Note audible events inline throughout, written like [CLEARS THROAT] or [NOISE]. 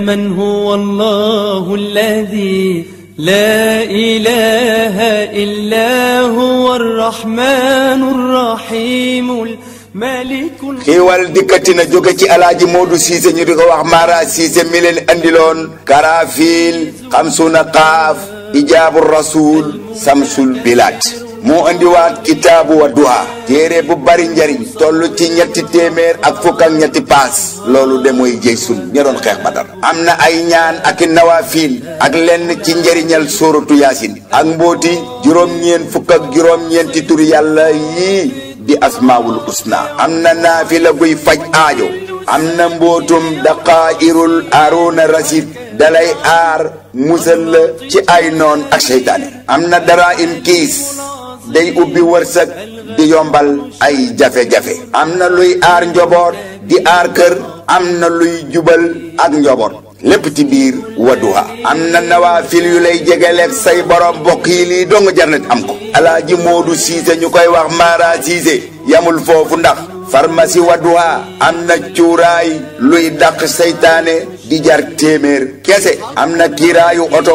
من هو الله الذي لا إله إلا هو الرحمن الرحيم الملك كي والدكتنا جوكتي على جمود سيزن يرغو أحمارا سيزن ملين أندلون كرافيل خمسون قاف إجاب الرسول سمسول بلاد moo indiwaat kitaabu Wadduha téere bu bari njariñ toll ci ñetti téeméer ak fukk ñetti paas loolu de mooy jëy sun ña doon xeex Badar am na ay ñaan ak i ak lenn ci njariñal sóoratu yaasin ak mbóoti juróom-ñeen fukk juróom-ñeenti turi yàlla yii di asmaawul usna am na naafila guy faj aajo am na mbootum daqaayirul aruuna rasid dalay aar musal la ci ay noon ak seytaane am na dara im kiis day ubbi wërsëg di yombal ay jafe-jafe am na luy aar njaboot di ar kër am na luy jubal ak njaboot lépp ci biir Wadduha am na nawaafil yu lay say borom mbokk yi lii dong am ko alaaji Moodu Siise ñu koy wax Mara Siise yamul foofu ndax farmasi Wadduha am na cuuraay luy dàq seytaane di jar téeméer kese am na kiiraayu oto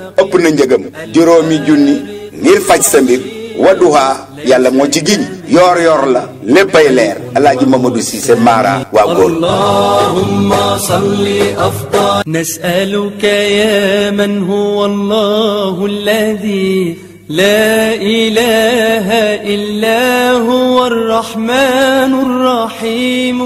ëpp na njëgam juróomi junni ngir faj sa mbir waduha yàlla moo ci giñ yor yor la léppay leer alaaji mamadou cissé mara waa góor allahumma salli afdal nasaluka ya man huwa allahu alladi لا إله إلا هو الرحمن الرحيم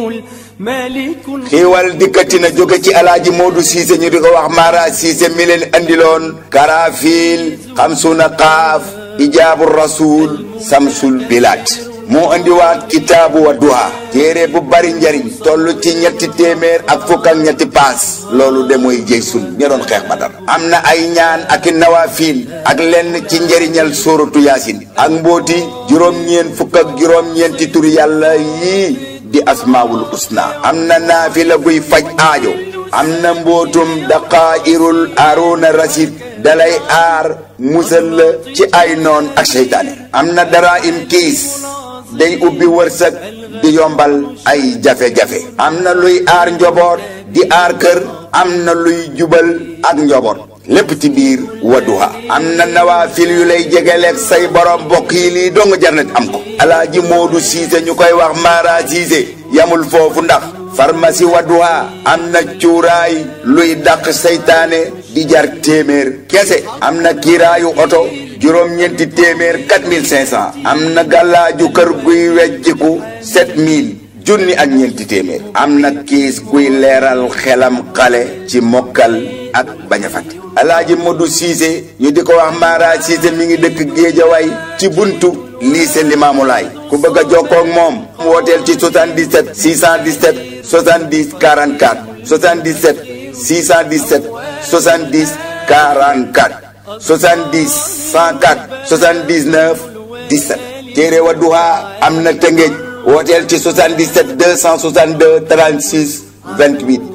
xiiwal dikkati na jóge ci alaaji Modou Cissé ñu di ko wax Mara Cissé mi leen andiloon karafiil xamsuna xaaf ijaabu rasul samsul bilaat moo andiwaat kitaabu wa duha téere bu bari njariñ toll ci ñetti téeméer ak fukk ñetti paas loolu de mooy jëy sun ña doon xeex ba dara am na ay ñaan ak i ak lenn ci njariñal sóoratu yaasin ak mbóoti juróom-ñeen fukk juróom-ñeenti turi yàlla yii di asmaawul usna am na naafila buy faj aajo am na mbootum daqaa'irul aaroona rasid dalay aar musal ci ay noon ak seytaane am na dara im kiis day ubbi wërsëg di yombal ay jafe-jafe am na luy aar njoboot di aar kër am na luy jubal ak njoboot lépp ci biir Wadduha am na nawaafil yu lay jegeleeg say borom mbokk yi lii dong jar am ko alaaji Moodu Siise ñu koy wax Mara Siise yamul foofu ndax pharmacie Wadduha am na cuuraay luy daq seytaane di jar téeméer kese am na kiiraayu oto juróom-ñeenti téeméer 4500 am na gàllaaju kër guy wejjiku 7000 junni ak ñeenti téeméer am na kiis guy leeral xelam xale ci mokkal ak bañ a alaaji Modou Cissé ñu di ko wax Mara Cissé mi ngi dëkk Géejawaay ci buntu lycée Limaamulaay ku bëgg a jokkoo ak moom mu wooteel ci 77 617 70 44 77 617 70 44 70 104 79 17 téere Wadduha am na Tëngéej wooteel ci 77 262 36 28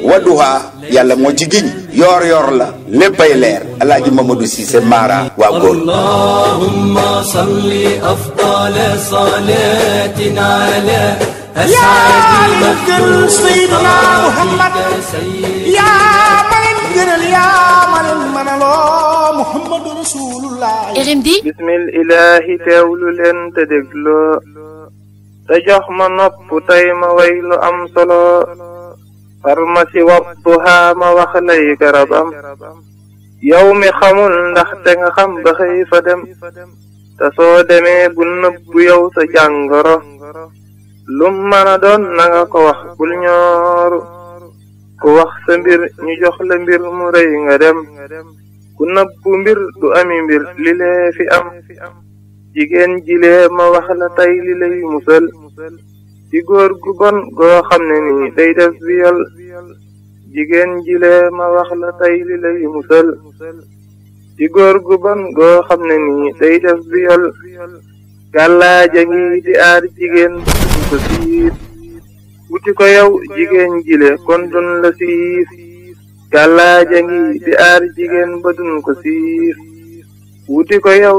wadduha yàlla moo ci giñ yoor yoor la léppay leer alaaji mamadou cissé mara waa góor allahumma salli afdal salatin ala yaa man gënal sayyidina muhammad yaa ma leen gënal yaa ma leen mënaloo muhammadu rasulullah RMD bismil ilaahi teewlu leen te dégloo te jox ma nopp tey ma am solo فرمسي وقتها ما وخلي كربم يوم خمول نختن خم بخي فدم تصودمي بنب يو سجنغر لما ندون نغا كوخ كل كوخ سمبير نجوخ لمبير مري ندم كنب بمبير دو أمي مبير جيجين جيلي ما وخلا تايلي مسل ci góor gu bon goo xam ne ni jigéen jilee ma wax la tey lay musal ci góor gu bon goo xam ne ni day def biyal di aar jigéen duñ ko siif wuti ko yow jigéen kon dun la siif gàllaaja ngi di aar jigéen ba dun ko siif wuti ko yow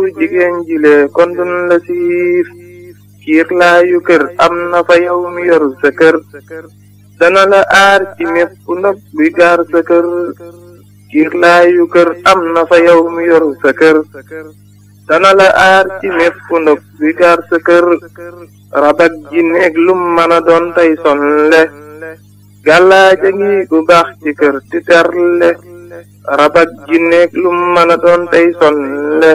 kon la siif kiir laayu kër am na fa yow mi yor sa kër dana la aar ci mépp ndog buy gaar sa kër kiir kër am na fa yow mu yor sa kër dana la aar ci mépp ndog buy gaar sa kër rabak ji néeg lum mën a doon tey sonle gàllaaja ngi gu baax ci kër di terle rabak ji néeg lum mën a doon tey sonle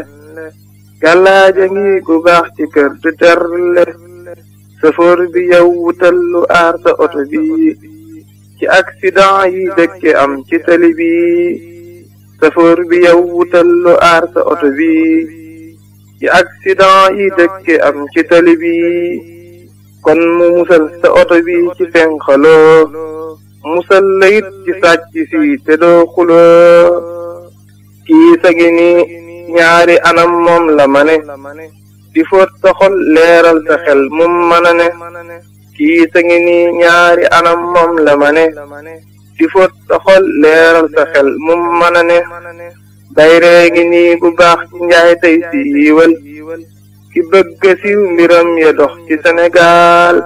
gàllaaja ngi ku baax ci kër du terle safoor bi yow wutal lu aar sa oto bi ci accident yi dëkke am ci tali bi safoor bi yow wutal lu aar sa oto bi ci accident yi dëkke am ci tali bi kon mu musal sa oto bi ci fenxaloo musal la it ci sàcc si te doo xuloo kii sa ngi nii ñaari anam moom la mane di fóot sa xol leeral sa xel mum mën a ne kii sa ngi ñaari anam mom la mane di fóot sa xol leeral sa xel mum mën a ne bayree ngi bu baax ci njaay tey si yiiwal ki bëgg siiw mbiram ya dox ci Sénégal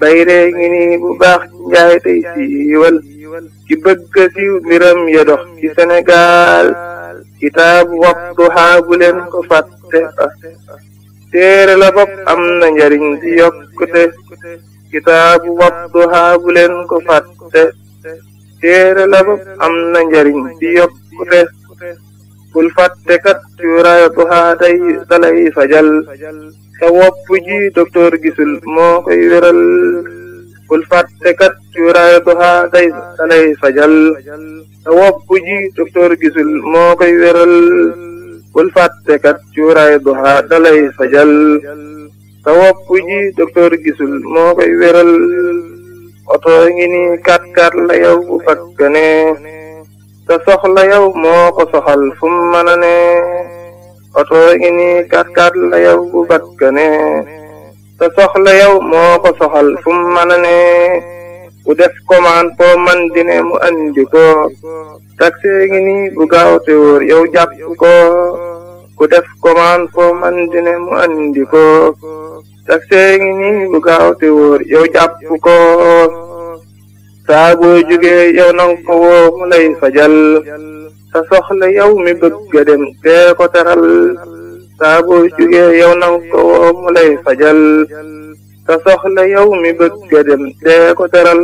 bayree ngi nii ci njaay tey si yiiwal ki bëgg siiw mbiram ya ci Sénégal kitaab wadduha bu leen ko fàtte téere la am na njariñ di yokkute kitaabu wadduha bu ko fàtte téere la am na njariñ di yokkute bul fàtte kat cuuraayatuha tey dalay fajal sa wopp ji gisul moo koy wéral ulfaatekat cuuraayatuhaa day dalay fajal tawabbuji docteur gisul moo koy wéral ulfaatekat cuuraayatuhaa dalay fajal tawabbuji docteur gisul moo koy wéral oto ngi ni kat kat la yow bu fakkane te soxla yow moo ko soxal fu mu mën a ne oto ngi ni kat kat la yow bu fakkane sa soxla yow moo ko soxal fu mu mën a ne bu def commande man dine mu andi ko taxi ngi nii bu gaaw te wóor yow jàpp ko ku def commande foo man dine mu andi ko taxi ngi nii bu gaaw te wóor yow jàpp ko saa boo jugee yow nang ko woo mu lay fajal sa soxla yow mi bëgg dem te ko teral saa boo jugee yow na ko woo fajal sa soxla yow mi bëgg a dem dee ko teral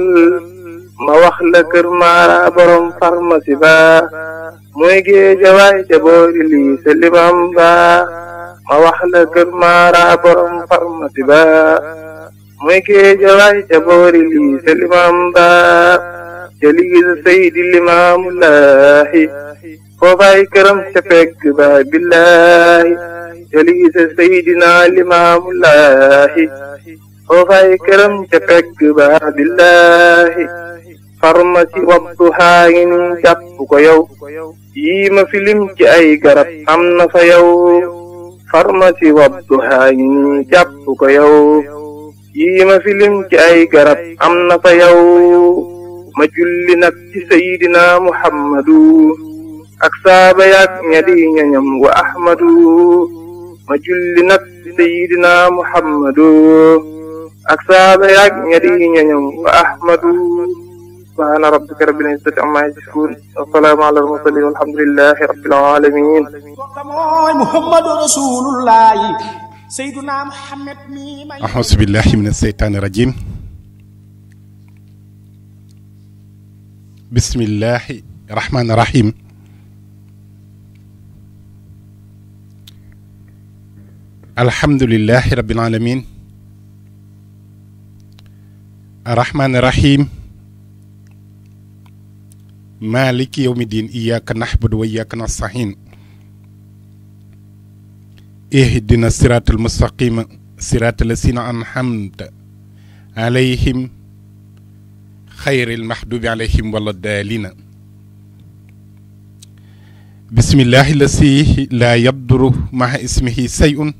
ma wax la kër maara borom pharmacie ba muy géejawaay ca boori lii sa ba ma waxla la kër maara borom pharmacie ba muy géejawaay ca boori lii sa ba ca lii sa saydi limaamu laahi foofaay këram ca fekk baay billahi jalisa sayidina limaamullahi foofaay këram ca fekk baay billahi pharmacie wadduhaa ngi ko yow yii ci ay garab am yow pharmacie ngi ni jàpp ko yow yii ma filim ci ay garab am na fa yow ma julli nag ci sayidina muhammadu أكساب يمو أحمد مجل سيدنا محمد أكساب يمو أحمد سبحان ربك رب العزة عما يشكون السلام على المرسلين والحمد لله رب العالمين محمد رسول الله سيدنا محمد أعوذ بالله من الشيطان الرجيم بسم الله الرحمن الرحيم الحمد لله رب العالمين الرحمن الرحيم مالك يوم الدين إياك نحبد وإياك نستعين اهدنا الصراط المستقيم صراط الذين أنعمت عليهم خير المحدوب عليهم ولا الدالين بسم الله الذي لا يضر مع اسمه شيء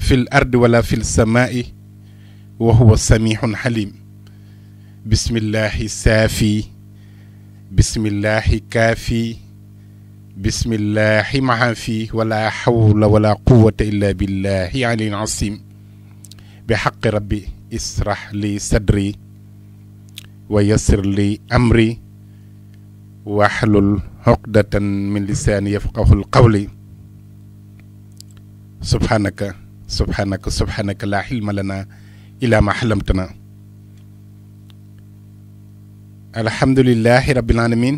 في الأرض ولا في السماء وهو السميع حليم بسم الله السافي بسم الله كافي بسم الله معافي ولا حول ولا قوة إلا بالله علي العظيم بحق ربي اسرح لي صدري ويسر لي أمري واحلل عقدة من لساني يفقه القول سبحانك سبحانك سبحانك لا حلم لنا إلا ما علمتنا الحمد لله رب العالمين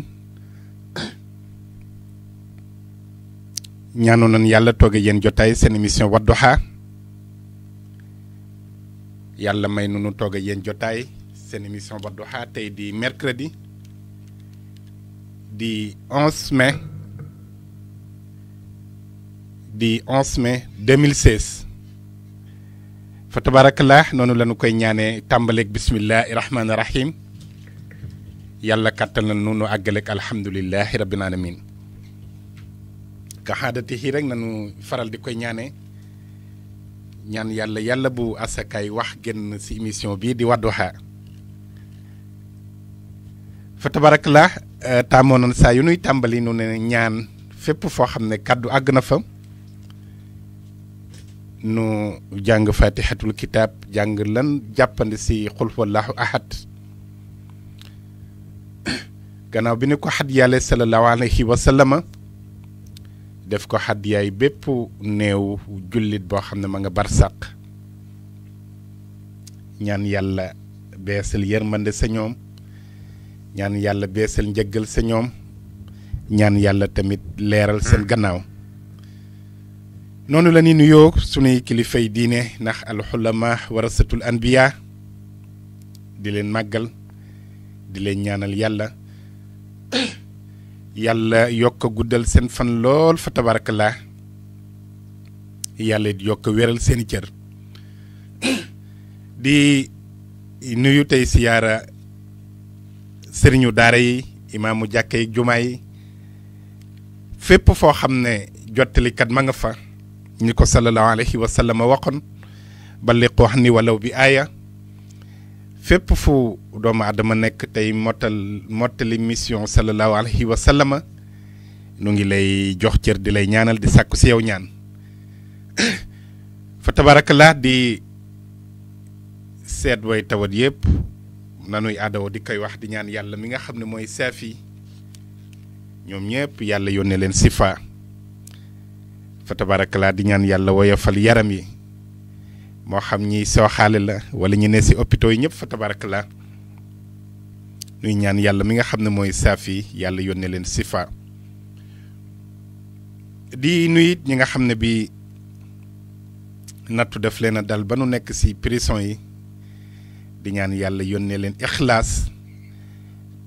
ñaanoon nañ yàlla tooge yéen jotaay seen émission Wadduha yàlla may nu nu tooge yéen jotaay seen émission Wadduha tey di mercredi di 11 mai di 11 mai 2016 fa tabarakallah noonu la ñu koy ñaanee tàmbaleeg bismillahi rahmaani rahim yàlla kàttal na nu nu àggaleeg alhamdulilahi rabbil alamin ka xaadatihi rek nanu faral di koy ñaanee ñaan yàlla yàlla bu asakaay wax génn ci émission bii di Wadduha fa tabarakallah taamoo noonu saa yu nuy tàmbali nu ne ñaan fépp foo xam ne kàddu àgg na fa nu jàng fatihatul kitaab jàng lan jàppandi si xul wallaahu ahad gannaaw bi ni ko xat yàlla sallallahu alayhi def ko xat bépp néew jullit boo xam ne ma nga barsàq ñaan yàlla beesal yërmande sa ñoom ñaan yàlla beesal njëggal sa ñoom ñaan yàlla tamit leeral seen gannaaw noonu la ñuy nuyoo sunuy kilifay diine ndax alxulama warasatul anbiya di leen màggal di leen ñaanal yàlla yàlla yokk guddal seen fan lool fa tabarakallah yàlla yokk wéral seeni cër di nuyu tey siyaara sëriñu daara yi imaamu jàkka yi jumaa yi fépp foo xam ne jottalikat ma nga fa ni ko sallallahu alayhi wa sallam waxoon balliqu anni walaw bi aaya fépp fu doomu adama nekk tey mottal mottali mission sallallahu alayhi wa sallam nu ngi lay jox cër di lay ñaanal di sàkku si yow ñaan fa tabarakallah di seet way tawat yëpp nanuy aadawoo di koy wax di ñaan yàlla mi nga xam ne mooy saafi ñoom ñëpp yàlla yónnee leen sifa fa tabarakalaa di ñaan yàlla woyofal yaram yi moo xam ñi sooxaale la wala ñu ne si hôpitaux yi ñëpp fa tabarakalaa nuy ñaan yàlla mi nga xam ne mooy saafi yàlla yónnee leen sifa di nuyu ñi nga xam ne bi nattu def leen a dal ba nu nekk si prison yi di ñaan yàlla yónnee leen ixlaas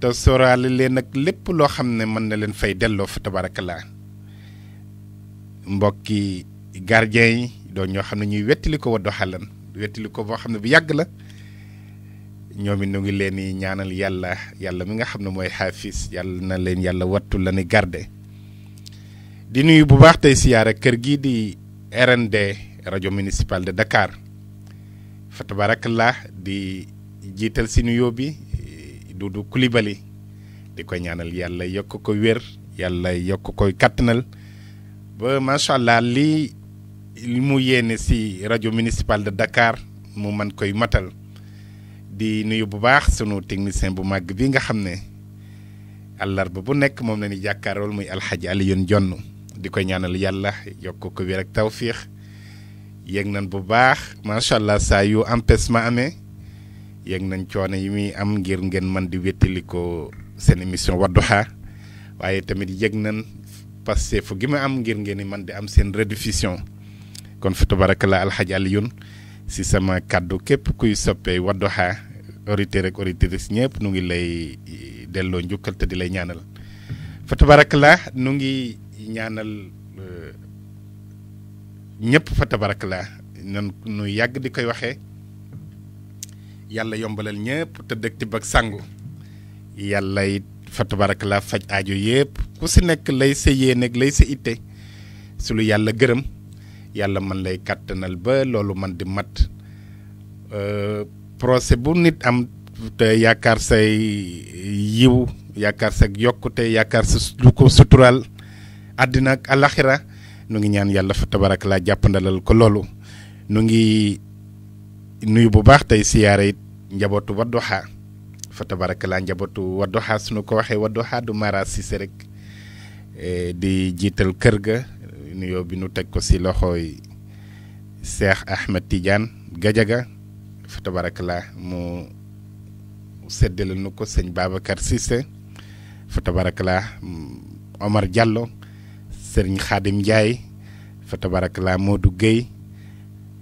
te sóoraale leen ak lépp loo xam ne mën na leen fay delloo fa tabarakalaa mbokki gardien do doon ñoo xam ne ñuy wettali ko waddu xàllan wettali ko boo xam ne bu yàgg la ñoom it nu ngi leen di ñaanal yàlla yàlla mi nga xam ne mooy xaafis yàlla na leen yàlla wattu la ni garde di nuyu bu baax tey siyaara kër gii di RND radio municipal de Dakar fa tabarakallah di jiital si nuyoo bi Doudou Coulibaly di ko ñaanal yàlla yokk ko wér yàlla yokk koy kàttanal ba macha allah lii mu yéene si rajo municipal de Dakar mu man koy matal di nuyu bu baax sunu technicien bu màgg bi nga xam ne allar ba bu nekk moom la ni jàkkaarool muy alxaji Alioune Jonn di koy ñaanal yàlla yokk ko wér ak tawfiix yéeg nañ bu baax macha allah saa yu empêchement amee yéeg nañ coono yi muy am ngir ngeen man di wéttali ko seen émission Wadduha waaye tamit yéeg nañ. passeefu gi ma am ngir ngeen man di am seen rediffusion kon fa tabarakallah alxaj yun si sama kaddu képp kuy soppee Wadduha rek ak auditrice ñëpp nu ngi lay eh, delo njukkal te di lay ñaanal fa tabarakallah nu ngi ñaanal eh, ñëpp fa tabarakallah nan nu yag di koy waxe yalla yombalal ñëpp te dekk ti bak sangu yalla fa tabarakallah faj aajo yëpp ku si nek lay seyé nek lay se ité su lu yalla gërëm yalla man lay katen ba lolu man di mat euh, procès bu nit am te yakarsai say yiw yaakaar sa yokkute yakar sa lu ko sutural adina ak alakhira nu ngi ñaan yalla fa tabarak laa jàppandalal ko lolu nu ngi nuyu bu baax tay siyaray njabotu Wadduha fa tabarak la njabotu Wadduha sunu ko waxe Wadduha du Mara rek Eh, di jiital kër ga nuyoo bi nu teg ko ci loxooy Cheikh Ahmed Tidiane Gajaga fa tabarakallah mu séddale nu ko sëñ Babacar Cissé fa tabarakallah Omar Diallo sëriñ Xaadim Ndiaye fa tabarakallah Modou Guèye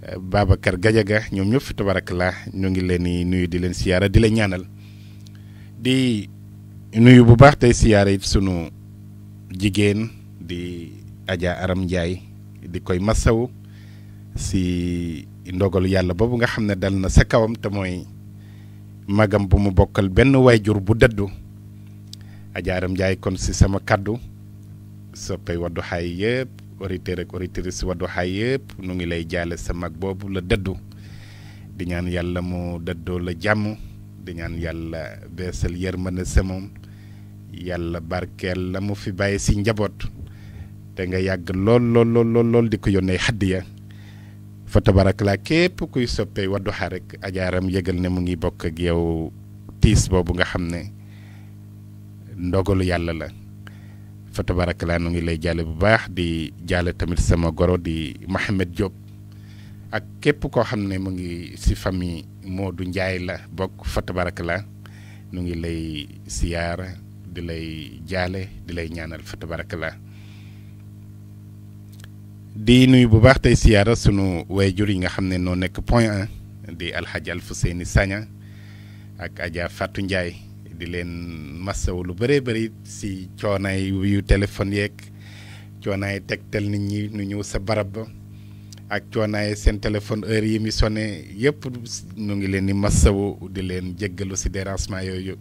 eh, Babacar Gajaga ñoom ñëpp fa tabarakallah ñu ngi leen di nuyu di leen siyaara di leen ñaanal di nuyu bu baax tey siyaara it sunu Jigen di aja Aram jay di koy masaw si ndogalu yalla bobu nga xamne dal na sa kawam te moy magam bu mu bokal ben wayjur bu deddu aja Aram jay kon si sama kaddu soppay Wadduha yëpp auditeur ak auditrice hay yeb nu ngi lay jale sa mag bobu la deddu di ñaan yalla mu deddo la jamm di ñaan yalla bessel yermane sa yalla barkel la mu fi baye si njabot te nga yag lol lol lol lol, di diko yone hadiya fa tabarakalaa kep kuy wadu ha rek ajaaram yegal ne mu ngi bok ak yow tis bobu nga xamne ndogolu yalla la fa tabarakalaa nu ngi lay jale bu bax di jale tamit sama goro di mohammed job ak kep ko xamne mu ngi si famille Modou ndjay la bok fa tabarakalaa nu ngi lay siyaara di lay jaale di lay ñaanal fa la di nuyu bu baax tey siyaara sunu waajur yi nga xam ne noo nekk point un di alxaji seeni Sagna ak Adja Fatou Ndiaye di leen masawu lu bëree bëri si coonaay yu téléphone yeeg coonaay tegtal nit ñi nu ñëw sa barab ba ak coonaay seen téléphone heure yi mi sonné yëpp nu ngi leen di masawu di leen jéggalu si dérangement yooyu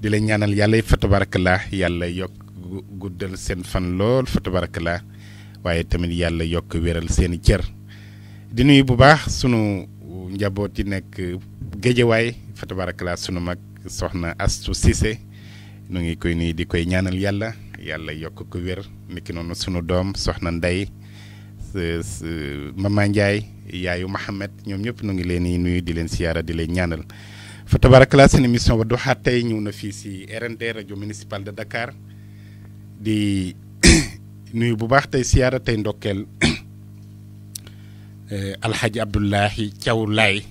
di la ñaanal yàlla fa tabarakallah yàlla yokk guddal seen fan lool fa tabarakallah waaye tamit yàlla yokk wéral seen i cër di nuyu bu baax sunu njaboot yi nekk géejewaay fa tabarakallah sunu mag soxna Astu Cissé nu ngi koy nuyu di koy ñaanal yàlla yàlla yokk ko wér niki noonu sunu doom soxna Ndey Mama Ndiaye yaayu Mohamed ñoom ñëpp nu ngi leen di nuyu di leen siyaara di leen ñaanal. فتبارك الله سن ميسيون ودو حتى ني في سي ار ان دي راديو مونسيبال دو داكار دي نوي بو باخ تاي سياره تاي ندوكل ا الحاج عبد الله تياو لاي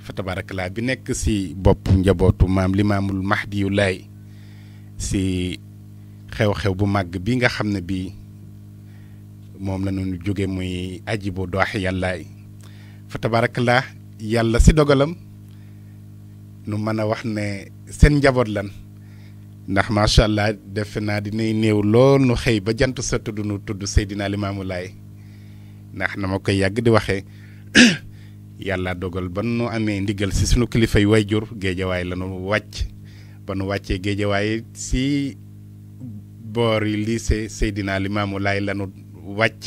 فتبارك الله بي نيك سي بوب نجابوتو مام الامام المهدي لاي سي خيو خيو بو ماغ بيغا خامن بي موم لا نونو جوغي موي اجيبو دوخ يالاي فتبارك الله يالا سي دوغالام nu mën a wax ne seen njaboot lan ndax macha allah defe naa dinay néew lool nu xëy ba jant sa tudd nu tudd Seydina Limaamu Laay ndax na ma koy yàgg di waxee [COUGHS] yàlla dogal ba nu amee ndigal si sunu kilifa way wayjur géejawaay la nu wàcc ba nu wàccee géejawaay si boor yi lycée Seydina Limaamu Laay la nu wàcc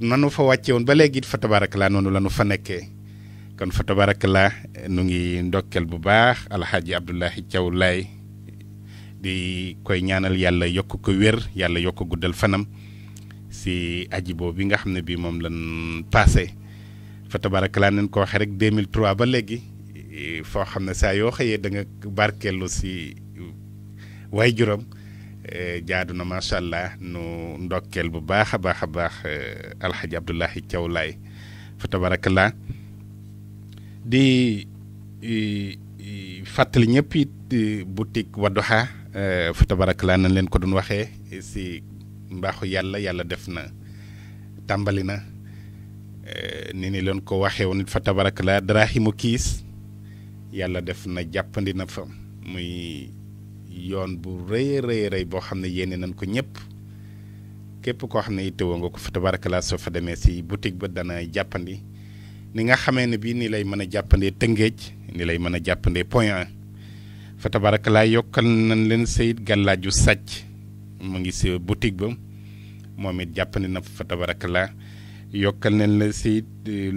nanu fa wàcce woon ba léegi it fa tabaarak laa noonu la nu fa nekkee kon fa tabarakallah nu ngi ndokkeel bu baax alxaaji abdullahi thiaw laay di koy ñaanal yàlla yokk ko wér yàlla yokk guddal fanam si aji boobu bi nga xam ne bii moom lan passé fa tabarakallah nañ ko waxee rek 2003 ba léegi foo xam ne saa yoo xëyee da nga barkeelu si waay juróom eh, jaadu na macha allah nu ndokkeel bu baax a baax a baax eh, alxaaji abdullahi thiaw laay fa di fàttali ñëpp it boutique Wadduha eh, fa tabarakalaa nañ leen ko doon waxee si mbaaxu yàlla yàlla def na tàmbali na eh, ni ni leen ko waxee woon it fa tabarakalaa daraahimu kiis yàlla def na jàppandi na fa muy yoon bu rëy rëy rëy boo xam ne yéene nañ ko ñëpp képp koo xam ne itteewoo nga ko fa tabarakalaa soo fa demee si boutique ba dana jàppandi ni nga xamee ne bii nii lay mën a jàppandee Tëngéej ni lay mën a jàppandee Point E fa tabaraka yokkal nañ leen Seyid Gàllaaju Sàcc mu ngi si boutique ba moom it jàppandi na fa tabaraka laa yokkal nañ la Seyid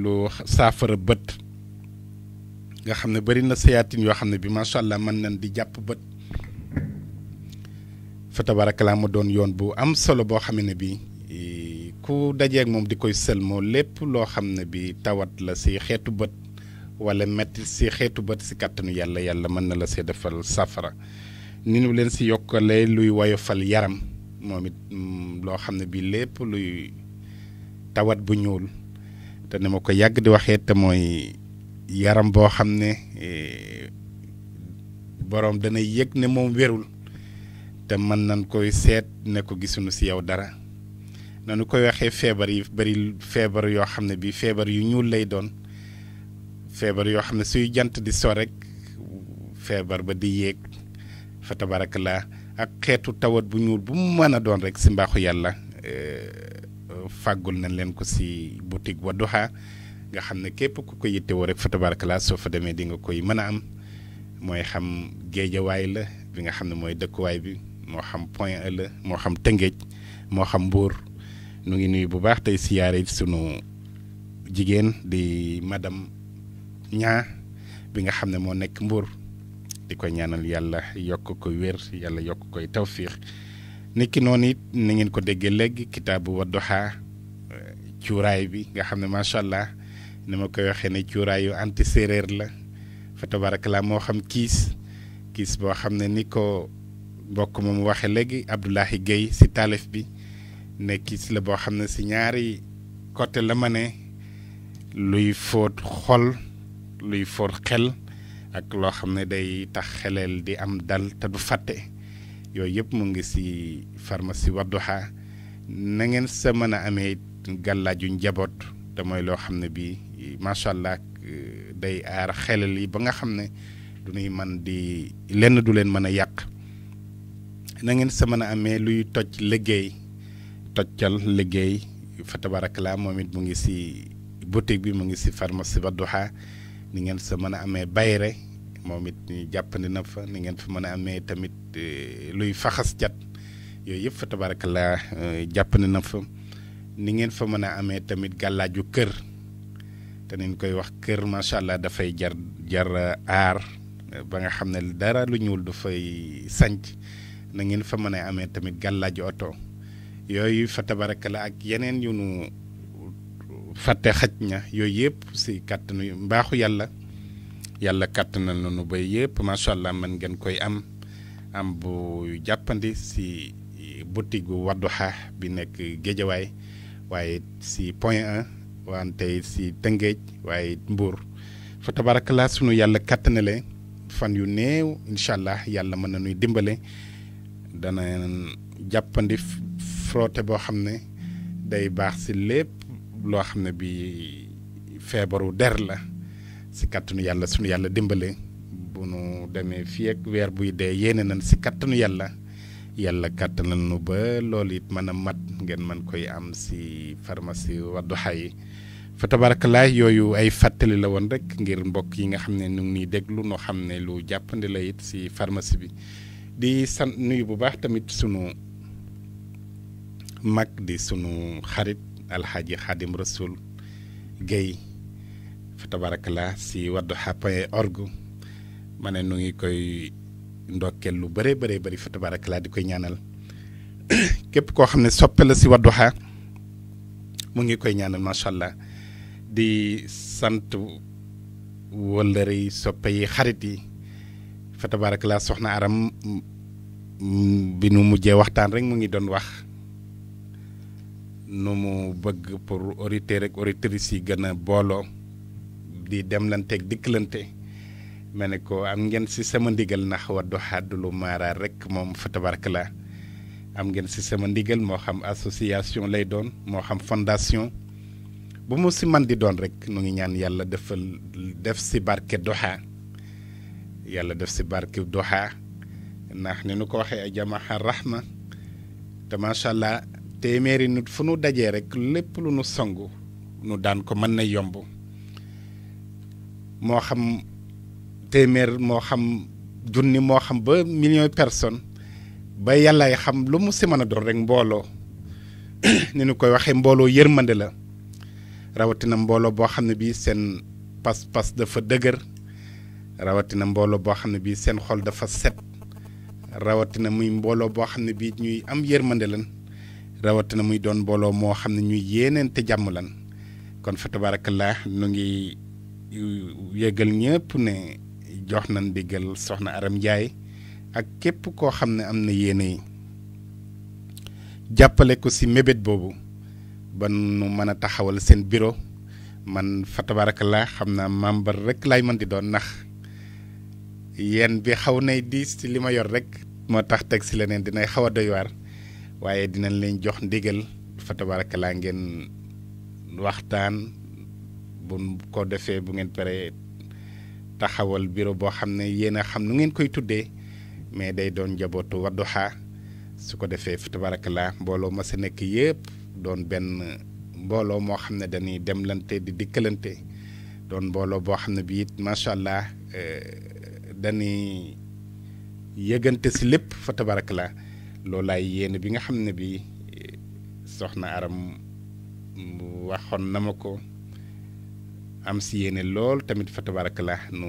lu saafara bët nga xam ne bari na sayaatin yoo xam ne bi macha allah mën nañ di jàpp bët fa tabaraka laa doon yoon bu am solo boo xam ne bii. ku dajeeg moom di koy moo lépp loo xam ne bi tawat la si xeetu bët wala metti si xeetu bët si kattanu yàlla yàlla mën na la see defal safara ni ñu leen si yokkalee luy fal yaram moom it mm, loo xam ne bi lépp luy tawat bu ñuul te ni ma ko yàgg di waxee te mooy yaram boo xam ne e, boroom dana yëg ne moom wérul te mën nañ koy seet ne ko gisuñu si yow dara nanu koy waxee feebar yi bari feebar yoo xam ne bii feebar yu ñuul lay doon feebar yoo xam ne suy jant di so rek feebar ba di yéeg foto fa tabarakalaa ak xeetu tawat bu ñuul bu mën a doon rek si mbaaxu yàlla euh, fàggul nañ leen ko si boutique Wadduha nga xam ne képp ku ko yittewoo rek fa tabarakalaa soo fa demee di nga koy mën a am mooy xam géejawaay la bi nga xam ne mooy dëkkuwaay bi moo xam Point E la moo xam Tëngéej moo xam Mbuur nu ngi nuyu bu baax tey siyaare sunu jigéen di madam nya bi nga xam ne moo nekk Mbour di ko ñaanal yàlla yokk ko wér yàlla yokk koy tawfiix niki noonu it ni ngeen ko déggee léegi kitaabu eh, cuuraay bi nga xam ne macha allah ni ma koy waxee ne cuuraayu anti séeréer la fa tabarakalaa moo xam kiis kiis boo xam ne ni ko mbokk moom waxe léegi Abdoulahi Guèye si taalif bi nekk si la boo xam ne si ñaari côté la ma ne luy fóot xol luy fóot xel ak loo xam ne day tax xeleel di am dal te du fàtte yooyu yëpp mu ngi si pharmacie Wadduha na ngeen sa mën a amee gàllaaju njaboot te mooy loo xam ne bii macha allah euh, day aar xelal yi ba nga xam ne du ñuy man di lenn du leen mën a yàq na ngeen sa mën a amee luy toj liggéey. toccal liggéey fa tabarakalaa moom it mu ngi si boutique bi mu ngi si pharmacie Wadduha ni ngeen sa mën a amee bayre moom it jàppandi na fa ni ngeen fa mën a amee tamit eh, luy faxas cat yooyu yëpp fa tabarakalaa eh, jàppandi na fa ni ngeen fa mën a amee tamit gàllaaju kër te niñ koy wax kër macha allah dafay jar jar eh, aar ba nga xam ne dara lu ñuul du fay na ngeen fa mën a amee tamit gàllaaju oto yooyu fa la ak yeneen yu nu fàtte xaj na yooyu yëpp si kàttanu mbaaxu yàlla yàlla kàttanal na nu bay yëpp macha allah man ngeen koy am am bu jàppandi si boutique bu bi nekk Géejawaay waaye si point 1 wante si Tëngéej waaye Mbuur fa tabaraka la sunu yàlla kàttanale fan yu néew incha allah yàlla mën na nuy dimbale dana jàppandi. frotté boo xam ne day baax si lépp loo xam ne bi feebaru der la si kàttanu yàlla sunu yàlla dimbale bu nu demee fii ak weer buy dee yéene na si kattanu yàlla yàlla kàttanal nu ba loolu it mën a mat ngeen man koy am si farmasi Wadduha yi fa tabaarakalaay yooyu ay fàttali la woon rek ngir mbokk yi nga xam ne nu ngi déglu noo xam ne lu jàppandi it si farmasi bi di sant nuyu bu baax tamit sunu. mag di sunu xarit alxaaji xaadim rasul Guèye fa tabarakallah si wadduha point org ma nu ngi koy ndokkeel lu bëree bëree bëri fa tabarakallah di koy ñaanal [COUGHS] képp koo xam ne soppe la si wadduha mu ngi koy ñaanal macha allah di sant wëllëre yi soppe yi xarit yi fa tabarakallah soxna aram bi nu mujjee waxtaan rek mu ngi doon wax nu mu bëgg pour auditeurs rek auditrices yi gën a booloo di demlanteeg dikkalante ma ne ko am ngeen si sama ndigal ndax Wadduha du lu maaraar rek moom fa tabarka la am ngeen si sama ndigal moo xam association lay doon moo xam fondation bu mu si man di doon rek nu ngi ñaan yàlla defal def si barke Duha yàlla def si barke Duha ndax ni nu ko waxee ay jamaha te macha téeméeri nit fu nu dajee rek lépp lu nu sangu nu daan ko mën na yomb moo xam téeméer moo xam junni moo xam ba million personne ba yàllaay xam lu mu si mën a doon rek mbooloo [CLEARS THROAT] ni nu koy waxee mbooloo yërmande la rawatina mbooloo boo xam ne bii seen pas-pas dafa dëgër rawatina mbooloo boo xam ne bii seen xol dafa set rawatina muy mbooloo boo xam ne bii ñuy am yërmande lan rawatina muy doon mbooloo moo xam ne ñuy yéeneente jàmm lan kon fa tabarakallah nu ngi yëgal ñëpp ne jox nañ diggal soxna Aram Ndiaye ak képp koo xam ne am na yéene jàppale ko si mébét boobu ba nu mën a taxawal seen bureau man fa tabarakallah xam na membre rek lay mën di doon ndax yéen bi xaw nay diis ci li ma yor rek moo tax teg ci leneen dinay xaw a doy waaye dinañ leen jox ndigal fa laa ngeen waxtaan bu ko defee bu ngeen paree taxawal bureau boo xam ne yéen a xam nu ngeen koy tuddee mais day doon njabootu Wadduha su ko defee fa tabarakalaa mbooloo ma sa nekk yëpp doon benn mbooloo moo xam ne dañuy demlante di dikkalante doon mbooloo boo xam ne bii it macha allah eh, dañuy yëgante si lépp fa tabarakalaa loolaay yéen bi nga xam ne bi soxna aram waxoon na ma ko am si yéene lool tamit fa tabarakallah nu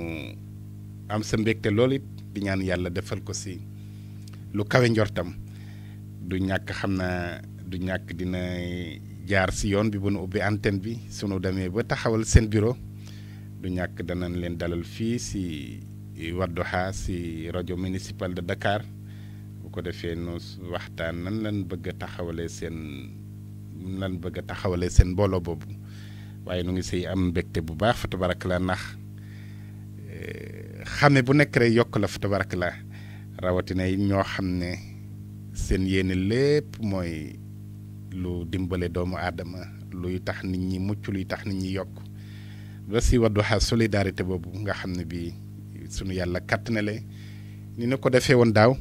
am sa mbégte lool it di ñaan yàlla defal ko si lu kawe njortam du ñàkk xam naa du ñàkk dina jaar si yoon bi bu nu ubbi antenne bi sunu demee ba taxawal seen bureau du ñàkk danañ leen dalal fii si Wadduha si rajo municipal de Dakar bu ko defee nu waxtaan nan lan bëgg taxawalee seen lan bëgg a taxawalee seen mbooloo boobu waaye nu ngi siy am mbégte bu baax fa tabarak la ndax eh, xame bu nekk rek yokk la fa tabarak la rawatina yi ñoo xam ne seen yéene lépp mooy lu dimbale doomu aadama luy tax nit ñi mucc luy tax nit ñi yokk ba si Wadduha solidarité boobu nga xam ne bii sunu yàlla kàttanale ni ne ko defee woon daaw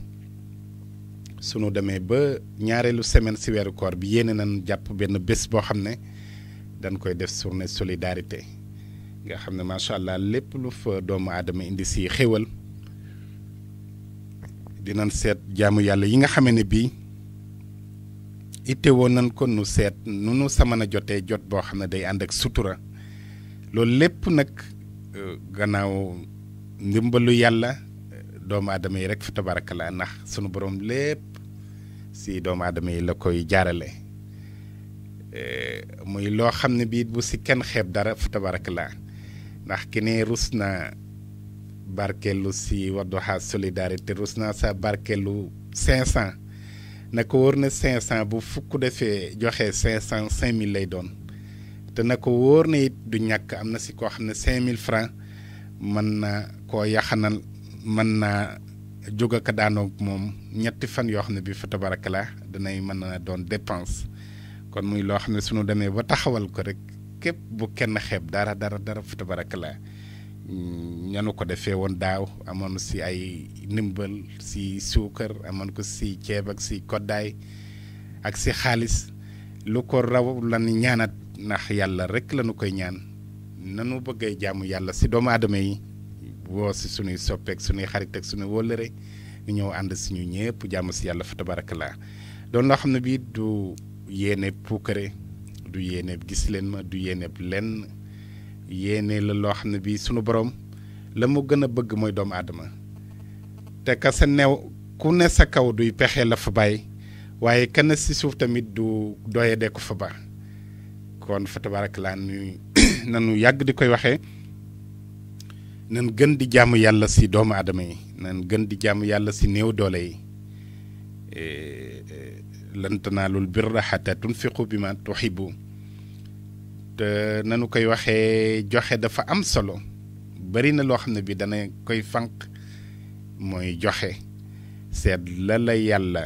su nu demee ba ñaareelu semaine si weeru koor bi yéene nañ jàpp benn bés boo xam ne dañ koy def journée solidarité nga xam ne macha allah lépp lu fa doomu aadama indi si xéwal dinañ seet jaamu yàlla yi nga xamee ne bii itteewoon nañ ko nu seet nu nu sa mën jotee jot boo xam ne day ànd ak sutura loolu lépp nag euh, gannaaw ndimbalu yàlla. doomu adama yi rek fa tabaraka la ndax sunu borom lépp si doomu aadama yi la koy jaarale eh, muy loo xam ne bii bu si kenn xeeb dara fa tabaraka la ndax ki ne rus na barkeelu si Wadduha solidarité rus naa sa barkeelu 500 na ko wóor na 500 bu fukk defee joxe 500 5000 lay doon te na ko wóor na it du ñàkk am na si koo xam ne 5000 francs mën na koo yaxanal. mën naa jóg ak daanoog moom ñetti fan yoo xam ne bii fa tabarakala danay mën na doon dépense kon muy loo xam ne suñu demee ba taxawal ko rek képp bu kenn xeeb dara dara dara fa tabarakala ñanu ko defee woon daaw amoon si ay ndimbal si suukar amoon ko si ceeb ak si koddaay ak si xaalis lu ko raw lan ñaanat ndax yàlla rek lanu koy ñaan nanu bëggee jaamu yàlla si doomu aadama yi woo si sunuy soppeek sunuy xarit ak sunuy wóllëre ñu ñëw ànd suñu ñu ñëpp jàmm si yàlla fa tabarakalaa doon loo xam ne bii du yéene puukare du yéene gis leen ma du yéene lenn yéene la loo xam ne bii sunu borom la mu gën a bëgg mooy doomu aadama te ka sa new ku ne sa kaw duy pexe la fa bàyyi waaye kenn si suuf tamit du doye de ko fa ba kon fa tabarakalaa nu [CLEARS THROAT] nanu yàgg di koy waxee nan gën di jàmm yàlla si doomu aadama yi nan gën di jàmm yàlla si néew doole yi lan tanaalul birra xata tunfiqu bi ma tuxibu te nanu koy waxee joxe dafa am solo bari na loo xam ne bi dana koy fànq mooy joxe seet la la yàlla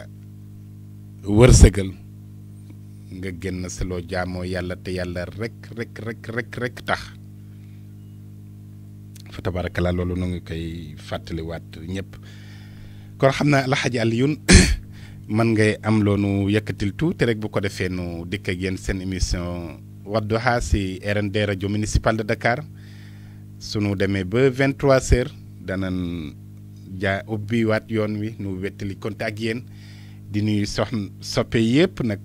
wërsëgal nga génn sa loo jaamoo yàlla te yàlla rek rek rek rek rek tax fa tabaarakala loolu nu ngi koy fàttaliwaat ñëpp kon xam naa Alxaaji Aliyun [COUGHS] man ngay am loonu yëkkatil tuuti rek bu ko defee nu dikk ak yéen seen émission ha si RND radio municipal de Dakar sunu demee ba 23h danan ubbi wat yoon wi nu wettali konti ak yéen di nuyu soxna soppe yëpp nag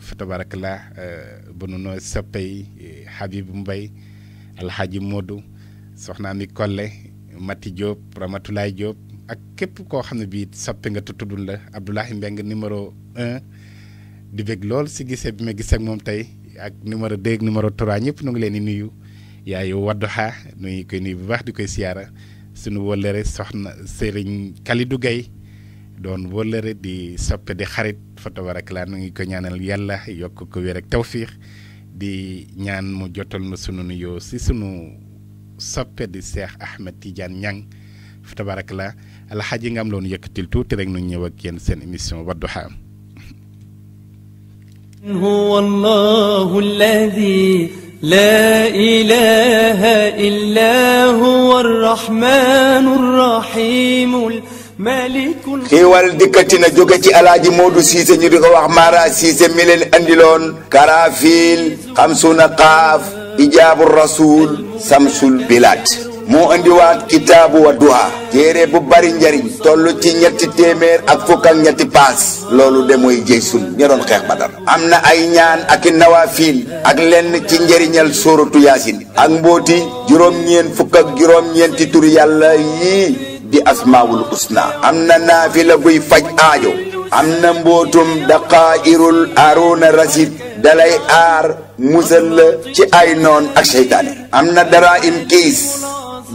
fa tabaarakala euh, bu nu nooy soppe Habib Mbaye alhaji Modou. soxnaa mi Kolle Mati Diop Ramatoulaye Diop ak képp koo xam ne bii soppe nga tuddul la Abdoulahi Mbeng numéro un di bég lool si gisee bi ma gis ak moom tey ak numéro deux ak numéro trois ñëpp nu ngi leen di nuyu yaayu Wadduha nuyu koy nuyu bu baax di koy siyaara suñu wëllëre soxna Serigne Kalidou Gueye doon wëllëre di soppe di xarit fa tabarakallah nu ngi ko ñaanal yàlla yokk ko wér ak tawfiix di ñaan mu jotal na sunu nuyoo si sunu soppe di Cheikh Ahmed Tidiane Niang fi tabarak la alxaaji nga am loonu yëkkatil tuuti rek nu ñëw ak yéen seen émission Wadduha هو الله الذي لا إله إلا هو الرحمن الرحيم الملك xiiwal dikkati na jóge ci alaaji Modou Cissé ñu di ko wax Mara Cissé mi leen andiloon karafiil xamsuuna qaaf ijaabu rasul samsul bilaat moo indiwaat kitaabu wa duha téere bu bari njariñ toll ci ñetti téeméer ak fukk ak ñetti paas loolu de mooy jëy sun ña doon xeex badar am na ay ñaan ak i nawafiil ak lenn ci njariñal sóoratu yaasin ak mbóoti juróom-ñeen fukk ak juróom-ñeenti turi yàlla yii di asmaawul usna am na naafila buy faj aajo am na mbóotum daqaa'irul aruuna rasid dalay aar musal la ci ay noon ak seytaane am na dara im kiis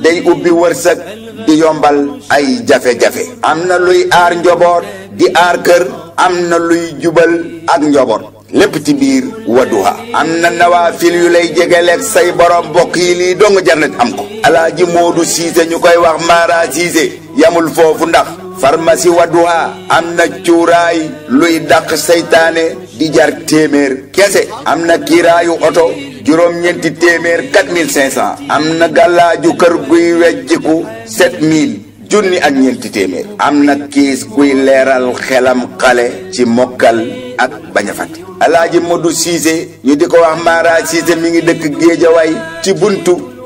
day ubbi wërsëg di yombal ay jafe-jafe am na luy aar njaboot di aar kër am na luy jubal ak njaboot lépp ci biir Wadduha am na nawaafil yu lay jegeleeg say borom mbokk yi lii dong jarnet am ko alaaji Moodu Siise ñu koy wax Mara Siise yamul foofu ndax pharmacie Wadduha am na cuuraay luy dàq seytaane di jar téeméer kese am na kiiraayu oto juróom-ñeenti téeméer 4500 am na gàllaaju kër guy wejjiku 7000 junni ak ñeenti téeméer am na kiis kuy leeral xelam xale ci mokkal ak bañ a fàtte alaaji Modou Cissé ñu di ko wax Mara Cissé mi ngi dëkk Géejawaay ci buntu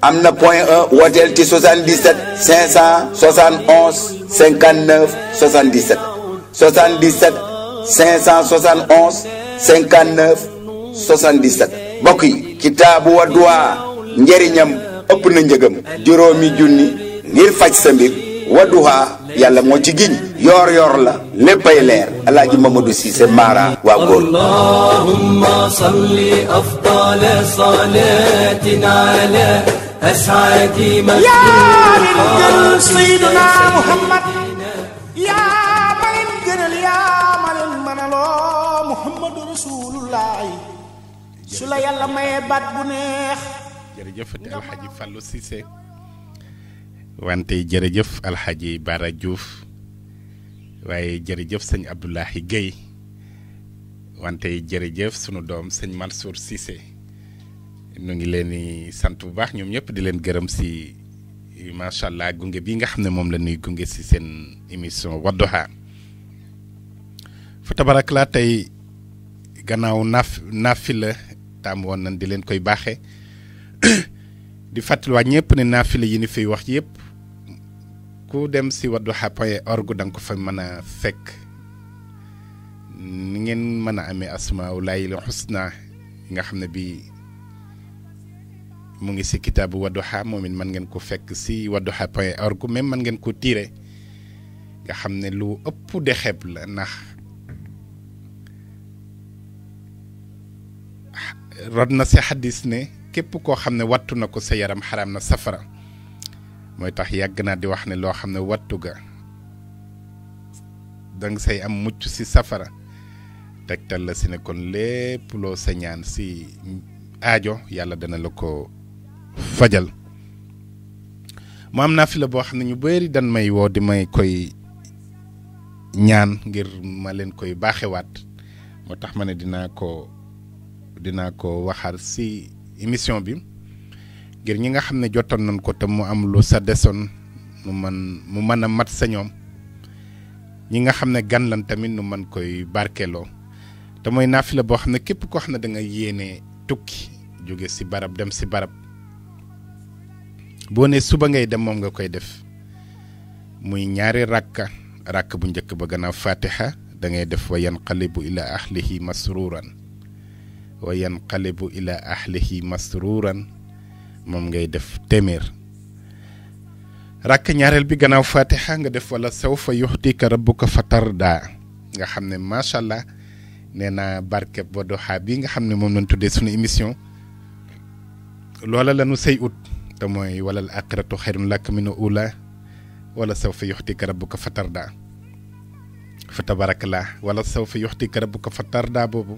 amna point 1 wooteel ci 77 571 59 77 77 571 59 77 mbokk yi wa dua njëriñam upp na njëgam juromi junni ngir faj sa mbir Wadduha yalla mo ci giñ yor yor la léppay leer alaaji mamadou cissé mara wa gol allahumma salli afdal salatina ala أسعدي مكتوب يا من قل سيدنا محمد يا من قل يا من من محمد رسول الله su la yàlla mayee baat bu neex. jërëjëf alxaji Fallou Cissé wante jërëjëf alxaji Bara Diouf waaye jërëjëf sëñ Abdoulahi Guèye wante jërëjëf sunu doom sëñ Mansour Cissé. ñu ngi leen di sant bu baax ñoom ñëpp di leen gërëm si macha allah gunge bii nga xam ne moom la ñuy gunge si seen émission Wadduha fa tabarak laa tey gannaaw naaf naafi la taam woon nañ di leen koy baaxe [COUGHS] di fàttaliwaat ñëpp ne la yi ni fiy wax yëpp ku dem si wadduha point org da ko fa mën a fekk ni ngeen mën a amee asmaul laahil husna nga xam ne bii. mu ngi si kitaabu Wadduha moom it man ngeen ko fekk si wadduha point org même man ngeen ko tiire nga xam ne lu ëpp de la ndax rod na si xadis ne képp koo xam ne wattu na ko sa yaram xaraam na safara mooy tax yàgg naa di wax ne loo xam ne wattu ga danga say am mucc si safara tegtal la si ne kon lépp loo sa ñaan si aajo yàlla dana la ko fajal mo am naafila boo xam ñu bëri dan may woo di may koy ñaan ngir ma leen koy baaxewaat moo tax ma ne dinaa ko dinaa ko waxar si émission bi ngir ñi nga xam ne nañ ko te mu am lu sa desoon nu man mu mën a mat sa ñoom ñi nga xam ne gan lan tamit nu man koy barkeeloo te mooy naafila boo xam ne képp koo da nga yéene tukki jóge si barab dem si barab boo ne suba ngay dem moom nga koy def muy ñaari ràkk rakk bu njëkk ba gannaaw fatiha da ngay def wa yanqalibu ila ahlihi masruran wa yanqalibu ila ahlihi masruran moom ngay def téeméer rakk ñaareel bi gannaaw fatiha nga def fa wala sawfa ko rabbuka fatarda nga xam ne macha allah nee naa barkeb Wadduha bi nga xam ne moom lañ tuddee suñu émission loola lañu say ut te mooy wala al aaxiratu xayrun laka mina uulaa wala sawfa yuxtika rabbuka fatardaa fa tabarakallah wala sawfa yuxtika rabbuka fatardaa boobu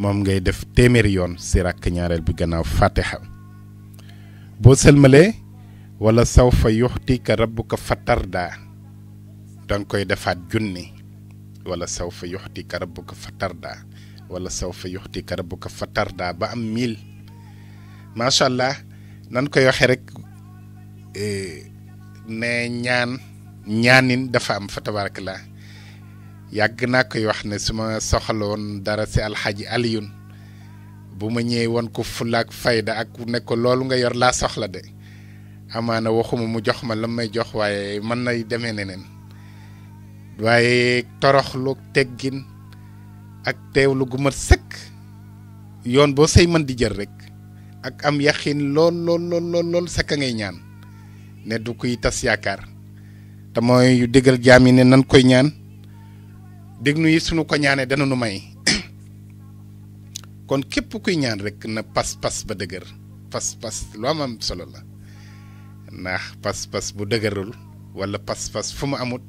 moom ngay def téeméeri yoon si ràkk bi gannaaw fatiha boo sëlmalee wala sawfa yuxtika rabbuka fatardaa danga koy defaat junni wala sawfa yuxtika rabbuka fatardaa wala sawfa yuxtika rabbuka fatardaa ba am mil macha allah. nan koy waxee rek e, ne ñaan ñaanin dafa am fa la yàgg naa koy wax ne su ma soxla dara si alxaaji aliyun bu ma ñëwee woon ko fulaak fayda ak ne ko loolu nga yor laa soxla de amaana waxuma mu jox ma la may jox waaye mën nay demee neneen waaye toroxlu teggin ak teewlu gu mat sëkk yoon boo say mën di jël rek ak am yaxin lool lool lool lool lool ngay ñaan ne du koy tas yaakaar te mooy yu déggal jaam yi ne nan koy ñaan déglu yi sunu ko ñaanee dana nu may [COUGHS] kon képp kuy ñaan rekk na pas-pas ba dëgër pas-pas lu am am solo la ndax pas-pas bu dëgërul wala pas-pas fu mu amut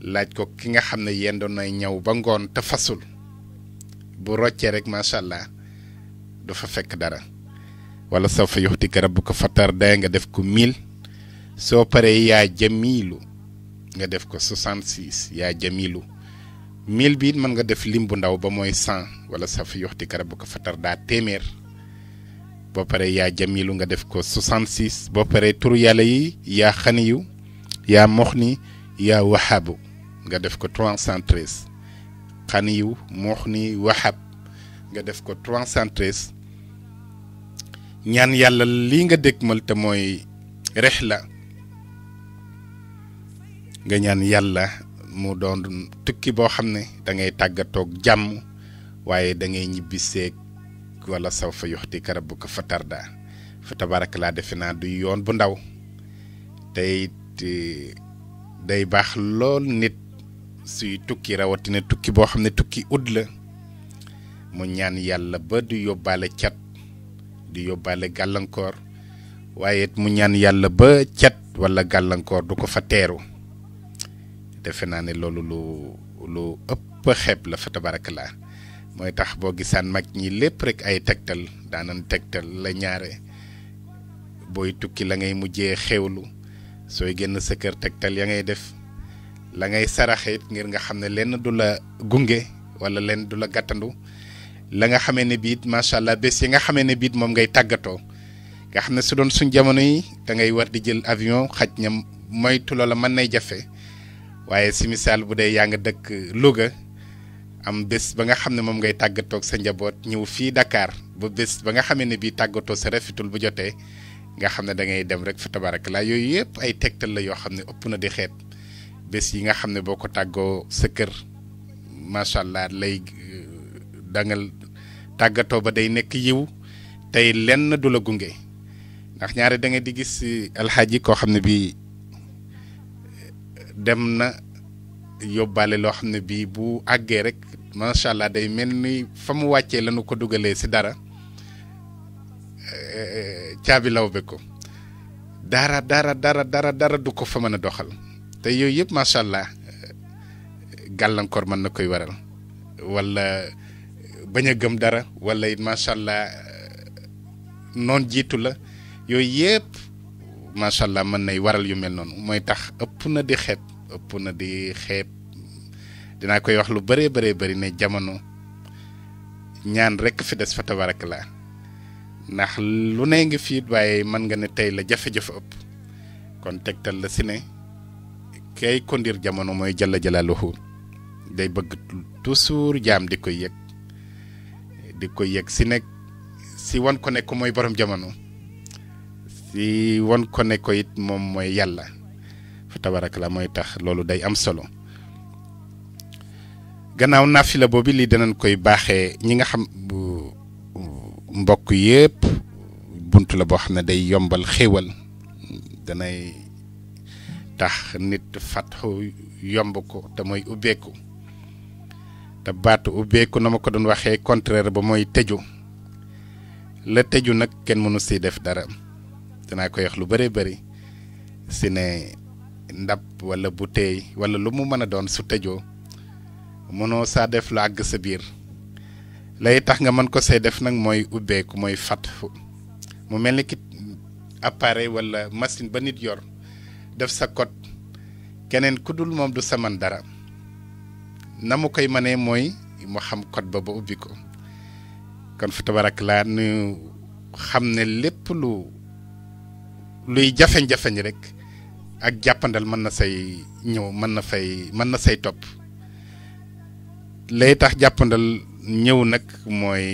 laaj ko ki nga xam ne yéen doon nay ñaw ba ngoon te fasul bu roccee rek macha allah dafa fekk dara. wala sawfa yuhtika rabbuka fatarda nga def ko 1000 soo paree yaa jamilu nga def ko 66 yaa jamilu 1000 bi it mën nga def lim bu ndaw ba mooy 100 wala sawfa yuhtika rabbuka fatarda téeméer boo paree yaa jamilu nga def ko 66 boo paree turu yàlla yi yaa xaniyu yaa moxni yaa waxaabu nga def ko 313 xaniyu moxni waxaab nga def ko 313 ñaan yàlla lii nga dégmal te mooy la nga ñaan yàlla mu doon tukki boo xam ne dangay ngay tàggatoog jàmm waaye dangay ngay walla seeg wala saw fa yuxtika rabbuka fa tarda fa tabaraka laa defe naa du yoon bu ndaw tey e, day baax lool nit suy tukki rawatina tukki boo xam ne tukki ut la mu ñaan yàlla ba du yóbbaale cat di yobale galankor waye mu ñaan yalla ba cat wala galankor du ko fa téru lolo naa ne lolu lu lu ëpp xeeb la fa tabarakallah moy tax bo gisaan mag ñi lepp rek ay tegtal daanan tektal la ñaare boy tukki la ngay mujjé xewlu soy genn sa kër tektal ya ngay def la ngay saraxé ngir nga xamné lenn du la gunge wala lenn du la gatandu la nga xamee ne biit macha allah bés yi nga xamee ne biit moom ngay tàggatoo nga xam ne su doon suñ jamono yi da ngay war di jël avion xaj na moytu loola man nay jafe waaye si misaal bu dee yaa nga dëkk Louga am bés ba nga xam ne moom ngay tàggatoo ak sa njaboot ñëw fii Dakar ba bés ba nga xamee ne bii tàggatoo sa refitul bu jotee nga xam ne da ngay dem rek fa tabarak la yooyu yëpp ay tegtal la yoo xam ne ëpp na di xeet bés yi nga xam ne boo ko tàggoo sa kër macha allah lay euh, dangal tàggatoo ba day nekk yiw tey lenn du la gunge ndax ñaari danga di gis eh, alxaaji koo xam ne bii eh, dem na yóbbaale loo xam ne bii bu àggee rek macha allah day mel ni fa mu wàccee lañu ko dugalee si dara eh, caabi law ko dara dara dara dara dara du ko fa mën a doxal te yooyu yëpp macha allah gàllankoor mën na koy waral walla bañ a gëm dara walla it macha allah euh, noon jiitu la yooyu yëpp macha allah mën nay waral yu mel noonu mooy tax ëpp na di xeeb ëpp na di xeeb dinaa koy wax lu bëree bëree bari ne jamono ñaan rekk fi des fa tabarak la ndax lu ne nga fiit waaye mën nga ne tey la jafe-jafe ëpp kon tegtal la si ne kay kondir jamono mooy jalla jalaaluhu day bëgg toujours jaam di koy yëg di ko yegg si nekk si wan ko ne ko mooy boroom jamono si wan ko ne ko it moom mooy yàlla fa tabaraka la mooy tax loolu day am solo gannaaw naafila boobu lii danañ koy baaxe ñi nga xam mbokk yëpp bunt la boo xam ne day yombal xéewal danay tax nit fatxu yomb ko te mooy ubbeeku te baatu ubbeeku na ma ko doon waxee contraire ba mooy tëju la tëju nag kenn mënu si def dara danaa koy wax lu bëree bëri si ne ndab wala bouteille wala lu mu mën a doon su tëjoo mënoo saa def lu àgg sa biir lay tax nga mën ko see def nag mooy ubbeeku mooy fat mu mel ni ki appareil walla machine ba nit yor def sa code keneen ku dul moom du saman dara na mu koy mënee mooy mu xam kot ba ba ubbi ko kon fa tabarak laa nu xam ne lépp lu luy jafeñ-jafeñ rek ak jàppandal mën na say ñëw mën na fay mën na say topp lay tax jàppandal ñëw nag mooy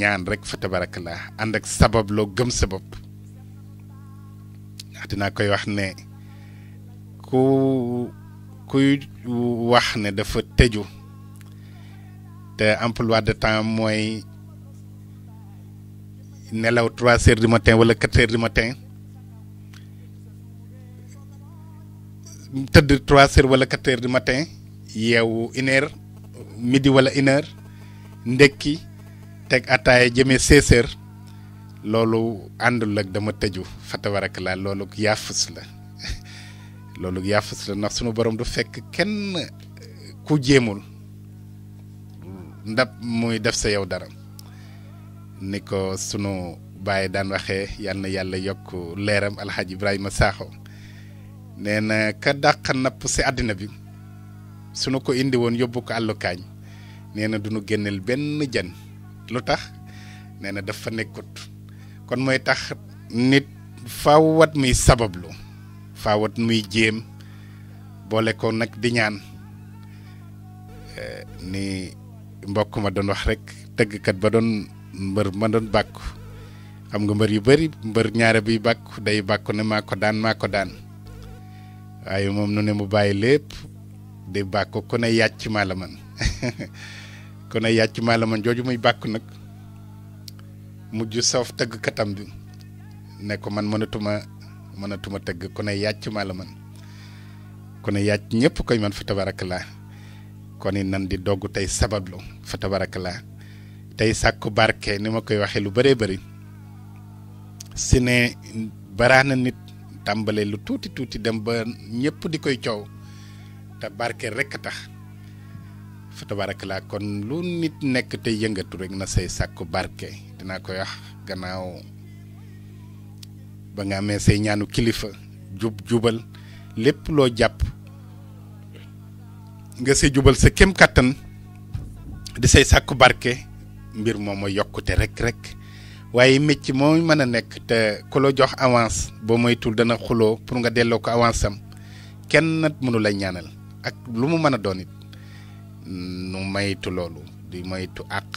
ñaan rek fa tabarak laa ànd ak sabab loo gëm sa ndax dinaa koy wax ne ku kuy wax ne dafa tëju te emploi de temps mooy nelaw trois heures du matin wala quatre heures du matin tëdd trois heures wala quatre heures du matin yeewu une midi wala une heure ndekki teg ataaya jëmee seize loolu àndul ak dama tëju fatabarak la loolu yaafus la loolu yaafas la ndax sunu borom du fekk kenn ku jéemul ndab muy def sa yow dara ni ko sunu bàyyi daan waxee yal yàlla yokk leeram alxaaj Ibrahima Sakho nee na ka dàq napp si àddina bi sunu ko indi woon yóbbu ko àllukaañ nee na du nu génneel benn jën lu tax nee na dafa nekkut kon mooy tax nit faaw wat muy sabablu. faawat muy jéem boole ko nag di ñaan eh, ni mbokk ma doon wax rekk tëggkat ba doon mbër ma doon bàkku xam nga mbër yu bari mbër ñaare biy bàkku day bàkku ne maa ko daan maa ko daan waaye moom nu ne mu bàyyi lépp di bàkku ku ne yàcc maa la man [LAUGHS] ku ne yàcc maa la man jooju muy bàkku nag mujj soof tëggkatam bi ne ko man mënatuma mënatuma tëgg ku ne yàcc maa la man ku ne yàcc ñëpp koy man fa la kon it nan di dogg tey sabablu fa la tey sàkku barke ni ma koy waxee lu bëree bari si ne baraana nit tàmbalee lu tuuti tuuti dem ba ñëpp di koy coow te barke rekk tax fa tabarakalaa kon lu nit nekk tey yëngatu rekk na say sàkku barke dinaa koy wax gannaaw ba nga amee say ñaanu kilifa jub jubal lépp loo jàpp nga say jubal sa kem kàttan di say sàkku barke mbir moom mooy yokkute rek rek waaye métti moo mën a nekk te ku la jox avance boo moytul dana xuloo pour nga delloo ko avance am kenn nag mënu la ñaanal ak lu mu mën a doon it nu maytu loolu di moytu àq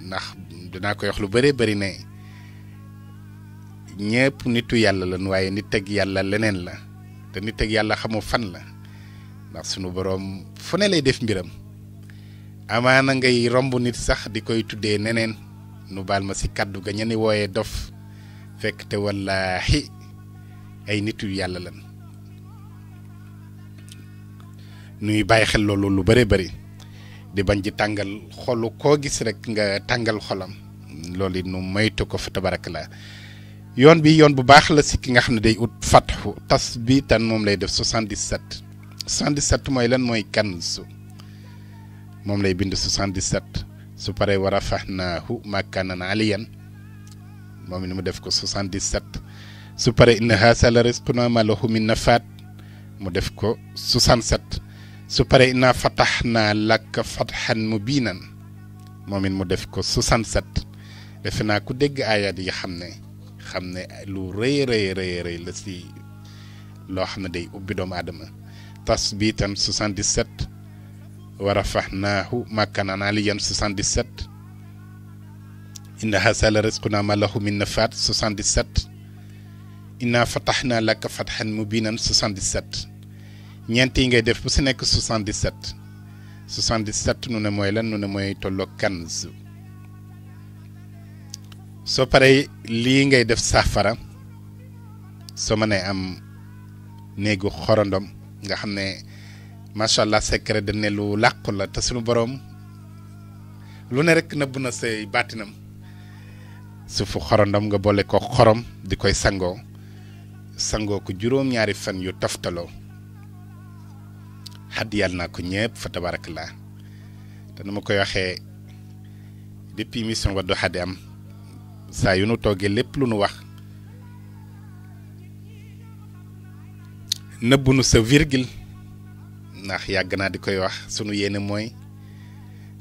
ndax dinaa koy wax lu bëree bëri ne ñépp nitu yàlla lan waaye nit ak yàlla leneen la te nit ak yàlla xamu fan la ndax sunu boroom fu ne lay def mbiram amaana ngay romb nit sax di koy tuddee neneen nu baal ma ci kàddu ga ñeni wooyee dof fekk te wallaahi ay nitu yàlla lan nuy bàyyi xel loolu lu bare bari di bañ ci tàngal xolu koo gis rekk nga tàngal xolam loolu it nu moytu ko fa tabarak la yoon bi yoon bu baax la si ki nga xam ne day ut fatxu tas bi tan moom lay def 77 77 mooy lan mooy kanzu moom lay bind 77 su paree war a fax naahu makaanan aliyan moom it mu def ko 77 su paree inna haasa la risquna ma lahu min nafaat mu def ko 67 su paree inna fatax naa lakk fatxan mubiinan moom it mu def ko 67 defe naa ku dégg aayaat yi xam ne. xamne lu reey reey reey reey la ci loo xam ne day ubbi doomu aadama tas bi itam 77 wa rafahnahu rafahnaahu li aliyan 77 inna sala risquna ma lahu min nafat 77 inna fatahna laka fatxan mubinan 77 ñeent yi ngay def bu si nekk 77 77 nu ne mooy lan nu ne mooy tolloo 15 soo paree lii ngay def saafara soo mënee am néegu xorondom nga xam ne macha allah secret dañ ne lu làqu la te suñu boroom lu ne rekk nëbb na say baatinam suufu xorondom nga boole ko xorom di koy sangoo sangoo ko juróom-ñaari fan yu toftaloo xaddiyal naa ko ñëpp fa tabarak laa te nu ma koy waxee depuis mission Wadduha di am. saa yu nu toggee lépp lu nu wax nëbbu nu sa virgule ndax yàgg naa di koy wax sunu yéene mooy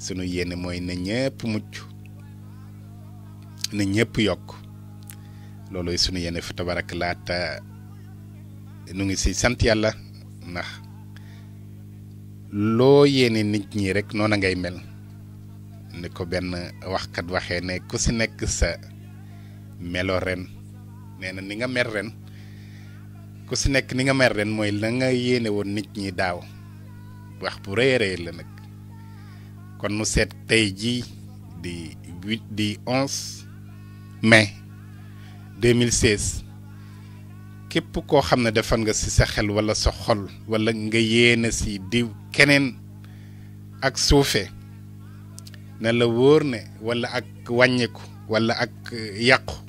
sunu yéene mooy na ñëpp mucc na ñëpp yokk loolooy sunu yéene fa tabarak laata nu ngi si sant yàlla ndax loo yéene nit ñi rekk noona ngay mel ni ko benn waxkat waxee ne ku si nekk sa melo ren nee na ni nga mer ren ku si nekk ni nga mer ren mooy la nga yéene woon nit ñi daaw wax bu rëy a rëy la nag kon nu seet tey jii di huit di onze mai 2016 képp koo xam ne defan nga si sa xel wala sa xol wala nga yéene si diw keneen ak suufe na la wóor ne walla ak wàññiku wala ak yàqu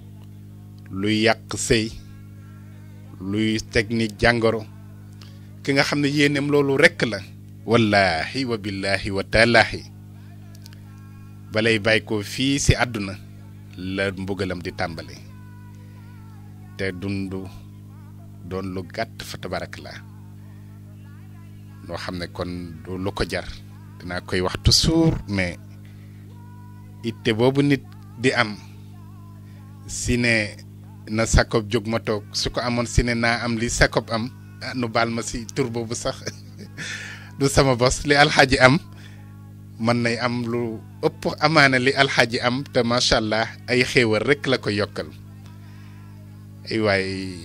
luy yàq sëy luy technique jàngoro ki nga xam ne yéeneem loolu rekk la wallaahi wa billaahi wa taalaahi balay bàyyi ko fii ci àdduna la mbugalam di tàmbali te dund doon lu gàtt fa tabarak la loo xam ne kon du lu ko jar dinaa koy wax toujours mais itte boobu nit di am si ne na sakob jóg ma toog su ko amoon si ne naa am li sakob am ah, nu baal ma si tur boobu sax [LAUGHS] du sama bos li alxaaji am man nay am lu ëpp amaana li alxaaji am te macha allah ay xéewal rek la ko yokkal ay waaye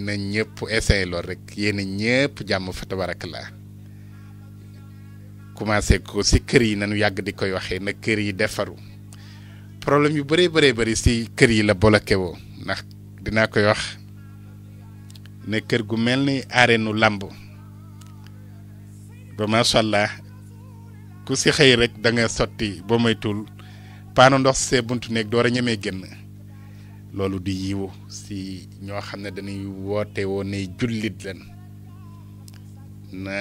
na ñëpp essayé lool rek yéen ñëpp jàmm fa la commencé ko si kër yi nañu yàgg di koy waxee na kër yi defaru problème yu bëree bëree bëri si kër yi la bloqué woo ndax dina koy wax ne kër gu mel ni areenu làmb ba macha allah ku si xëy rek da nga sotti ba moytul paano ndox see buntu néeg door a ñemee génn loolu di yiwu si ñoo xam ne dañuy woote woo ne jullit leen na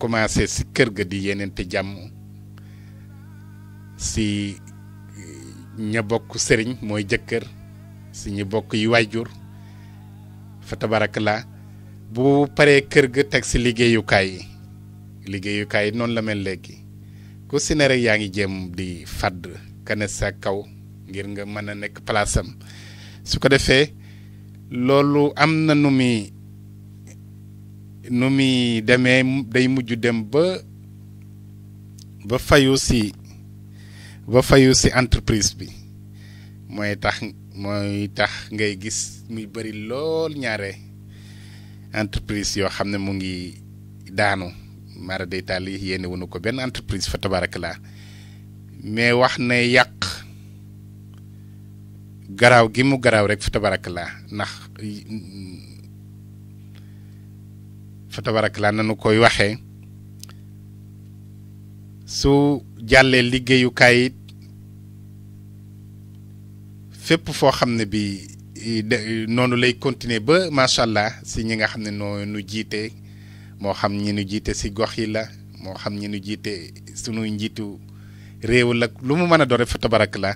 commencé si kër ga di yeneente jàmm si eh, ña bokk sëriñ mooy jëkkër suñu bokk yi waajur fa la bu paree kër ga teg ci liggéeyukaay yi liggéeyukaay yi noonu la mel léegi ku si ne rek yaa ngi jéem di fàdd kane sa kaw ngir nga mën a nekk palaasam su ko defee loolu am na nu muy nu muy demee day mujj dem ba ba fayu si ba fayu si entreprise bi mooy tax mooy tax ngay gis muy bëri lool ñaare entreprise yoo xam ne mu ngi daanu mara day taal yi yéene wunu ko benn entreprise fa barak la mais wax ne yàq garaaw gi mu garaaw rek fa barak la ndax fa tabarak la nanu koy waxee su jàllee liggéeyukaay it fépp foo xam ne bi noonu lay continuer ba macha allah si ñi nga xam ne noo nu jiite moo xam ñi nu jiite si gox yi la moo xam ñi nu jiite suñuy njiitu réew la lu mu mën a dore fa tabarak la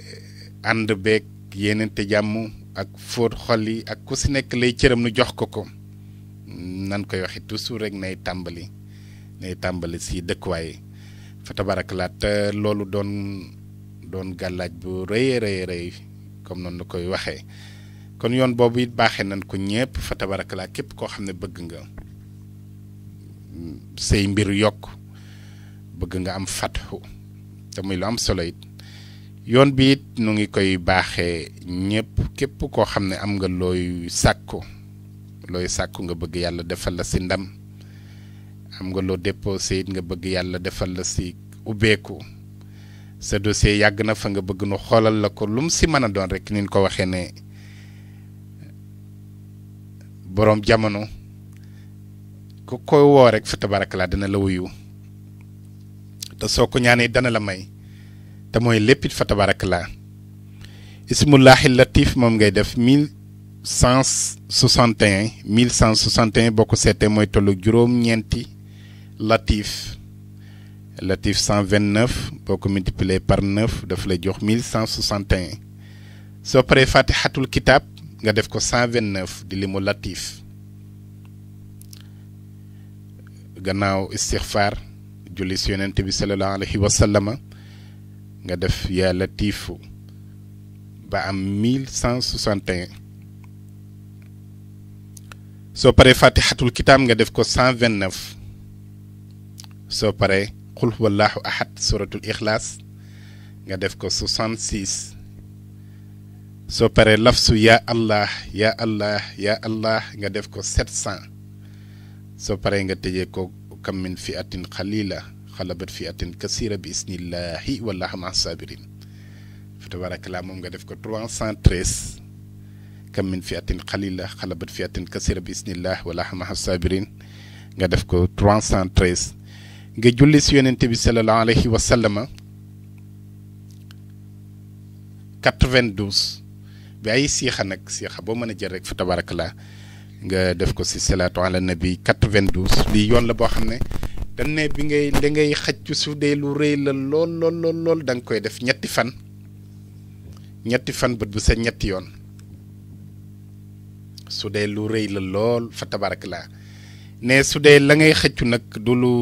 eh, ànd beeg yéenente jàmm ak fóot xol yi ak ku si nekk lay cëram nu jox ko ko nan koy waxee toujours rek nay tàmbali nay tàmbali si dëkkuwaay fa tabarak la te loolu doon doon gàllaaj bu rëyee rëyee rëy comme noonu la koy waxee kon yoon boobu it baaxee nañ ko ñépp fa tabarakalaa képp koo xam ne bëgg nga sëy mbir yokk bëgg nga am fatxu te muy lu am solo it yoon bi it nu ngi koy baaxee ñépp képp koo xam ne am nga looy sàkku looy sàkku nga bëgg yàlla defal la si ndam am nga loo déposé it nga bëgg yàlla defal la si ubbeeku sa dossier yàgg na fa nga bëgg nu xoolal la ko lu si mën a doon rekk niñ ko waxee ne boroom jamono ku koy woo rek fa tabarakalaa dana la wuyu te soo ko ñaanee dana la may te mooy léppit fa tabarakalaa ismullahi latif moom ngay def mille cent soixante et un mille cent soixante un boo ko seetee mooy tollu juróom-ñeenti latif Latif 129 pour par 9 de lay 1161 so paree Fatihatul Kitab nga def ko 129 di limu Latif gannaaw istighfar julli si yonent bi sallallahu alayhi wa ba am 1161 So paree Fatihatul Kitab nga def ko 129 So qul huwallahu ahad suratul ixlaas nga def ko 66 soo paree lafsu yaa allah yaa allah yaa allah nga def ko 700 soo paree nga tëjee ko kam min fiatin xalila xalabat fiatin kasira bi isnillahi wallahu ma sabirin fa tabarakallaa moom nga def ko 313 kam min fiatin xalila xalabat fiatin kasira bi isnillah wallahu ma sabirin nga def ko 313 nga julli si yonent bi sallallahu alayhi wa sallama 92 bi ay siixa nag siixa boo mën a jël rek fa tabarakallah nga def ko si salaatu ala nabi 92 lii yoon la boo xam ne dañ bi ngay da ngay xaccu su dee lu rëy la lool lool lool koy def ñetti ñetti fan bët bu ñetti yoon su lu rëy la lool fa ne su dee la ngay xëccu nag du lu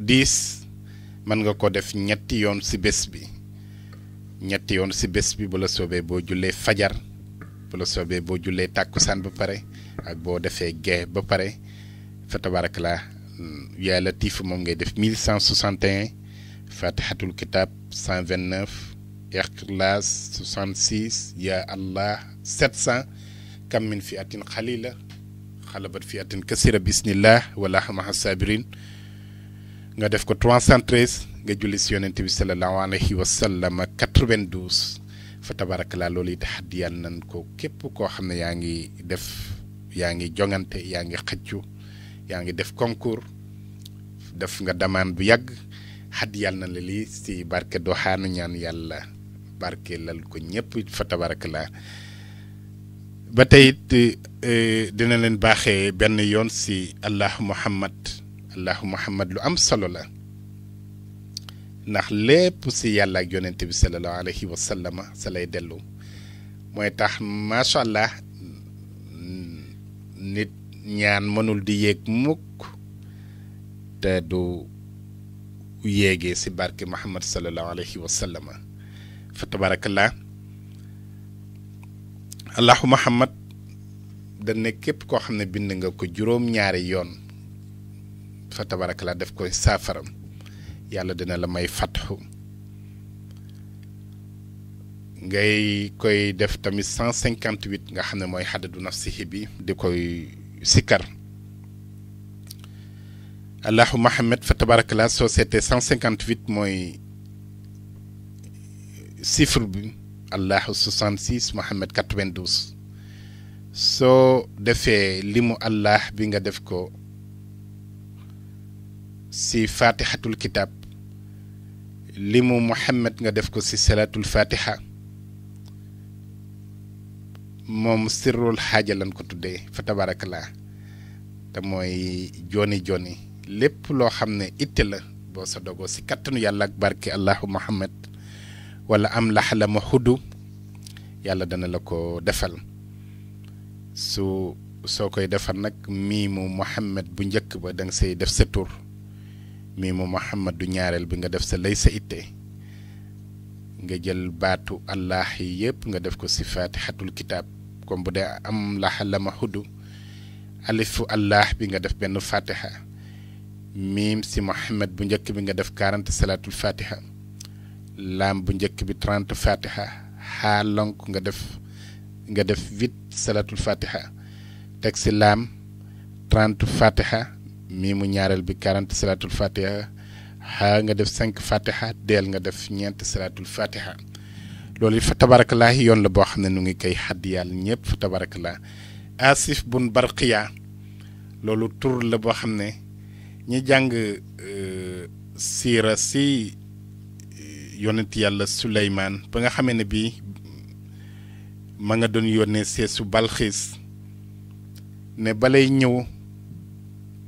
10 man nga ko def ñetti yoon ci bés bi ñetti yoon ci bés bi bu la soobee boo jullee fajar bu la soobee boo jullee tàkkusaan ba pare ak boo defee gee ba pare fa tabarak la yaa latif moom ngay def 1161 fatihatul kitab 129 ikhlas 66 ya allah 700 kam min fiatin khalila khalabat fiatin kasira bisnillah wala hamaha sabirin nga def ko 313 nga julli si yonent bi sallallahu alayhi wa sallam 92 fa tabarakalaa loolu it xaddiyaan nan ko képp koo xam ne yaa ngi def yaa ngi jongante yaa ngi xëccu yaa ngi def concours def nga demande bu yàgg xaddiyaan na la lii si barke doxaanu ñaan yàlla barke lal ko ñëpp fa tabarakalaa ba tey eh, dina leen baaxe benn yoon si allah muhammad tabarakallahu Muhammad lu am solo la ndax lépp si yàlla ak yonent bi sallallahu alayhi wa sallama sa lay dellu mooy tax macha allah nit ñaan mënul di yéeg mukk te du yéegee si barke Muhammad sallallahu alayhi wa sallama fa tabarakallah allahu Muhammad dañ ne képp koo xam ne bind nga ko juróom-ñaari yoon. fa tabarakalaa def koy saafara yàlla dina la may fatxu ngay koy def tamit cent cinquante huit nga xam ne mooy xaddu nafsihi bi di koy sikkar allahu mahamed fa tabarakalaa soo seetee cent cinquante huit mooy chiffre bi allahu soixante six Mohamed soo defee limu allah bi nga def ko si fatihatul kitab limu Muhammad nga def ko si salaatul fatiha moom sirrul xaaja lan ko tuddee fa tabarakallah te mooy joni joni lépp loo xam ne itte la boo sa dogoo si kattanu yàlla ak barke Allahu Muhammad wala am lax la ma xuddu yàlla dana la ko defal su soo koy defal nag mii mu Muhammad bu njëkk ba da nga say def sa tur miimu Muhammad du ñaareel bi nga def sa lay sa itte nga jël baatu allah yi yëpp nga def ko si faatixatul kitaab comme bu dee am laxa la ma xudd alifu allah bi nga def benn fatiha miim si Muhammad bu njëkk bi nga def 40 salaatul fatiha laam bu njëkk bi 30 fatiha xaa lonk nga def nga def 8 salaatul fatiha teg si laam 30 fatiha mii mu ñaareel bi 40 salaatul fatiha nga def 5 fatiha deel nga def ñent salaatul fatiha loolu it fa tabarakallah yoon la boo xam ne nu ngi koy xadd yàlla ñëpp fa tabarakallah asif bun barqiya loolu tur la boo xam ne ñi jàng euh, siira si euh, yonent yàlla suleymaan ba nga xamee ne bii ma nga doon yónnee seesu balxiis ne balay ñëw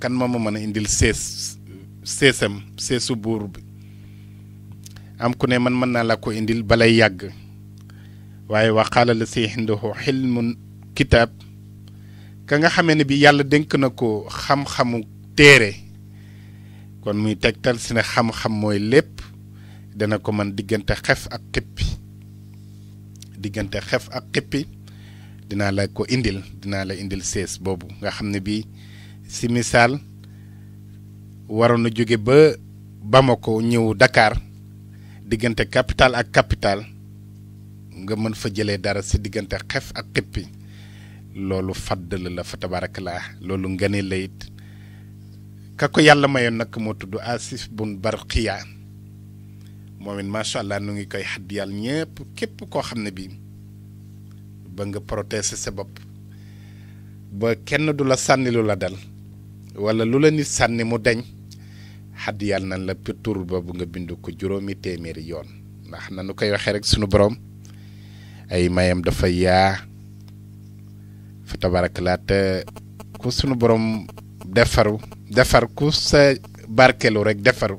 kan ma ma mën a indil sees seesam seesu buur bi am ku ne man mën naa la ko indil balay yàgg waaye waxaala la si indahu xilmun kitaab ka nga xame ne bi yàlla dénk na ko xam-xamu téere kon muy tegtal si ne xam-xam mooy lépp dana ko mën diggante xef ak xippi diggante xef ak xippi dinaa la ko indil dinaa la indil sees boobu nga xam ne bii si misaal waroon na ba Bamako ñëw Dakar diggante capital ak capital nga mën fa jëlee dara si diggante xef ak xippi loolu faddal la fa tabarakalaa loolu late, la it ka ko Asif bun Barqiya moom it allah nu ngi koy xadd yàlla ñëpp képp koo xam ne ba nga protéger sa ba kenn du la lu la dal. wala lu la nit sànni mu deñ xadd yàlla nan la tur boobu nga bind ko juróomi téeméeri yoon ndax na nu koy waxee rek sunu borom ay mayam dafa yaa fa tabaarakalaate ku sunu boroom defaru defar ku sa barkelu rek defaru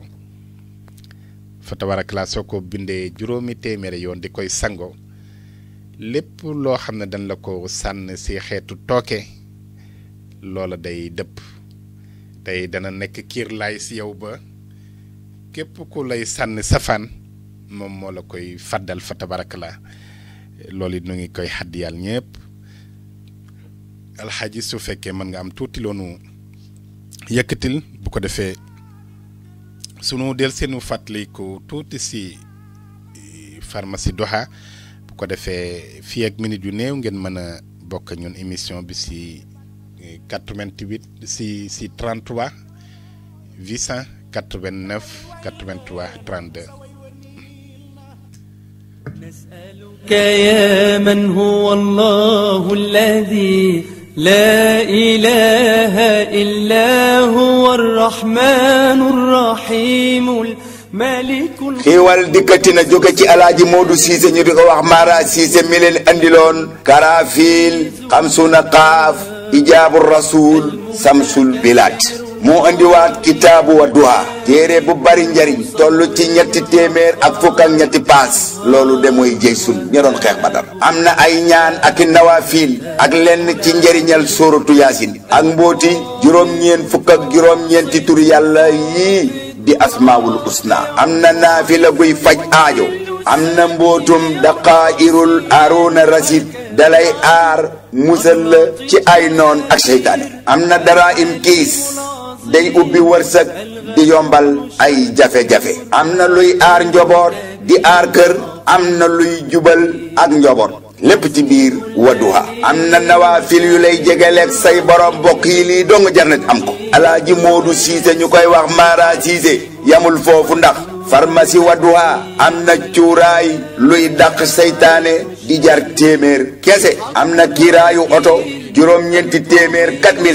fa tabaarakalaat soo ko bindee juróomi téeméeri yoon di koy sangoo lépp loo xam ne dañ la ko sànn si xeetu tooke loola day dëpp tey dana nekk kiir laay si yow ba képp ku lay sànni safaan moom moo la koy fàddal fa tabaraka la loolu it nu ngi koy xaddiyal ñëpp alxaaji su fekkee mën nga am tuuti loonu yëkkatil bu ko defee sunu del seenu fàttaliku tuuti si eh, pharmacie Duha bu ko defee fii ak yu néew ngeen mën a bokk ñun émission bi si 88 si 33 889 83 32 نسألك يا من هو الله الذي لا إله إلا هو الرحمن الرحيم الملك خي والدكتي نجوكتي على جمود سيزي نريغو أحمارا سيزي ملين أندلون كرافيل خمسون قاف ijaabu rasul samsul bilaat moo andiwaat kitaabu wa duha téere bu bari njariñ toll ci ñetti téeméer ak fukk ñetti paas loolu de mooy jëy sun ña doon xeex am na ay ñaan ak nawafiil ak lenn ci njariñal sóoratu yaasin ak mbóoti juróom-ñeen fukk ak juróom-ñeenti tur yàlla yii di asmaawul usna am na naafila guy faj aajo am na mbóotum daqaa'irul aruuna rasid dalay aar musal la ci ay noon ak seytaane am na dara im kiis day ubbi wërsëg di yombal ay jafe-jafe am na luy aar njaboot di aar kër am na luy jubal ak njaboot lépp ci biir Wadduha am na nawaafil yu lay jegeleeg say borom mbokk yi lii dong jar na am ko alaaji Moodu Siise ñu koy wax Mara Siise yamul foofu ndax pharmacie Wadduha am na cuuraay luy dàq seytaane di jar téeméer kese am na kiiraayu oto juróom-ñeenti téeméer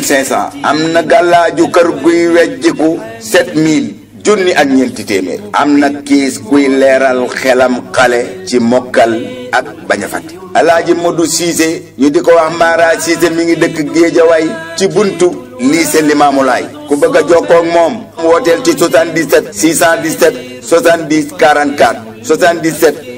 cent am na gàllaaju kër guy wejjiku 7000 junni ak ñeenti téeméer am na kiis guy leeral xelam xale ci mokkal ak bañ a fàtte alaaji Modou Cissé ñu di ko wax Mara Cissé mi ngi dëkk Géejawaay ci buntu lycée Limaamulaay ku bëgg a jokkoo ak moom wooteel ci 77 617 70 44 77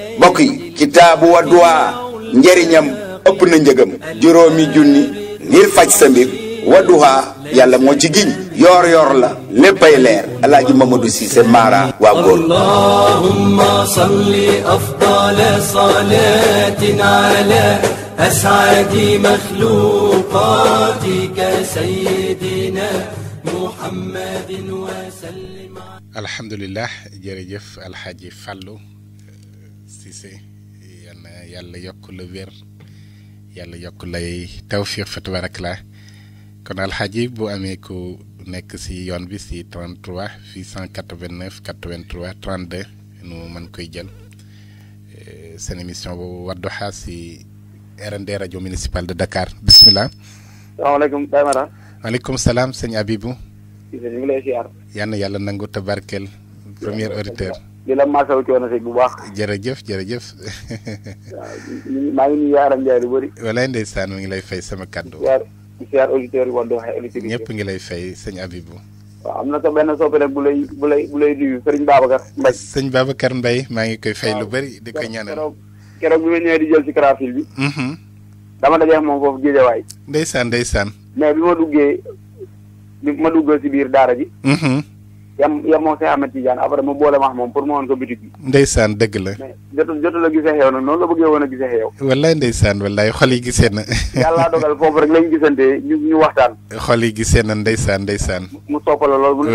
mbokk yi kitaabu Wadduha njëriñam ëpp na njëgam juróomi junni ngir faj sa mbir Wadduha yàlla moo ci giñ yoor yoor la léppay leer alaaji Mamadou Cissé Mara waa góor allahumma salli afdala salatin ala as'adi makhluqatika sayyidina muhammadin wa sallim alhamdulillah jërëjëf alxaaji Fàllu Cissé yàlla yokk la wér yàlla yokk lay tawfiix fa tabarakallah kon alxaaji bu amee ku nekk si yoon bi si 33 889 83 32 nu mën koy jël eh, seen émission boobu Wadduha si RND rajo municipal de Dakar bisimilah. salaamaaleykum salaam sëñ Abibou. yàlla nangu tabarkel premier auditeur. di la masawu coono si bu baax. jërëjëf jërëjëf. waaw maa ngi nuyu Yaram Ndiaye lu bëri. walaay ndeysaan mu ngi lay fay sama kàddu. waaw monsieur auditeur yi Wadduha électricité. ñëpp ngi lay fay sëñ am na sa benn soppe rek bu lay bu lay bu lay nuyu sëriñ Babacar Mbaye. sëñ Babacar Mbaye maa ngi koy fay lu bëri. di ko ñaanal keroog keroog bi ma ñëwee di jël si carafil bi. Mm-hmm. dama dajeex moom foofu géejawaay. ndeysaan ndeysaan. mais bi ma duggee bi ma duggee ci biir daara ji. Mm-hmm. yam yam moom Cheikh Ahmed Tidiane après mu boole ma moom pour mu woon ko bitig bi. ndeysaan dëgg la. mais jotul jotul a gisee xew noonu la bëggee woon a gisee xew. wallaay ndeysaan wallaay xol yi gisee na. yàlla dogal foofu rek lañ gisante ñu ñu waxtaan. xol yi gisee na ndeysaan ndeysaan. mu soppala lool bu ñu.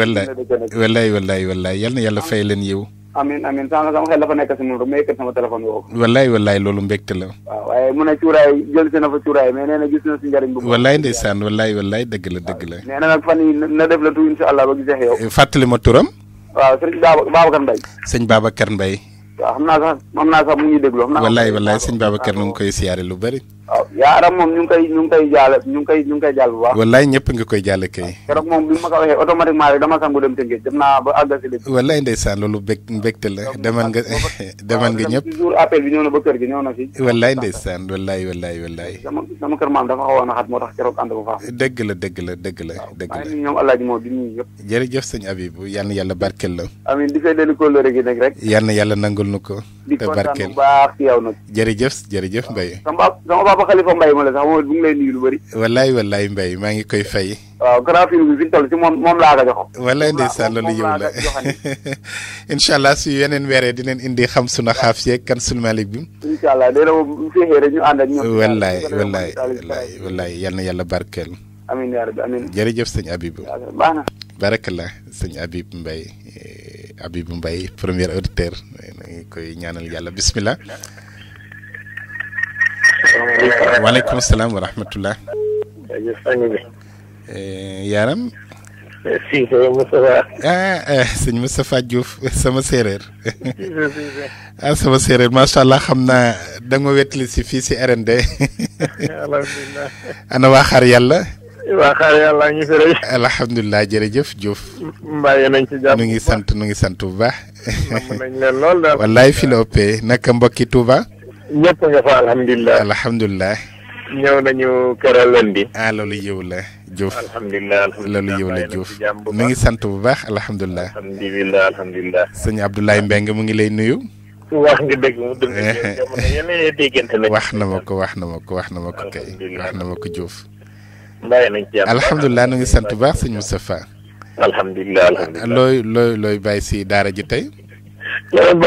wallaay wallaay wallaay yal na yàlla fay leen yiw amin amin sànq sama xel dafa nekk si moom rek ma yëkkat sama téléphone woo ko. wallaay wallaay loolu mbégte la. waaw waaye mu ne cuuraay jël si na fa cuuraay mais nee na gis na si njëriñ bu. wallaay ndeysaan wallaay wallaay dëgg la dëgg la. nee na nag fan yii na def la tu incha allah ba gisee yow. Eh, fàttali ma turam. waaw sëñ Babacar Mbaye. sëñ Babacar Mbaye. waaw xam naa sax xam naa sax mu ngi déglu. wallaay wallaay sëñ Babacar nu ngi koy siyaare lu bari waaw yaaram moom ñu ngi koy ñu ngi koy jàll ñu ngi koy ñu ngi koy jàll bu baax. wallaay ñëpp nga koy jàll kay. keroog moom bi ma ko waxee automatiquement rek dama sangu dem tënkee dem naa ba àgg si lépp. wallaay ndeysaan loolu bég mbégte la demal nga [LAUGHS] demal nga ñëpp. toujours appel bi ñëw na ba kër gi ñëw na fi. wallaay ndeysaan wallaay wallaay wallaay. sama sama kër maam dafa xawoon a xat moo tax keroog ànd bu baax. dëgg la dëgg la dëgg la dëgg la. ñoom Alaaji moo di nuyu yëpp. jërëjëf sëñ Abibu yal na yàlla barkeel la. amiin di fay dellu kóllëre gi nag rek. yal na yàlla nangul nu ko. te barkeel di kontaan bu baax ci yow nag. jërëjëf jërëjëf Mbaye papa Khalifa mbay ma la sax moom bu lay nuyu lu bëri. wallaay wallaay Mbaye maa ngi koy fay. waaw grand film bi fi ñu si moom moom laa ko joxoon. wallaay ndeysaan loolu yow la [LAUGHS] incha allah su yeneen weeree dinañ indi xam sun a yeeg kan sunu malik bi. incha allah dina bu feexee rek ñu ànd ak ñoom. wallaay wallaay wallaay yal na yàlla barkeel. amiin yaa rabbi amiin. jërëjëf sëñ Habib. baax na. barakallah sëñ Habib eh, koy ñaanal yàlla bismillah waaleykum salaam wa rahmatulah. jërëjëf sëñ bi. Eh, Yaram. Ah, eh, Diouf sama séeréer. Ah, sama séeréer macha allah xam naa da nga wétali fii si RND. alhamdulilah. ana waa yàlla. waa xaar yàlla ñu fi jërëjëf Diouf. mbàyyi nañ ci nu ngi sant nu ngi sant bu baax. nañ leen lool daal. wallaay fi naka mbokki tuuba ñëpp nga fa alhamdulilah alhamdulilah. ñëw nañu keroog lundi. Ah, loolu yiw la Diouf loolu yiw la Diouf mi ngi sant bu baax alhamdulilah. alhamdulilah alhamdulilah. sëñ Abdoulaye Mbengue mu ngi lay nuyu. Eh, eh. wax na ma ko wax na ma ko wax na ma ko kay wax na ma ko Diouf. ci alhamdulilah nu ngi sant bu baax sëñ Moustapha. alhamdulilah alhamdulilah looy looy looy bàyyi si daara ji tey. dama [LAUGHS]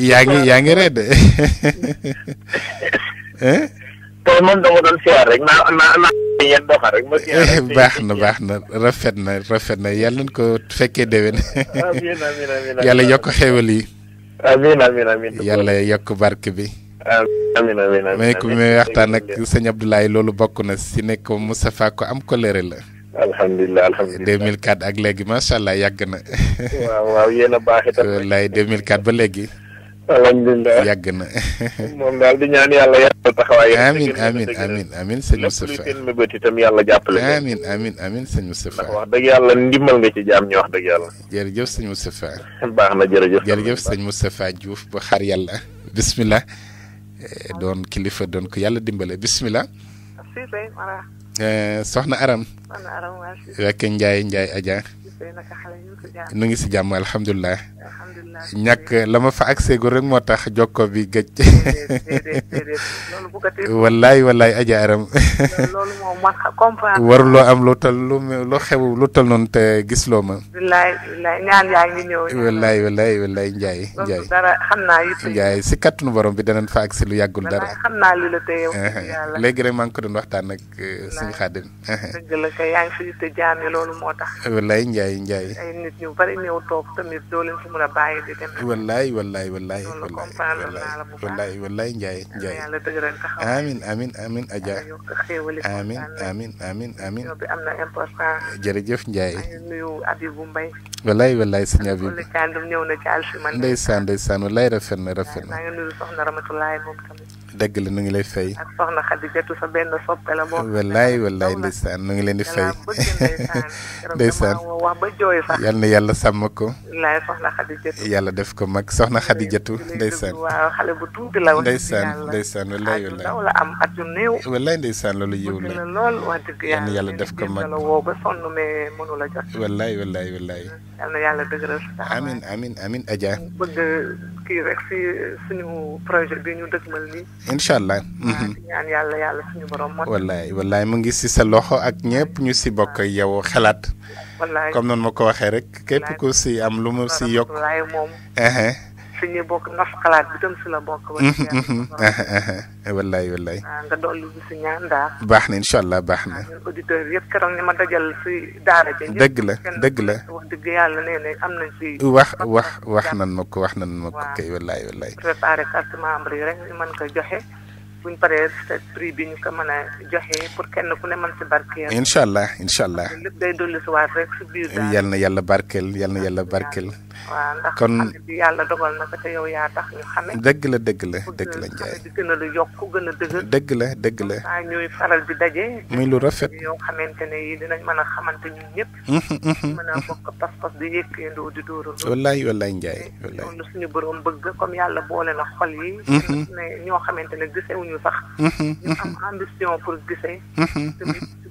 yaa ngi yaa ngi rëdd. [LAUGHS] tey [LAUGHS] baax na baax na rafet na rafet na yàlla nañu ko fekkee déwén. amiin amiin yàlla yokk xéwal yi. yàlla yokk barke bi. amiin amiin may waxtaan ak sëñ Abdoulaye loolu bokk na si nekk Moustapha ko am colère la. alhamdulilah alhamdulilah 2004 ak léegi macha allah yàgg na. waaw waaw yéen a baax itam. wallaay 2004 ba léegi. yàgg na. moom daal di ñaan yàlla yàlla taxawaay. amiin amiin amiin amiin sëñ Moustapha lépp luy seen yàlla jàppale. amiin amiin amiin sëñ wax dëgg yàlla ndimbal nga ci jaam ñi wax dëgg yàlla. jërëjëf sëñ Moustapha. baax na jërëjëf. jërëjëf sëñ Moustapha Diouf ba xaar yàlla. bisimilah. Eh, doon kilifa doon ko yàlla dimbale bisimilah. Eh, soxna Aram. soxna Aram waa Kelle Ndiaye Ndiaye Adja. nu ngi si jàmm alhamdulilah. ñàkk la ma fa accès gu rek moo tax jokko bi gëj. [LAUGHS] [LAUGHS] wallaay wallaay Adja waruloo am lu tal lu lu xew lu tal noonu te gisloo ma. wallaay wallaay ñaan yaa ngi ñëw. wallaay wallaay si kattanu borom bi danañ fa accès lu yàggul dara. xam naa lu la tey [LAUGHS] léegi waxtaan ak uh, suñu xaadim. dëgg la kay yaa yi di demee. wallaay wallaay wallaay. loolu comprendre naa la bu baax wallaay wallaay Ndiaye Ndiaye. yàlla dëgëral taxawaay amiin rafet na rafet na. dëgg la nu ngi lay fay. ak soxna Xadijatu sa benn soppe la boo. wallaay wallaay ndeysaan nu ngi leen di fay. ndeysaan [LAUGHS] yàlla sàmm ko. yàlla def ko mag soxna Xadijatu. ndeysaan waaw xale bu tuuti la. ndeysaan ndeysaan wallaay wallaay. ndaw la am ndeysaan loolu yiw la. lool wax dëgg yàlla. def ko mag wallaay wallaay wallaay. Mm, yal na yàlla dëgëral sa. amiin amiin amiin bëgg kii rek si suñu projet bi ñu dëgmal nii incha allah. ñaan wallaay wallaay mu ngi si sa loxo ak ñëpp ñu si bokk yow xalaat. comme noonu ma ko waxee rek képp ko si am lu mu si yokk. wallaay suñuy bokk naf xalaat bi tam la bokk. [LAUGHS] Eh, wallaay wallaay. Ah, nga dolli bi si ñaan daal. baax na incha allah baax na. Ah, ñun yëpp keroog ni ma dajal si daara ja. dëgg la dëgg la wax dëgg yàlla nee am na si. wax wax wax nan ma ko wax nan ma ko kay wallaay wallaay. préparé yi rek mën ko joxe. buñ paree prix bi ñu ko mën a joxe pour kenn ku ne mën si barkeel. incha allah incha day dolli si waat rek si biir daal. yal na yàlla barkeel yal na yàlla barkeel. waaw ndax kon yàlla dogal na ko te yow yaa tax ñu xame. dëgg la dëgg la dëgg la a lu dëgg la dëgg la. ah ñuy faral di daje. muy lu rafet yoo xamante ne yii dinañ a xamante ñun ñëpp. Uhuh, uhuh. bokk pas-pas di yëkkandoo di dóoral. wallaay wallaay Ndiaye wallaay. suñu borom bëgg comme yàlla boole na xol yi. Uhuh. ñoo xamante ne gisewuñu ñu sax mhm, ñu am mhm. ambition pour gisee mhm,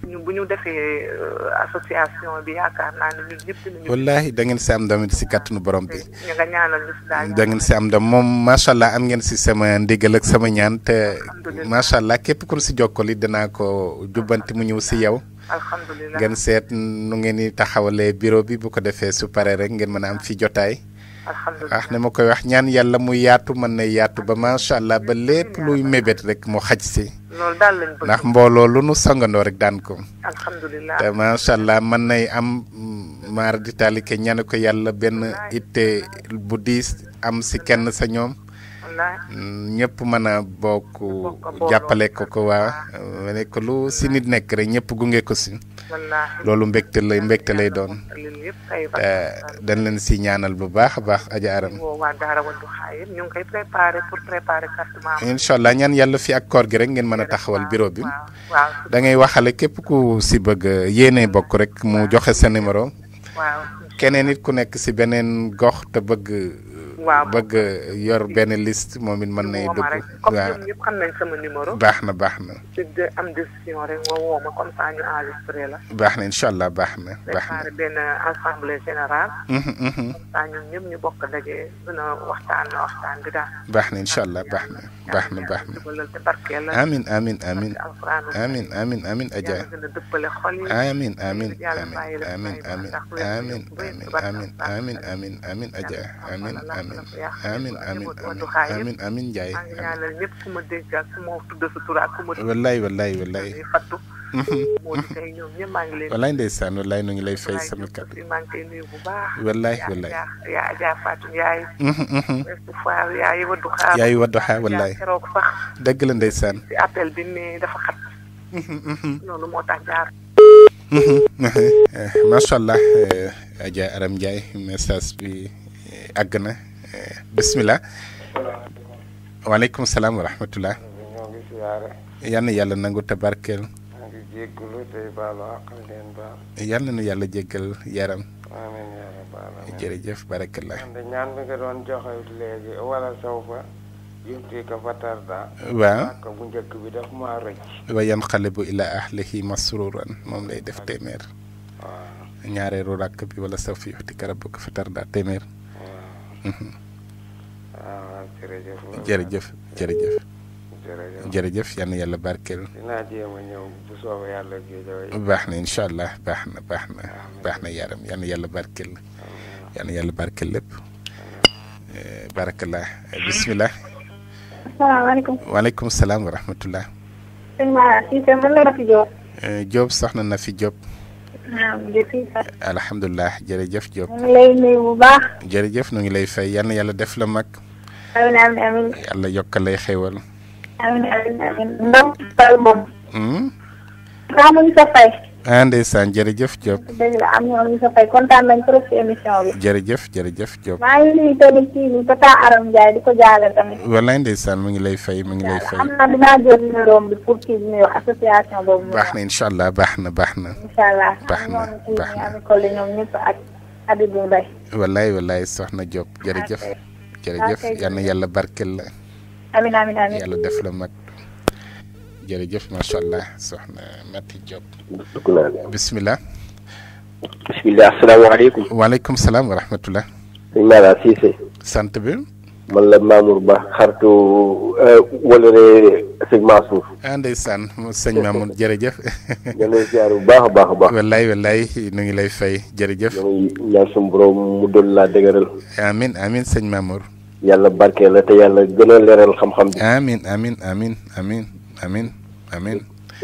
ñu bu ñu defee euh, association bi yaakaar naa ne ñun ñëpp ñu wallahi da ngeen si am damit si kàttanu borom bi nga ñaanal lu daal da ngeen si am dam ma sha allah am ngeen si sama ndigal ak sama ñaan te sha allah képp ku si jokkali dinaa ko jubanti mu ñëw ci yow alhamdulillah ngeen seet nu ngeen ni taxawalee bureau bi bu ko defee su pare rek ngeen mën a am fi jotaay wax ah, ne ma koy wax ñaan yàlla mu yaatu mën na yaatu ba macha allah ba lépp luy mébét rek mu xaj si. ndax mbooloo lu nu songandoo rek daan ko. alhamdulilah te macha allah mën nay am maar di taalike ñaan ko yàlla benn it bu diis am si kenn sa ñoom. ñëpp mën a bokk jàppale ko ko waa ne ko lu si nit nekk rek ñëpp gunge ko si loolu mbégte lay mbégte lay doon dañ leen si ñaanal bu baax a baax aja aram incha allah ñaan yàlla fi ak koor gi rek ngeen mën a taxawal bureau bi da ngay waxale képp ku si bëgg yéene bokk rek mu joxe sa numéro keneen it ku nekk si beneen gox te bëgg waaw bëgg yor benn liste moom it mën nay dugg. comme ñoom ñëpp xam nañ sama numéro. baax na baax na. ci am décision rek nga woo ma comme ça ñu enregistré la. baax na incha allah baax na. baax na benn assemblée générale. Mhm, mhm. comme ça ñun ñëpp ñu bokk daje dina waxtaan na waxtaan bi daal. baax na incha allah baax na. baax na baax na amin amin amin amin amin amin aja amin amin amin amin amin amin amin amin amin aja amin amin amiin amiin amiin Ndiaye sa tur ak ku ma. wallaay wallaay [LAUGHS] wallaay ndeysaan wallaay nu lay fay sama kàddu. maa ngi koy nuyu bu baax. wallaay wallaay yaa Adja Fatou Ndiaye. Mhm, mhm. weste yaay waddu xaar. yaay waddu xaar wallaay. dëgg la ndeysaan. si appel bi ne dafa xat. loolu mhm, moo tax jaar. Eh, macha allah eh, Adja bi eh, àgg na. Eh, bisimilah. waaleykum salaam wa rahmatulah. yal na yàlla nangu te yal na nu yàlla jéggal yaram. amiin yaa rabbal aalamiin jërëjëf barakallah. ñaan bi nga doon joxe léegi wala sawfa yutiika fatardaa. waaw ak bu njëkk bi daf maa wa yanqalibu waaw jërëjëf. jërëjëf jërëjëf. jërëjëf jërëjëf yal na yàlla barkeel. dinaa jéem a ñëw bu soobee yàlla géej baax na incha allah baax na baax na. baax na yaram yal na yàlla barkeel. yal na yàlla barkeel lépp. barakallah bisimilah. salaamaaleykum. waaleykum salaam wa rahmatulah. sëñ Mara Cissé man la Rafi Diop. Diop soxna na fi Diop. alhamdulilah jërëjëf Diop. ñu ngi lay nuyu jërëjëf nu ngi lay fay yal na yàlla def la mag. amiin amiin amiin. yàlla yokk lay xéwal. amiin amiin amiin. Ndao Sall ah ndeysaan jërëjëf Diop. dëgg la am na ñu sa fay kontaan nañ trop ci émission bi. jërëjëf jërëjëf Diop. maa ngi nuyu tey ci bi Tata Aram Ndiaye di ko jaale tamit. wallaay ndeysaan mu ngi lay fay mu ngi lay fay. am na dinaa jël numéro bi pour kii nuyu association boobu. baax na incha allah baax na baax na. incha allah baax na baax na am na ñoom ñëpp ak Habibou Mbaye. wallaay wallaay soxna Diop jërëjëf. jërëjëf yal na yàlla barkeel la. amiin amiin amiin yàlla def la mag. jërëjëf macha allah soxna Mati Diop. assalamu alaykum wa alaykum salaam wa rahmatullah sëñ Mara Cissé. sant bi. man la Mamour Ba xartu wala ne sëñ Mansour. ah ndeysaan seigne Mamour jërëjëf. ñu ngi lay ziar bu baax a baax baax. wallaay wallaay nu ngi lay fay jërëjëf. ñu ngi borom mu do la dëgeural amin amin seigne Mamour. yàlla barkeel la te yàlla gën a leeral xam-xam bi. amiin amiin amiin amiin amiin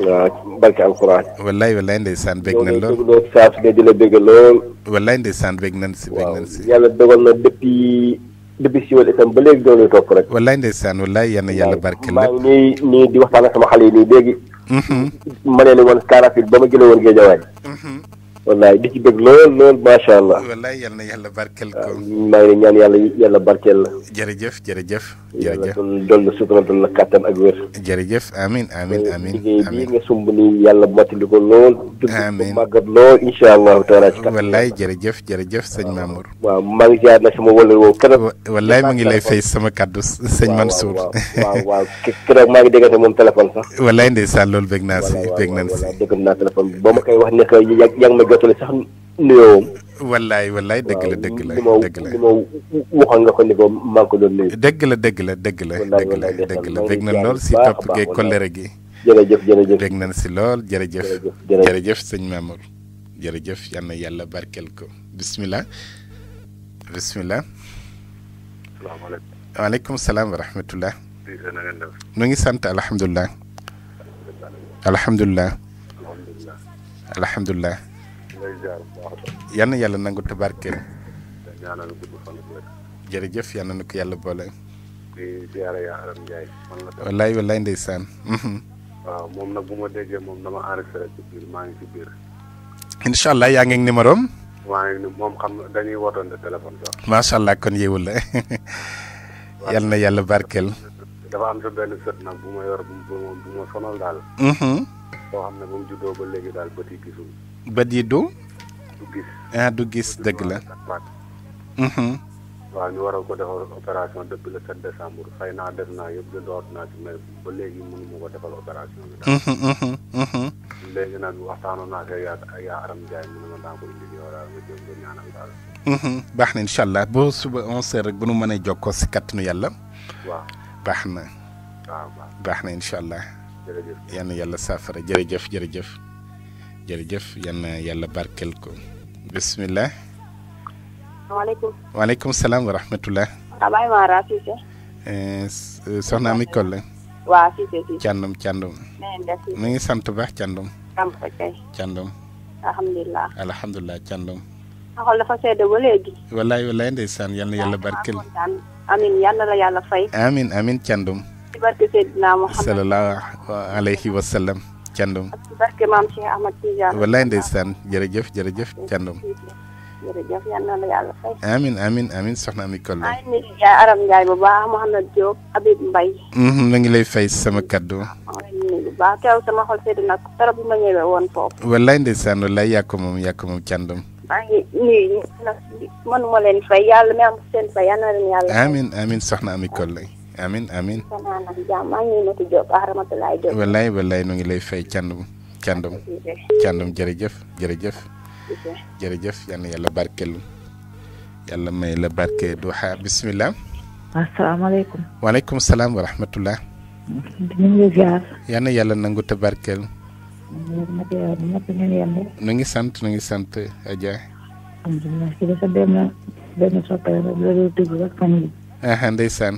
waaw barke alxuraan. wallaay wallaay ndeysaan bég nañ lool yow de saa su ne di la bégg lool. wallaay ndeysaan bég nañ si bég nañ si. waaw yàlla dogal na depuis depuis si wàllu itam ba léegi doon topp rek. wallaay ndeysaan wallaay yal yàlla barke lépp. maa ngi nii nii di waxtaan ak sama xale yi nii léegi. Mhm. ma ne la woon Carafil ba ma jëlee woon Géejawaay. Mhm. wallaay di ci bëgg lool lool macha allah. wallaay yal na yàlla barkeel ko. maa ngi ñaan yàlla yàlla barkeel la. jërëjëf jërëjëf. jërëjëf yàlla doon la sutura doon la kàttan ak wér. jërëjëf amiin amiin amiin liggéey bii nga sumb ko lool. amiin tudd ko màggat lool incha allahu taala ci kàttan. wallaay jërëjëf jërëjëf sëñ Mamour. waaw maa ngi jaar nag sama wàllu woowu kanam. wallaay mu ngi lay fay sama kàddu sëñ Mansour. waaw [LAUGHS] waaw keroog maa ngi déggante moom téléphone sax. wallaay jotale sax nuyoowam. wallaay wallaay dëgg la dëgg la dëgg la waaw li ma waxoon nga ko ni ko maa ngi ko doon nuyu. dëgg la dëgg la dëgg la dëgg la dëgg la bég na lool si topp geeg kolere gi. jërëjëf jërëjëf bég nañ si lool jërëjëf. jërëjëf jërëjëf sëñ Mamour. jërëjëf yal na yàlla barkeel ko bisimilah. bisimilah. salaamaaleykum. waaleykum salaam wa rahmatulah. nu ngi sant alhamdulilah. alhamdulilah. alhamdulilah. yal na yàlla nangu te barkeel. jërëjëf yal na nu ko yàlla boole. di ziare yaa Aram Ndiaye. Mhm. bu ma déggee moom dama enregistré maa ngi ci biir. incha allah yaa ngi ak numéro am. maa ngi moom xam dañuy wootante téléphone sax. macha allah kon yeewul la. yal na yàlla barkeel. dafa am sa benn sët nag bu ma yor bu ma bu ma sonal daal. Mhm. xam ne ba juddoo ba léegi daal bët gisul. bët yi gis ah du gis mm-hmm. war ko defal opération depuis le 7 décembre fay naa léegi mënu mm-hmm, mm-hmm, léegi nag waxtaanoon naa ak yaa ak yaa Aram Ndiaye mu ne ma ba baax na incha boo suba 11h bu nu mënee jokkoo si kattanu yàlla. waaw baax na. baax na incha allah. yàlla yal na yàlla saafara jërëjëf jërëjëf yal na yàlla barkel ko bisimilah. waaleykum salaam wa rahmatulah. Abaye ah, Mara Cissé. soxna mi ngi sant baax Thiandoum. am ko kay. Thiandoum. alhamdulilah ah, ba léegi. walaay walaay ndeysaan yal na yàlla ah, la yàlla fay. amiin amiin Thiandoum. ci alayhi wa Thiandoum barke maam Cheikh jërëjëf jërëjëf Thiandoum jërëjëf yàlla fay amin amin soxna ami kollo ay ngi lay fay sama kaddu bu baax sama xol sedd nag trop bi ma ñëwee woon foofu wallaay ndeysaan wallaay yaa ko moom yaa moom Thiandoum maa leen fay yàlla mi am seen fay yal leen yàlla amin amin soxna ami kollo amin amin wallaay wallaay nu ngi lay fay càndum càndum càndum jërëjëf jërëjëf jërëjëf yal na yàlla barkelu yàlla may la barke duha bismillah asalaamaaleykum waaleykum salaam wa rahmatullah ñu ngi ziar yal na yàlla nangu te barkeel nu ngi sant nu ngi sant Adja alhamdulilah si dafa benn benn soppe rek la doon déglu rek fan yi ndeysaan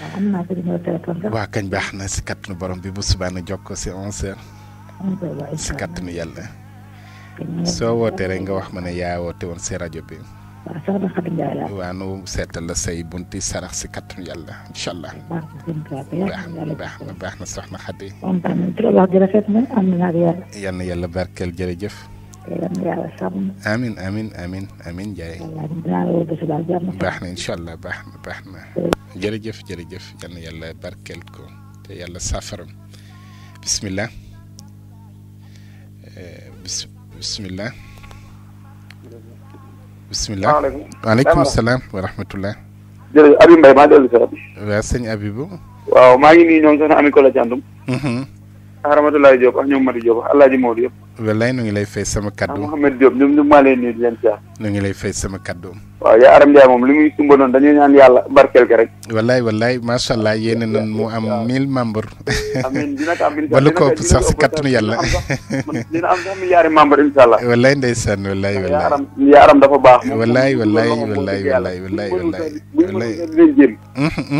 waaw am waa kañ baax na si kàttanu borom bi bu subaa na jokkoo si 11h. 11h kàttanu yàlla. soo wootee rek nga wax ma ne yaa woote woon si rajo bi. waaw soxna Khady Ndiaye laa. waaw nu seetal la say bunti sarax si kàttanu yàlla incha allah. baax na baax na soxna Khady. yàlla. yal yàlla barkeel jërëjëf. امين امين امين امين جاي baax na incha allah baax na baax na jërëjëf jërëjëf yal na yàlla barkeel ko te yàlla saafaram bismillah bis bismillah bismillah waaleykum salaam wa rahmatullah jërëjëf Habib Mbaye maa dellu si rabi waaw sëñ Habibou waaw maa ngi nii ñoom soxna Ami Kola Thiandoum ak Ramatoulaye Diop ak ñoom Mati Diop ak Alaaji Maodo yëpp wallaay nu ngi lay fay sama kaddu. Ah, Mouhamed Diop ñoom ñu leen nuyu di leen jaar. nu ngi lay fay sama kaddu. waaw yaa aram Ndiaye moom li muy sumbanoon dañuy ñaan yàlla barkeel ke rek. wallaay wallaay macha allah yéen nan mu am 1000 membres. amiin dina ko am incha allah ko sax si kattanu yàlla. dina am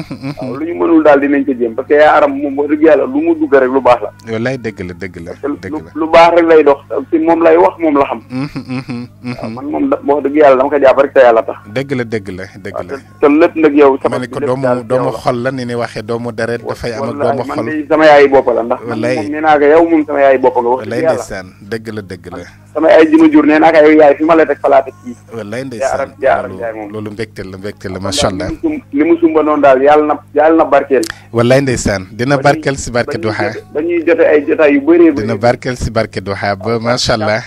bu ñu mënul dinañ mhm, mhm, mhm, parce que yaa aram moom wax dëgg yàlla lu mu dugg rek lu baax la. wallaay dëgg la dëgg la dëgg la lu baax rek lay dox. moom lay wax moom la xam. waaw man moom wax dëgg yàlla dama ko jàpp rek te yàlla sax. dëgg la dëgg la dëgg la te lépp nag yow. sama lépp daal ma ne ko doomu doomu xol la ni ni waxee doomu deret dafay am ak doomu xol man sama yaay bopp la ndax. walaay nee naa ko yow moom sama yaay bopp nga. wax dëgg yàlla ndeysaan dëgg la dëgg la. sama yaay ji ma jur nee naa ko yow yaay fi ma la teg falaate kii. walaay ndeysaan loolu loolu mbégte la mbégte la macha allah. li mu sumba noonu daal yàlla na yàlla na barkeel. walaay ndeysaan dina barkeel si barke Duha. dañuy jote ay jotaay yu bëree dina barkeel si barke Duha ba macha allah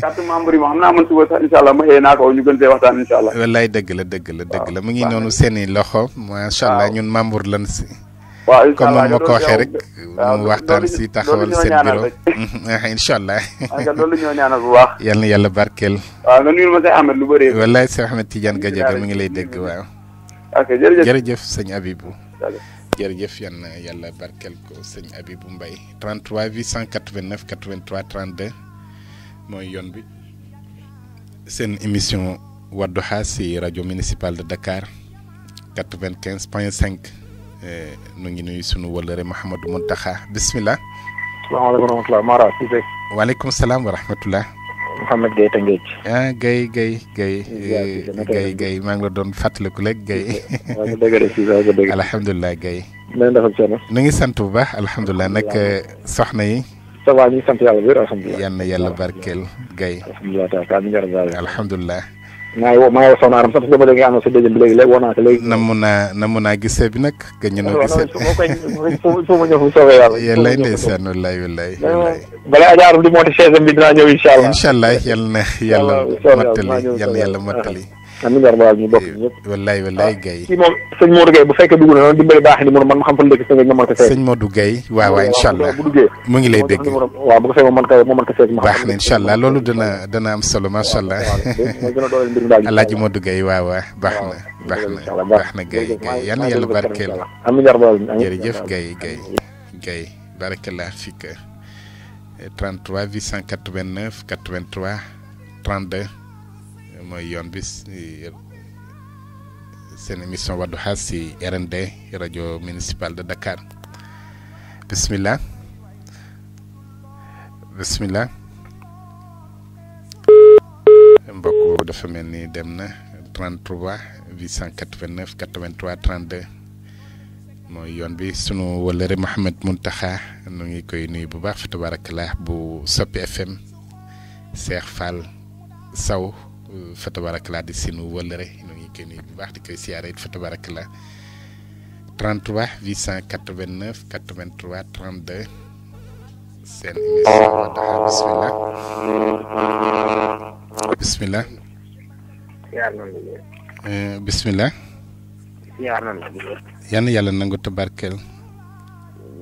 carte membre yi ma xam naa man suba sax incha ma xëyee naa ko ñu gën see waxtaan incha wallaay dëgg la dëgg la dëgg la mu ngi noonu seeni loxo. macha allah ñun membre lan si. waaw incha ma ko rek. mu waxtaan si taxawal seen bureau. incha allah. Ah, loolu ñoo ñaanal bu na Ahmed lu bëree. wallaay Seex Ahmed Tidiane Gadiaga mi ngi lay dégg waaw. ok jërëjëf jërëjëf sëñ Abibou. jërëjëf yal na yàlla barkeel ko sëñ Abibou Mbaye 33 889 83 32. moy yoon bi sen émission Wadduha si rajo municipal de Dakar quatre-vingt-quinze nu ngi nuyu sunu wëllëre Mouhamadou Mountakha bismillah. wa alaykum Mara wa rahmatullah Mouhamed Gueye Tëngéej. ah Gueye Gueye Gueye. Gueye Gueye maa la doon fàttaliku rek Gueye. waaw nga dëgg de Cissé ngi sant bu baax alhamdulilah nag soxna yi. ça va ñu ngi sant yàlla bu wér alhamdulilah. yal na yàlla barkeel Gaye. alhamdulilah taal taal ñu na sa bi na mun naa na mun naa gisee bi nag. gëj ñu noo gisee waaw waaw foo ma ñëw fu soobee yàlla. yàlla ndeysaan wallaay wallaay yal na yàlla. mattali yal na yàlla mattali amiin yaa rabbal ñu bokk ñëpp wallaay ah, bu fekkee dugg na noonu dimbali baax ni mu man ma xam fan la gis nga nga sëñ Modou Gaye waaw waaw incha mu ngi lay dégg waaw bu ko fekk man ko man baax na incha allah loolu dana dana am solo macha allah alaaji Modou Gaye waaw waaw baax na baax na baax na Gaye Gaye yal na yàlla barkeel amiin yaa rabbal jërëjëf Gaye Gaye Gaye barakallah fik 33 889 83 32 mooy yoon bi seen émission Wadduha si RND rajo municipal de Dakar bismillah bismillah mbokk dafa mel ni dem na 33 889 mooy yoon bi sunu wëllëre Mouhamed Mountakha nu ngi koy nuyu bu baax fa tabarakallah bu soppi FM Cheikh Fall saw fa tabarakallah di sinu wëllëre ñu ngi koy nuyu bu baax di kai siyaare it fa tabarakallah 33 889 83 32 bismillah bismillah sen euh, yan yàlla nangu tabarkel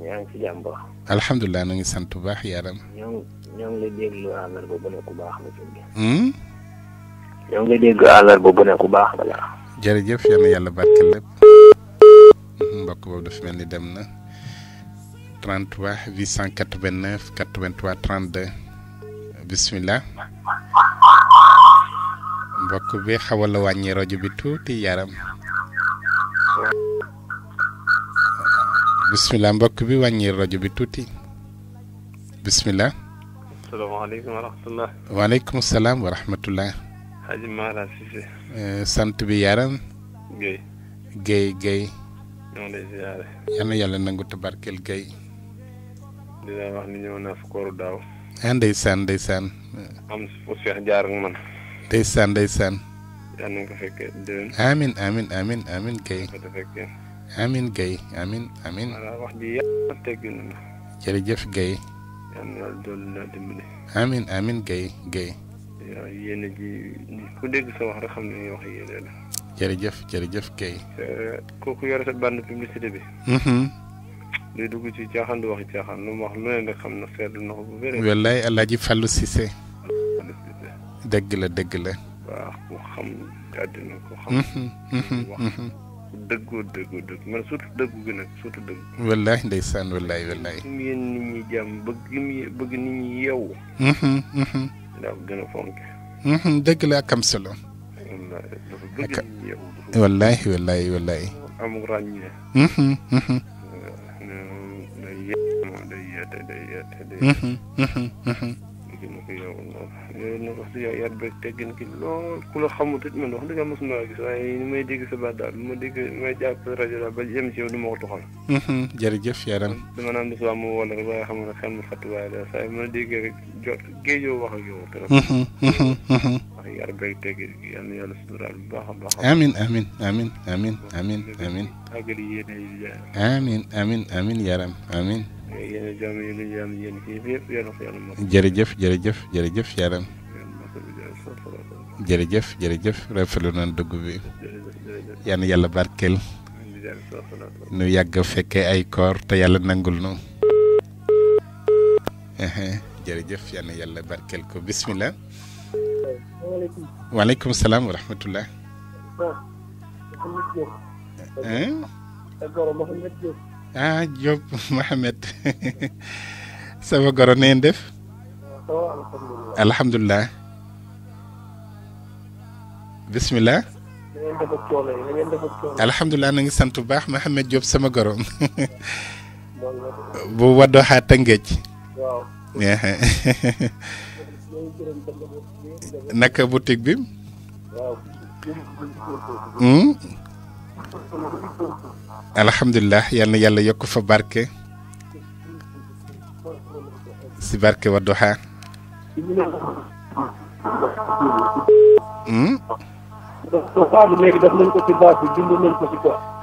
yaa ngi ci jàmm baax alhamdulilah na ngi sant bu yaram la déglu ñoo ngi dégg àllarba bu ne ku baax nga la. jërëjëf yal na yàlla barkeel lépp mbokk boobu dafa mel ni dem na 33 889 83 mbokk bi xawal la wàññi rajo bi tuuti yaram. bisimilah mbokk bi wàññi rajo bi tuuti bisimilah. asalaamaaleykum wa Hadj Mara Cissé. Eh, sant bi yaram. Guèye. Guèye Guèye. ñoo ngi nangu tabarkel Guèye. di la wax ni ñëw naa fa kooru daaw. ah ndeysaan ndeysaan. am fu Cheikh jaar ak man. ndeysaan ndeysaan. yal nañu ko fekkee déwén. amiin amiin amiin na. jërëjëf Guèye. yal na yàlla waaw yéen ji ku dégg sa wax rek xam ne wax yéene la. jërëjëf jëf kay. kooku yore sa bande publicité bi. Mm-hmm. day dugg ci caaxaan du wax caaxaan lu mu wax lu ne nga xam na seetlu na ko bu wéree. wallaay Alaaji Fallou Cissé. dëgg la dëgg la. waaw ku xam àddina ko xam. Mm-hmm, mm-hmm, wax dëggoo dëggoo dëgg man surtout dëggu gi nag surtout dëgg. wallaay ndeysaan wallaay wallaay. yéen nit ñi jàmm bëgg nit ñi yeewu. daa gën a fonk. Mhm, dëgg la ak am solo. dafa bëgg yow. wallaahi noonu wax dëgg yar beeg teggin gi lool ku la xamut it man wax dëgg mosuma la gis waaye ni may dégg sa baat daal ma dégg may jàpp rajo daal ba jëm ci yow du ma ko toxal. jërëjëf yaram. dama naan bisimilah mu woo la rek waaye xam nga xel mu fàtt waaye daal saa ma déggee rek jot géejoo wax ak yow. wax yar beeg teggin gi yal na yàlla suturaal bu baax a baax. amiin amiin amiin amiin amiin amiin. àggali yéene yi. amiin amiin amiin yaram amiin. yéen jàmm jërëjëf jërëjëf jërëjëf Yadam. jërëjëf jërëjëf rafetlu nañ dugg bi. yal na yàlla barkeel. nu yàgg fekkee ay koor te yàlla nangul nu. jërëjëf yal yàlla barkeel ko bismillah. waaleykum salaam wa ah Diop [LAUGHS] Mohamed [LAUGHS] sama goro na def. alhamdulilah. bisimilah. alhamdulilah na sant bu baax Mohamed Diop sama goro. [LAUGHS] bu Wadduha Tëngéej. naka boutique bi. alhamdulilah yal na yàlla yokk fa barke si barke Wadduha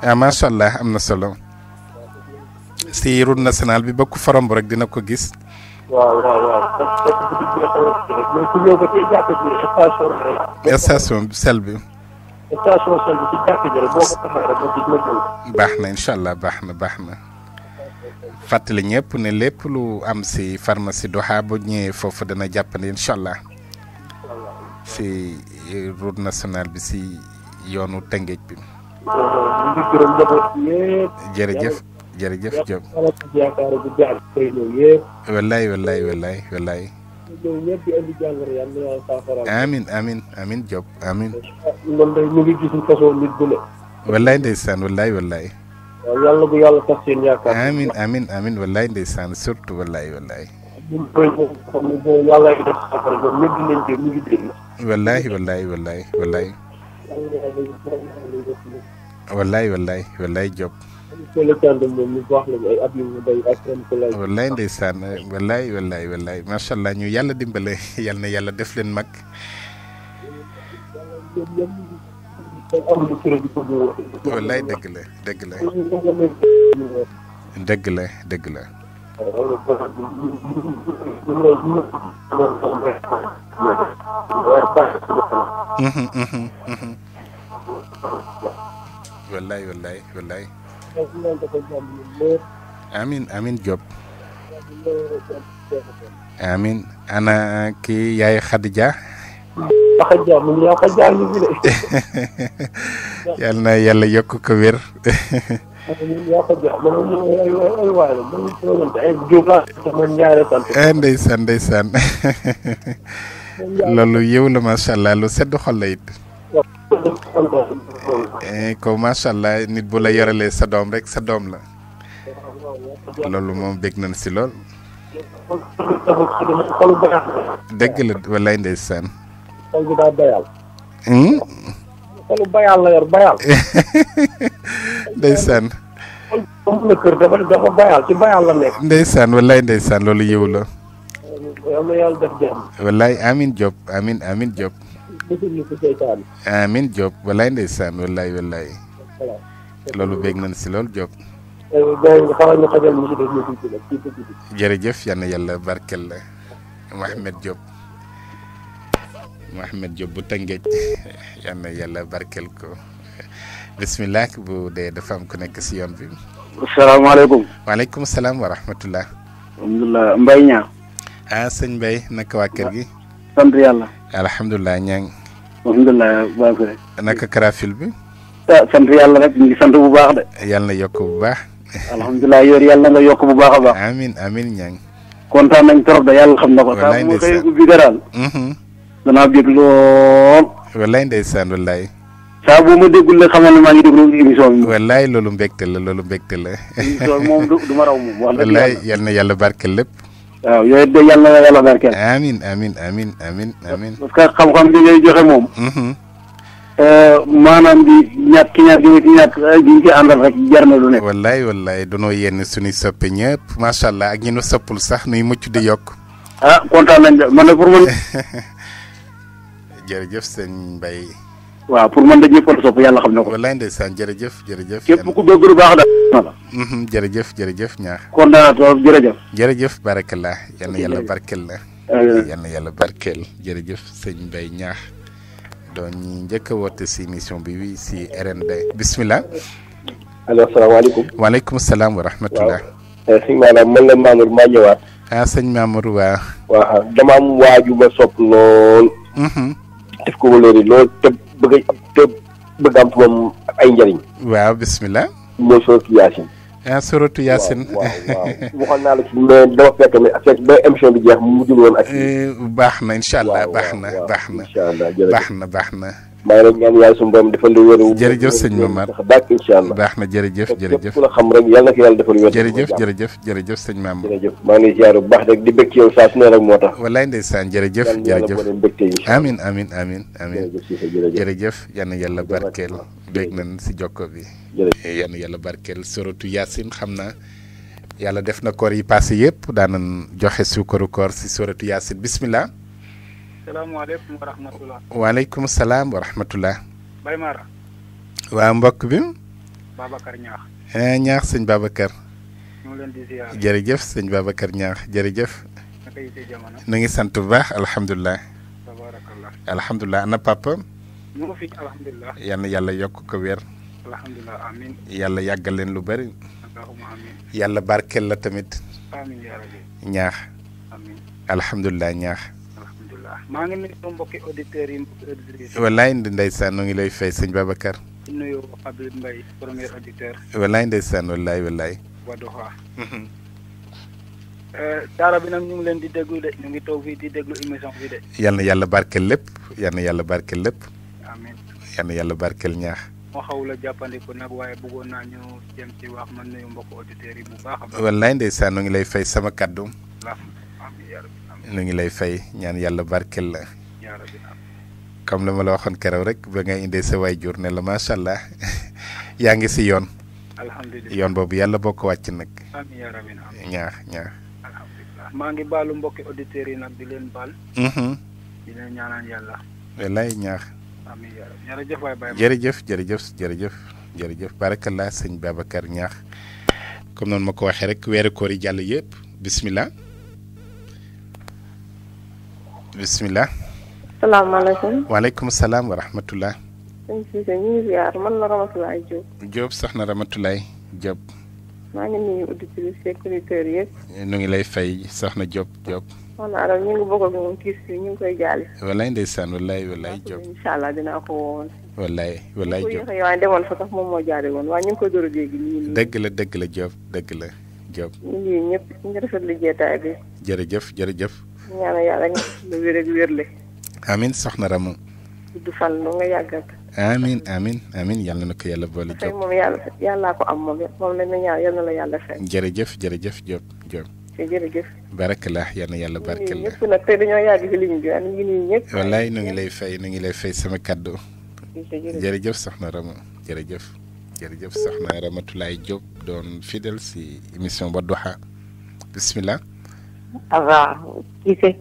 ah macha allah am na solo si route nationale bi ba ku faram rek dina ko gis. waaw waaw waaw. station sel bi. baax na incha allah baax na baax na fàttali ñëpp ne lépp lu am si pharmacie Duha bu ñëwee foofu dana jàppandi incha allah si route nationale bi si yoonu Tëngéej bi. jërëjëf jërëjëf Diop. wallaay wallaay wallaay wallaay. ñëw ñëpp di indi jàngoro yàlla na yàlla saafara. amiin amiin amiin Diop amiin. man de ñu ngi gis ñu façon nit bu ne. wallaay ndeysaan wallaay wallaay. waaw yàlla bu yàlla tax seen yaakaar. amiin amiin amiin wallaay ndeysaan surtout wallaay wallaay. ñun béy boo xam ne boo yàlla yi def saafara ñoom ñëpp dinañ cee ñu ngi dégg. wallaay wallaay wallaay wallaay. wallaay wallaay wallaay Diop. seen kàndam moom ñu wax lañu ay at yu mu béy ak seen collège. wallaay ndeysaan wallaay wallaay wallaay macha allah ñu yàlla dimbale yal na yàlla def leen mag. wallaay dëgg la dëgg la. dëgg la dëgg la. wallaay wallaay wallaay. amin amin Diop amin ana kii yaay Khadija [LAUGHS] yal na yàlla yokk ko wér [LAUGHS] eh, ndeysaan ndeysaan [LAUGHS] loolu yëw la macha allah lu sedd xol la Eh, ko macha allah nit bu la yaralee sa doom rek sa doom la loolu moom bég nañ si lool. dëgg la walaay ndeysaan. xol bi daa loolu yiw la. yàlla Amin Diop Amin Amin Diop. amin job, walay ndaysan wallaay wallaay loolu bég nañ ci loolu job. jërëjëf yal yalla yàlla barkel la mohammed job. mohammed job, bu tangej yalla yalla barkel ko bismillah bu de, dafa am ku nek ci yoon bi salaamaaleykum waaleykum salaam wa rahmatullah Alhamdulillah, mbay Niang ah seigne mbay nak wa kër gi sant yalla alhamdulillah ñaa alhamdulilah baax na. naka bi. ah sant yàlla rek ñu ngi sant bu baax de. yàlla na yokk bu baax. alhamdulilah yow yàlla nga yokk bu baax a baax. amiin amiin ñaa ngi. nañ trop da yàlla xam na ko. wallaay ndeysaan saa bu ma koy ubbi daal. Mhm. danaa bég lool. wallaay ndeysaan ma déggul la xamal ne maa ngi déglu émission bi. wallaay loolu mbégte la loolu mbégte la. émission bi moom du ma wax dëgg yàlla wallaay yal na yàlla barkeel lépp. waaw yooyu de yàlla na yàlla barkeel. amiin amiin amiin amiin amiin. parce que xam-xam bi ngay joxe moom. Mm-hmm. Euh, maanaam di ñàkk ki ñàkk di ñàkk di àndal rek jar na lu nekk. wallaay wallaay danoo yenn suñuy soppe ñëpp macha allah ak ñi nu soppul sax nuy mucc di yokk. ah kontaan lañ de man de pour man. [LAUGHS] jërëjëf sëñ Mbaye. waaw pour man dañuy photoshop yàlla xam na ko wallaay ndeysaan jërëjëf jërëjëf képp ku bëgg lu baax daal mhm, jërëjëf jërëjëf ñaax coordonnateur jërëjëf jërëjëf barakallah yal yàlla barkel la yal yàlla barkel jërëjëf sëñ ñaax doon ñi njëkk a woote si émission bi si RND bismillah allo asalaamaaleykum waaleykum salaam wa rahmatullah eh, sëñ maanaam man la Mamour maa ñëwaat ah sëñ Mamour waa waaw dama am waaju ma sopp lool mhm. def ko wëlëri lool bëgg a te bëgg am ci moom ay njëriñ. waaw bismillah. mooy suratu yaasin. ah eh, suratu yaasin. waaw waxoon naa la ci mais dama fekk ne fekk ba émission bi jeex mu jublu woon ak. Eh, baax na incha allah baax na baax na baax na baax na. maa ngi rek ñaan yàlla suñu borom defal la wér. jërëjëf sëñ Mamar baax allah baax na jërëjëf jërëjëf ku la xam rek yàlla na ko yàlla defal wér. jërëjëf jërëjëf jërëjëf sëñ Mamar jërëjëf maa ngi lay ziar bu baax rek di bëgg yow saa su ne rek moo tax walaay ndeysaan jërëjëf jërëjëf amin amin amin amin jërëjëf yàlla yàlla barkeel bég nañ si jokko bi eh, yàlla yàlla barkeel sorotu yaasin xam naa yàlla def na koor yi passé yëpp daanan joxe suukaru koor si sorotu yaasin bismillah salaamaaleykum wa rahmatulah. waaleykum salaam wa waa mbokk bi. Babacar Niakh. Eh, Niakh sëñ Babacar. ñu ngi leen di ziar. jërëjëf sëñ Babacar Niakh ngi sant bu baax alhamdulilah. tabarakallah. ana papa. ñu yàlla yokk ko wér. yàlla yàggal leen lu bari. yàlla barkeel la tamit. amiin yaa rabbi. maa ngi nuyu sama mbokki auditeurs yi mbokki auditrices yi. ndeysaan nu ngi lay fay sëñ Babacar. di nuyu Habib mbay premier auditeur. walaay ndeysaan walaay walaay. Mhm. Euh, daara bi nag ñu ngi leen di déglu de ñu ngi toog fii di déglu émission bi de. yal na yàlla barkeel lépp yal na yàlla barkeel lépp. amiin yal na yàlla barkeel ñaax. moo xaw la jàppandiku nag waaye bëggoon naa ñu jëm ci waax man nuyu mbokki auditeurs yi bu baax a baax. ndeysaan nu ngi lay fay sama kaddu. ñu ngi lay fay ñaan yàlla barkel la comme la ma la waxoon keroog rek ba nga indee sa waajur ne la macha allah [LAUGHS] yaa ngi si yoon yoon boobu yàlla boo ko wàcc nag ya ñaax ñaax maa ngi baalu mbokki auditeurs yi nag di leen baal mm-hmm. di leen ñaanaan yàlla wallaay ñaax ya jërëjëf waay Baye jërëjëf jërëjëf jërëjëf jërëjëf barakallah sëñ Babacar ñaax comme noonu ma ko waxee rek weeru koor yi jàll yëpp bismillah bisimilah. salaamaaleykum. waaleykum salaam wa rahmatulah. sëñ Cissé ñu ngi ziar maa ngi nuyu auditeurs sécuritaires yëpp. ñu ngi lay fay soxna Diop Diop. soxna Aram ñu ngi bokk ak moom kiis bi ñu ngi koy jaale. walaay ndeysaan walaay walaay Diop. incha allah dinaa ko woon. walaay walaay Diop woon waaye ñu ngi koy dégg. dëgg la dëgg la Diop dëgg la Diop. ñu ngi ñëpp ñu ngi rafetlu jotaay bi. jërëjëf jërëjëf. ñaanal yàlla ñu ngi wér ak wérle. amiin soxna Rama. gudd fan lu nga yàggal. amiin amiin yàlla na ko yàlla boole Diop. yàlla ko am moom moom la ñu ñaan yàlla fay. jërëjëf jërëjëf Diop Diop. ngi nu ngi lay fay nu ngi lay fay sama kaddu. jërëjëf soxna Rama jërëjëf. jërëjëf soxna Ramatoulaye Diop doon fidèle si émission Wadduha bismillah Awa Cissé.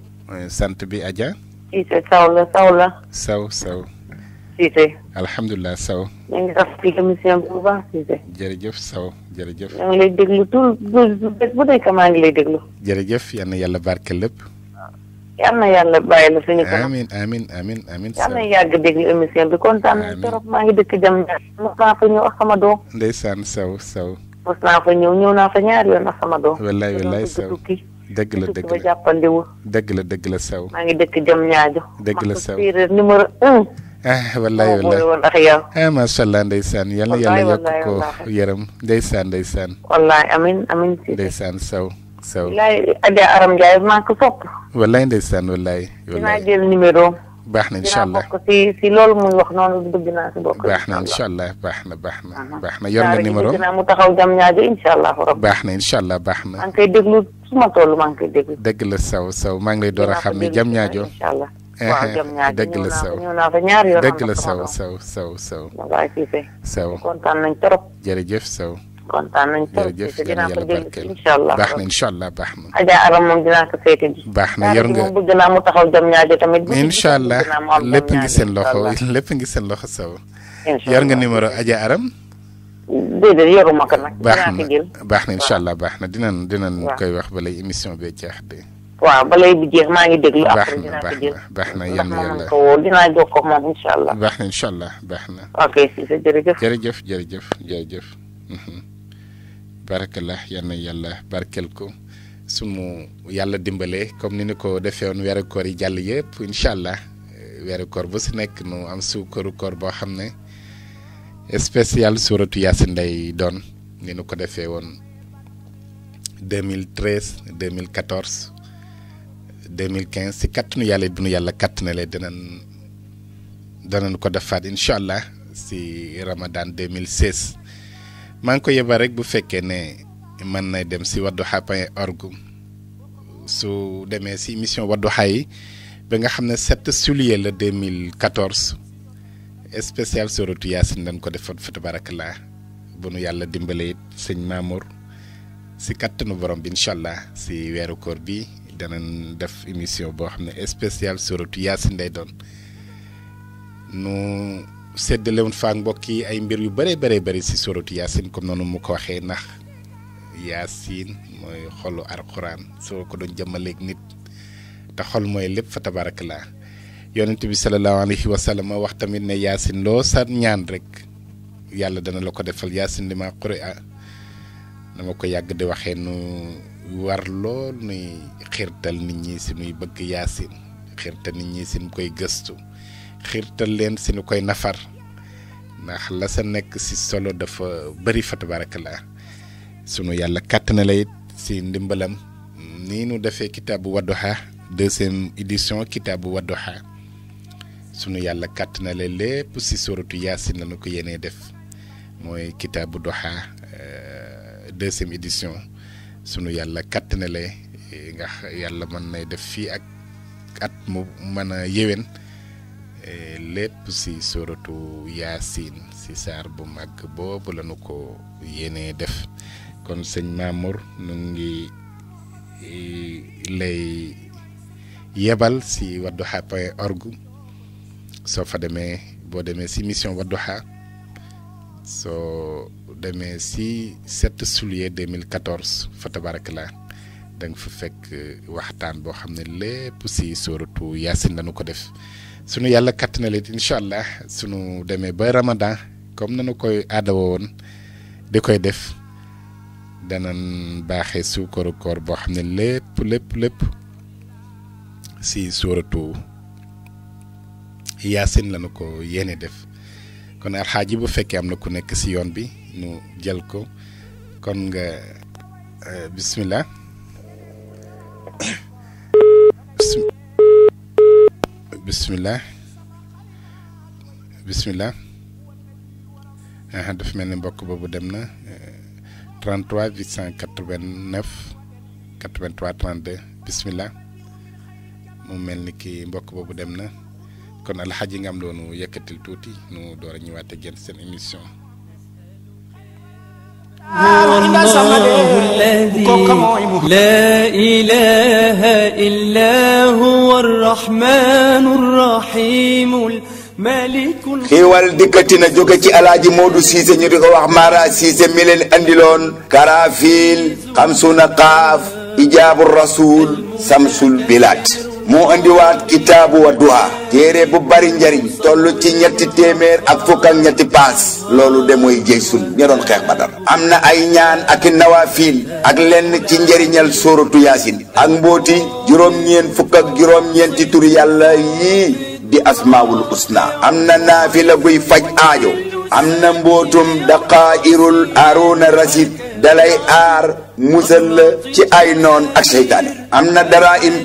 sant bi Adja. Cissé Sow la Sow la. Sow Sow. Cissé. alhamdulilah Sow. ñu ngi rafetlu émission bi bu baax Cissé. jërëjëf Sow jërëjëf. maa ngi lay déglu tout bés bu nekk maa ngi lay déglu. jërëjëf yal na yàlla barke lépp. yal na yàlla bàyyi la suñu kanam. amiin amiin amiin amiin. yal na yàgg déglu émission bi kontaan nañu trop maa ngi dëkk jam ñaar. mos naa fa ñëw ak sama doom. ndeysaan Sow Sow. mos naa fa ñëw ñëw naa fa ñaar yoon ak sama doom. wallaay wallaay Sow tukki. dëgg la dëgg la jàppandiwul. sew. maa ngi dëkk jëm ñaajo. dëgg la sew séeréer numéro un. wallaay wallaay macha allah ndeysaan yal na yàlla yokk ko yaram ndeysaan ndeysaan. wallaay amin amin si ndeysaan sew. sew wallaay Adja Aram Ndiaye maa ko sopp. wallaay ndeysaan wallaay. dinaa jël baax na incha baax na incha baax na baax na. baax na yor numéro. mu taxaw jam ñaajo incha allah. na incha allah baax na. su ma toll maa ngi koy dëgg la saw saw maa ngi lay door a xam ne jam ñaajo. incha allah [LAUGHS] waaw dëgg la saw ñëw naa fa ñaari yoon. dëgg la saw saw saw saw. saw baax na incha allah baax na. baax na yor nga bëgg naa mu taxaw jam ñaajo tamit. allah lépp ngi seen loxo [LAUGHS] lépp ngi seen loxo saw. yor nga numéro Adja Aram. baax na baax baax na dina dinañ. koy wax balay émission bee jeex de. waaw balay bu jeex maa ngi déglu. après dinaa ko jël baax na baax na yéen yàlla ko woo dinaa jokkoo ak moom incha na incha allah baax na. ok Cissé jërëjëf. jërëjëf jërëjëf jërëjëf. Mhm. ko sunu yàlla dimbale comme ni ni ko defee woon weeru koor yi jàll yëpp incha allah weeru koor bu si nekk nu am si suukaru kor boo xam ne. spécial sur Yaasin lay doon ni nu ko defee 2013 2014 2015 si kàttanu yàlla bu nu yàlla kàttanalee danañ danañ ko Inshallah, Ramadan 2016 maa ngi ko yebal rek bu fekkee ne man nay dem si wadduha point org su demee si mission wadduha yi nga xamné 7 juillet 2014. spécial suratu yaasin lañ ko defoon fa la bu nu yàlla dimbale it sëñ Mamour si kattanu borom bi incha allah si weeru koor bi dana def émission boo xam ne spécial suratu yaasin lay doon nu séddale woon fa mbokk yi ay mbir yu bëree bëree bëri si suratu yaasin comme noonu mu ko waxee ndax yaasin mooy xolu alxuraan soo ko doon jëmmaleeg nit te xol mooy lépp fa tabarakallah yonent bi salallaahu alayhi wa sallam wax tamit ne yaasin loo sa ñaan rek yàlla dana la ko defal yaasin li ma quri a ah, dama ko yàgg di waxee nu war lool nuy xiirtal nit ñi si nuy bëgg yaasin xiirtal nit ñi si nu koy gëstu xiirtal leen si nu koy nafar ndax la sa nekk si solo dafa bëri fa tabarakallah sunu yàlla kàtt na la it si ndimbalam ni nu defee kitaabu wadduha deuxième édition kitaabu wadduha sunu yàlla kàttanale lépp si suratu yaasin la nu ko yéenee def mooy kitaabu doxa euh, deuxième édition sunu yàlla kàttanale eh, nga yàlla mën nay def fii ak at mu mën a yéwén eh, lépp si suratu yaasin si saar bu mag boobu la nu ko yéenee def kon sëñ Mamour nu ngi eh, lay yebal si wadduha point org soo fa demee boo demee si mission Wadduha so deme si 7 juillet 2014 fa tabarakallah da nga fa fek waxtan bo xamne lépp si suratu yasin lañu ko def sunu yàlla katna incha inshallah sunu deme ba ramadan comme nanu koy adaw won di koy def danan baxé suukaru koor boo xam ne lépp lépp lépp si suratu yaasin la nu ko yéene def kon alxaaji bu fekkee am na ku nekk si yoon bi nu jël ko kon nga euh, [COUGHS] bismillah bismillah bismillah dafa mel ni mbokk boobu dem na 33 889 83 32 bismillah mu mel ni ki mbokk boobu dem na kon alhaji ngam do nu yeketil tuti nu do ra ñewate gen sen emission الله الذي لا إله إلا هو الرحمن الرحيم الملك خيوال ديكتينا جوكتي على جي مودو سيسي نيري كو واخ مارا سيسي ميلين انديلون كارافيل خمسون قاف اجاب الرسول سمسول بلاد wat kitab wa wadduha tere bu bari njariñ tollu ci ñetti témèr ak fukk ak ñetti pass lolu de moy jeysul sun ña doon xeex badar amna ay ñaan ak nawafil ak lenn ci njariñal suratu yasin ak mboti ñeen fuk ak ñeenti tur yalla yi di asmaul husna. Amna nafila guy faj aajo amna mbotum irul aruna rasid dalay ar musal ci ay non ak seytaane amna dara in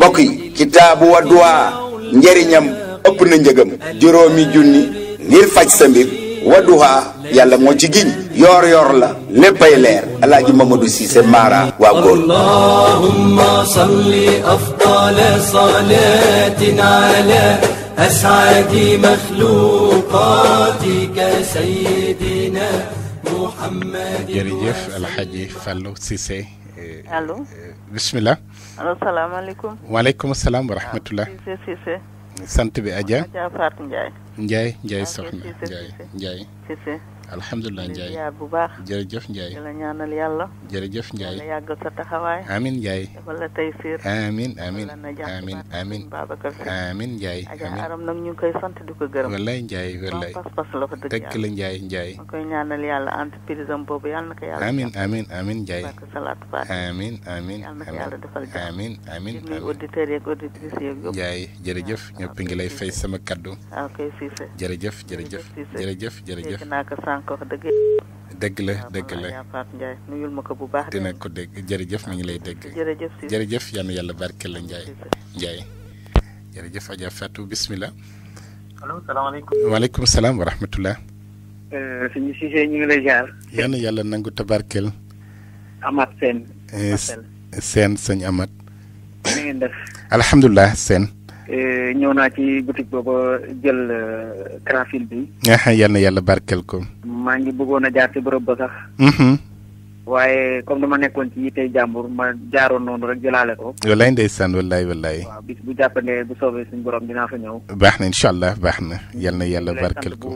mbokk yi kitaabu Wadduha njëriñam ëpp na njëgam juróomi junni ngir faj sa mbir Wadduha yàlla moo ci giñ yoor yoor la léppay leer alaaji Mamadou Cissé Mara waa góor allahumma salli afdala salatin ala as'adi makhluqatika sayyidina salaamaaleykum. waaleykum salaam wa ah, sant bi Adja. Adja Fatou Ndiaye. Ndiaye ah, alhamdulillah Ndiaye ziar bu baax jërëjëf Ndiaye la ñaanal yàlla jërëjëf Ndiaye la yàggal sa taxawaay amin Ndiaye wala tay taysir amin amin amin amin amin Ndiaye amin aram nak ñu koy sant di ko gërëm wallahi Ndiaye wallahi pas pas la fa dëgg tek la Ndiaye Ndiaye ma koy ñaanal yàlla entreprise am boobu yàlla naka ko yàlla amin amin amin Ndiaye salatu ba amin amin amin amin amin auditeur yeeg auditrice yeeg yëpp Ndiaye jërëjëf ñëpp ngi lay fay sama kaddu ah, okay Cissé jërëjëf jërëjëf jërëjëf jërëjëf naa ko sànq encore dëgg dëgg la ah, dëgg la nuyul ma ko bu baax dina ko dégg jërëjëf mi ngi lay dégg jërëjëf jërëjëf yàlla yàlla barke la jërëjëf Fatou bismillah wa rahmatullah eh, suñu ñu ngi lay jaar ñëw naa ci boutique boobu jël crafil bi. yal na yàlla barkeel ko. maa ngi bëggoon a jaar ci bërëb ba sax. waaye comme dama nekkoon ci yittey jàmbur ma jaaroon noonu rek jëlaale ko. wallaay ndeysaan wallaay wallaay. waaw bis bu jàppandee bu soobee suñu borom dinaa fa ñëw. baax na incha allah baax na yal na yàlla barkeel ko.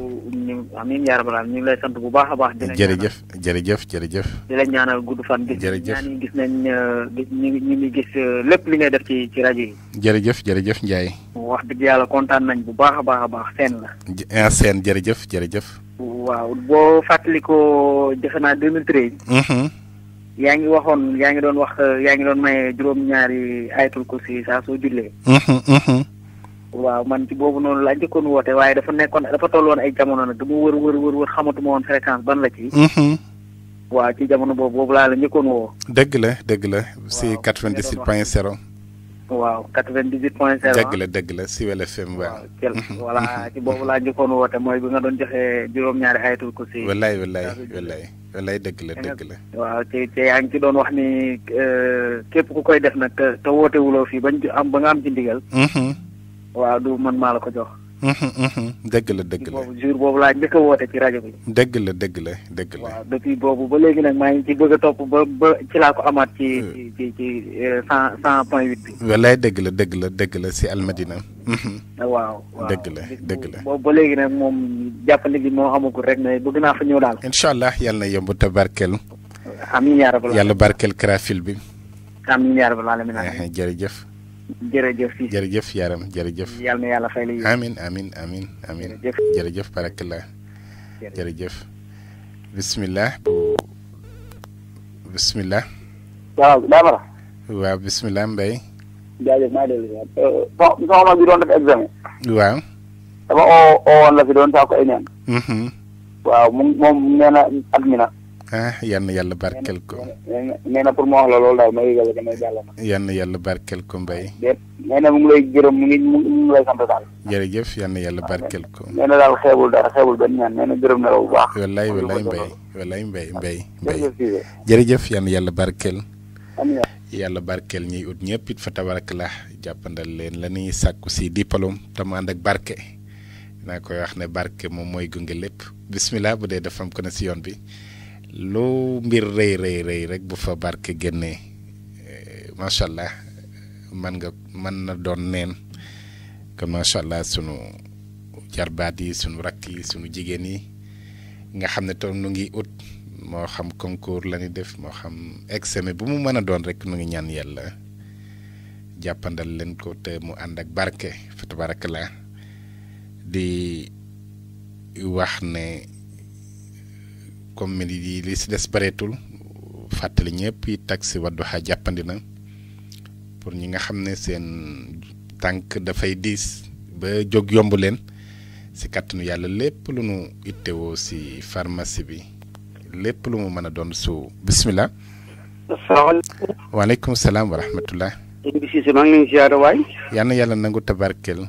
amiin yaa rabbal aalamiin ñu ngi lay sant bu baax a baax. jërëjëf jërëjëf jërëjëf. di la ñaanal gudd fan. jërëjëf gis nañ gis nañ euh, ñu ñu ngi gis euh, lépp li ngay def ci ci rajo yi. jërëjëf jërëjëf Ndiaye. wax dëgg yàlla kontaan nañ bu baax a baax a baax seen la. Ah, seen jërëjëf jërëjëf waaw boo fàttalikoo defe naa 2013. Mhm. yaa ngi waxoon yaa ngi doon wax yaa ngi doon maye juróom-ñaari ayatul kursi saa soo jullee. Mhm, mhm. waaw man ci boobu noonu laa njëkkoon woote waaye dafa nekkoon dafa tolloon ay jamono nag dama wër wër wër wër xamatuma woon fréquence ban la ci. waaw ci jamono boobu boobu laa la njëkkoon woo. dëgg la dëgg la. si 98 point 0. waaw 98 point 0 dëgg la dëgg la Siwel FM waaw. Mhm. [LAUGHS] voilà mhm. ci boobu laa njëkkoon woote mooy bi nga doon joxe juróom-ñaari xayatul ko si. wallaay wallaay wallaay dëgg la dëgg la. waaw te te yaa ci doon wax ni euh, képp ku koy def nag te te woote wuloo fii am ba nga am ci ndigal. Mhm. waaw du man maa la ko jox. Mhm, mhm. dëgg la dëgg la boobu jour boobu laa njëkk a woote ci rajo bi. dëgg la dëgg la dëgg la. waaw depuis boobu ba léegi nag maa ngi ci bëgg a topp ba ba ci laa ko amaat ci euh. ci ci euh, cent cent point huit bi. dëgg la dëgg la dëgg la si almadina. Mhm. Ah, waaw waaw dëgg la dëgg la. boobu ba léegi nag moom jàppandi gi moo amagul rek mais bëgg naa fa ñëw daal. incha allah yàlla na yomb te barkeel. amiin yaa rabbal yàlla barkeel karafil bi. amiin yaa rabbal alamin eh, jërëjëf. jërëjëf jërëjëf yaram jërëjëf. yàlla na yàlla fay la amiin amiin amiin amiin jërëjëf jërëjëf barakallah jërëjëf. bisimilah. bisimilah. waaw Daamara. waaw euh, doon def examen. waaw. dama mhm. moom nee admina. ah yàlla barkel ko. nee na la loolu mu ngi jërëjëf yann yàlla barkel ko. nee na daal xeebul wallaay wallaay Mbaye wallaay Mbaye Mbaye Mbaye yàlla barkel. amiin yàlla barkel ñiy ut ñëpp it fa tabarakallah jàppandal leen la ñuy sàkku si diplôme tam ànd ak barke. naa koy wax ne barke moom mooy gunge lépp bismillah bu dee dafa am si yoon bi lu mbir re, re, re rek bu fa barke génnee eh, macha allah man nga man na doon neen kon macha allah sunu jarbaati sunu rakki sunu jigeni, nga xam ne tam nu ngi ut mo xam concours lañu def mo xam exame bu mu meuna don rek nu ngi ñaan yalla jappandal leen ko te mu and ak barke fa tabarakallah di wax ne comme li li ci dess bareetul fatali ñepp yi taxi Wadduha jàppandi na pour ñi nga xam sen tank da fay dis ba jóg yomb leen si kàttanu yalla lepp lu nu wo ci pharmacie bi lepp lu mu meuna don su bismillah asalaamaaleykum. alaykum salam wa rahmatullah. indi ci maa ngi leen way yalla yalla nangu tabarkel.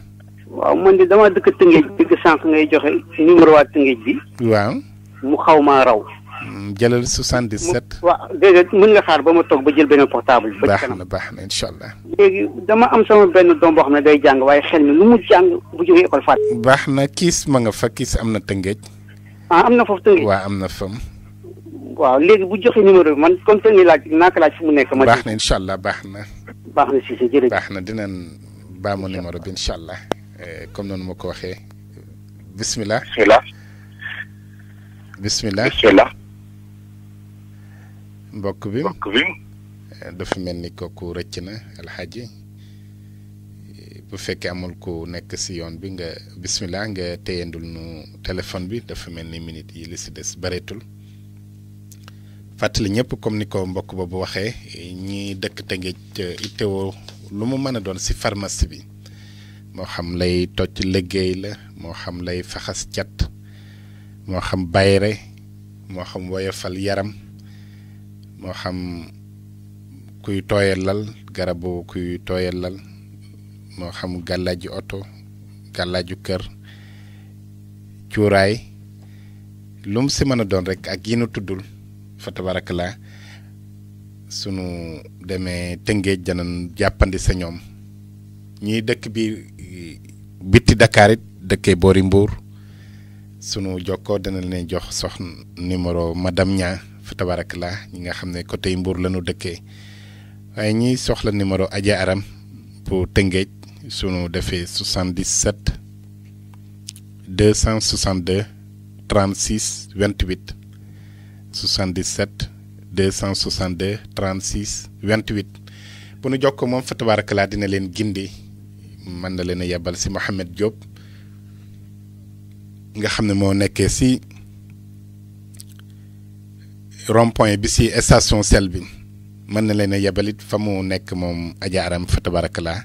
waaw man di dama dëkk Tëngéej dëgg sank ngay joxe numéro wa Tëngéej bi. waaw. mu xaw maa raw. Hmm, jëlal 77. waaw déedéet mën nga xaar ba ma toog ba jël benn portable. ba baax na baax na incha allah. léegi dama am sama benn doom boo xam ne day jàng waaye xel mi lu mu jàng bu jógee école faat. baax na kiis ma nga fa kiis am na tëngeej. ah am na foofu tëngeej. waaw am na fam. waaw léegi bu joxe numéro bi man comme que laaj naa ko laaj fi mu nekk. ma baax na incha allah baax na. baax na si si jërëjëf. baax na dinañ baamu numéro bi allah eh, comme noonu ma ko waxee bisimilah. bisimilah bisimilah. mbokk bi mbokk bi. Eh, dafa mel ni kooku rëcc na alxaaji eh, bu fekkee amul ku nekk ci yoon bi nga bisimilah nga téyandul nu téléphone bi dafa mel ni minute yi li si des bareetul fàttali ñëpp comme ni ko mbokk boobu waxee ñi dëkk Tëngéej eh, itteewoo lu mu mën a doon si pharmacie bi moo xam lay toj liggéey la moo xam lay faxas cat. moo xam bayre moo xam woyofal yaram moo xam kuy tooyalal garabu kuy tooyalal moo xam gàllaaju oto gàllaaju kër cuuraay lu si mën a doon rekk ak yi nu tuddul fa tabarakalaa sunu demee tëngéej janan jàppandi sa ñoom ñii dëkk bi bitti Dakar it dëkkee boori Mbuur sunu jokkoo dana leen jox sox numéro madame Nia fa tabarakallah ñi nga xam ne côté Mbour la dëkkee waaye ñiy soxla numéro Adja Aram bu Tëngéej sunu defee 77 262 36 28 77 262 36 28 bu nu ko moom fa tabarakallah dina leen gindi mën na leen a yebal si Mouhamed Diop. nga xam ne moo nekkee si rond bi si station sel bi mën na leen a yebalit fa mu nekk moom ajaaram Aram fa tabarakalaa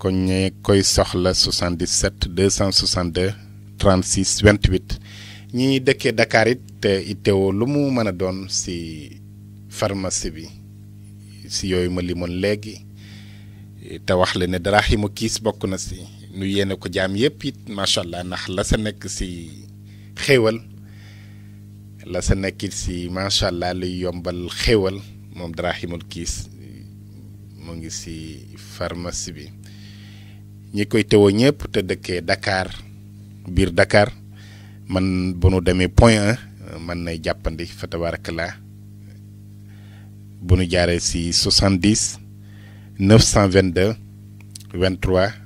kon koy soxla 77 262 36 28 ñi dëkkee Dakar it te itteewoo lu mu mën a doon si pharmacie bi si yooyu léegi te wax la ne daraaximu kiis bokk na si. nu yéene ko jaam yëpp it macha allah ndax la sa nekk si xéwal la sa nekkit si macha allah luy yombal xéwal moom Drahimul Kiis mu ngi si pharmacie bi ñi koy tewoo ñëpp te dëkkee Dakar biir Dakar man bu nu demee point 1 man nay jàppandi fa tabarakallah bu nu jaaree si 70 922 23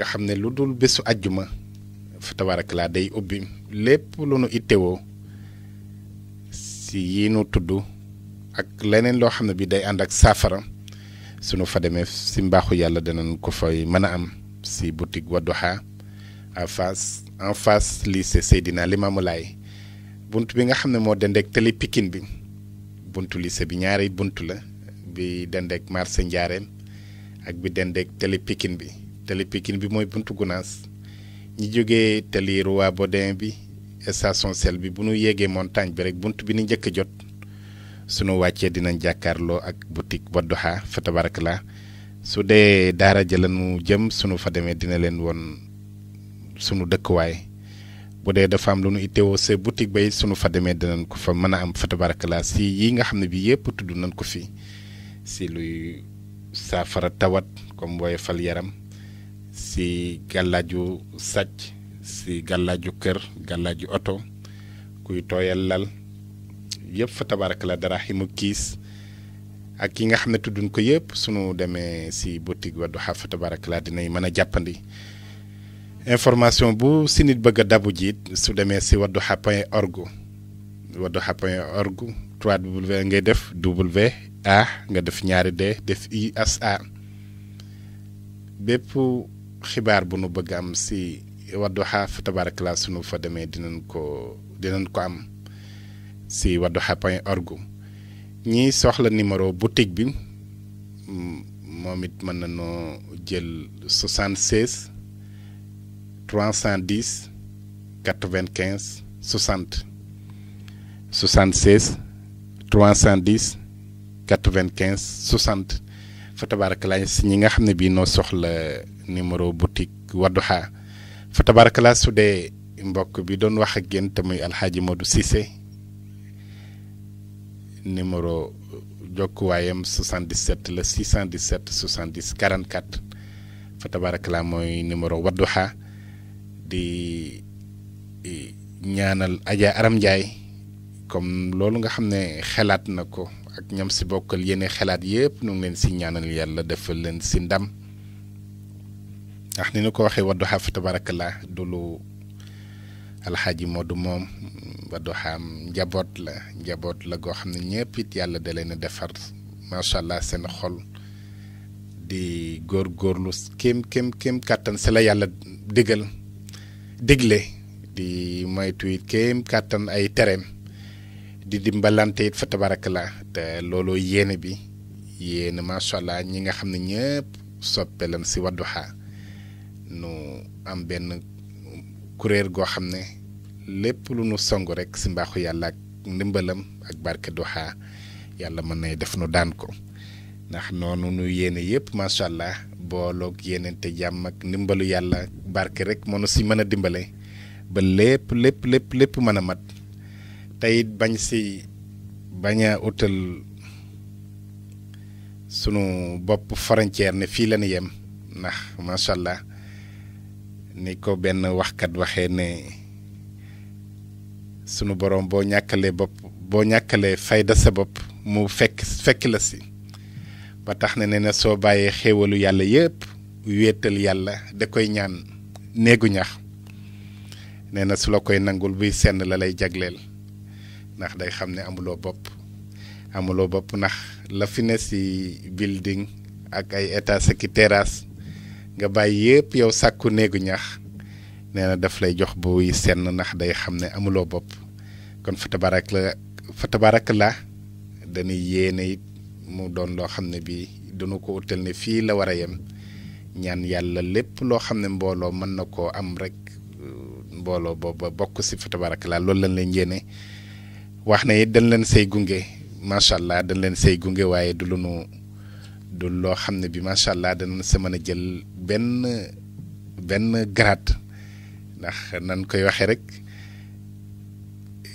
nga xam ne lu dul bésu àjjuma fa tabarak laa day ubbi lépp lu nu ittewoo si yi tudd ak leneen loo xam ne bi day ànd ak saafara sunu fa demee si mbaaxu yàlla danañ ko fay mën a am si boutique Wadduha en face en face lycée Seydina Limamou Laye bunt bi nga xam ne moo dendeek tali Pikine bi buntu lycée bi ñaari bunt la bi dendeek marché Njaareem ak bi dendeek tali Pikine bi tali Pikine bi mooy buntu gunas ñi jógee tali Roi Baudin bi station sel bi bu ñu yéegee montagne bi rek bunt bi ni njëkk jot sunu wàccee dinañ jàkkaarloo ak boutique Wadduha fa tabarakallah su de dara ja lañu jëm sunu fa demee dina leen woon sunu dëkkuwaay bu dee dafa am lu nu itteewoo sa boutique bay sunu fa demee dinañ ko fa am fa tabarakallah si yi nga xam ne bi yëpp nañ ko fi si luy safara tawat comme booy fal yaram si gàllaaju sàcc si gàllaaju kër gàllaaju oto kuy tooyal lal yëpp fa tabarak la dara ximu kiis ak yi nga xam ne tudduñ ko yëpp sunu demee si boutique Wadduha fa tabarak la dinañ mën a jàppandi information bu si nit bëgg a jiit su demee si Wadduha point org Wadduha point org 3W ngay def W A nga def ñaari D def I bépp xibaar bu nu bëgg am si Wadduha fa tabaarakala sunu fa demee dinañ ko dinañ ko am si wadduha point org ñi soxla numéro boutique bi moom it mën nañoo jël 76 310 95 60 76 310 95 60 fa si ñi nga xam ne bii noo soxla. numéro boutique Wadduha fa tabarakalaa su dee mbokk bi doon wax ak yéen te muy alxaaji Modou Cissé numéro jokkuwaayam 77 la 617 70 44 fa tabarakalaa mooy numéro Wadduha di ñaanal Adja Aram Ndiaye comme loolu nga xam ne xelaat na ko ak ñam si bokkal yeneen xalaat yëpp nu leen si ñaanal yàlla defal leen si ndam ndax ni ñu ko waxee Wadduha fa tabarakallah du lu alxaaji Modou moom Wadduha njaboot la njaboot la goo xam ne ñëpp yàlla da leen defar macha allah seen xol di góor kéem kéem kéem kàttan si la yàlla digal digle di moytu it kéem kàttan ay tereem di dimbalante it fa te looloo yéene bi yéene macha allah ñi nga xam ne ñëpp soppe lan si Wadduha nu am benn kuréel goo xam ne lépp lu nu song rek si mbaaxu yàlla ak ndimbalam ak barke Duha yàlla mën na def nu daan ko ndax noonu nu yéene yëpp macha allah booloog yéenente jàmm ak ndimbalu yàlla barke rek mënu si mën a dimbale ba lépp lépp lépp lépp mën a mat teyit bañ si bañ a utal sunu bopp frontière ne fii la yem ndax macha allah ni ko benn waxkat waxee ne sunu boroom boo ñàkkalee bopp boo ñàkkalee fayda sa bopp mu fekk fekk la si ba tax na ne na soo bàyyee xéewalu yàlla yépp wéetal yàlla da koy ñaan néegu ñax nee na su la koy nangul buy senn la lay jagleel ndax day xam ne amuloo bopp amuloo bopp ndax la fi si building ak ay étage ak i terrasse nga bàyyi yëpp yow sàkku néegu ñax nee na daf lay jox buy senn nax day xam ne amuloo bopp kon fa tabarak la fa tabarak la yéene it mu doon loo xam ne bii duñu ko utal ne fii la war a yem ñaan yàlla lépp loo xam ne mbooloo mën na koo am rek mbooloo booba bokk si fa tabarak la loolu lañ leen yéene wax na it dañ leen say gunge macha allah dañ leen say gunge waaye du lu nu du loo xam ne bi macha allah dana sa mën a jël benn benn grade ndax nan koy waxee rek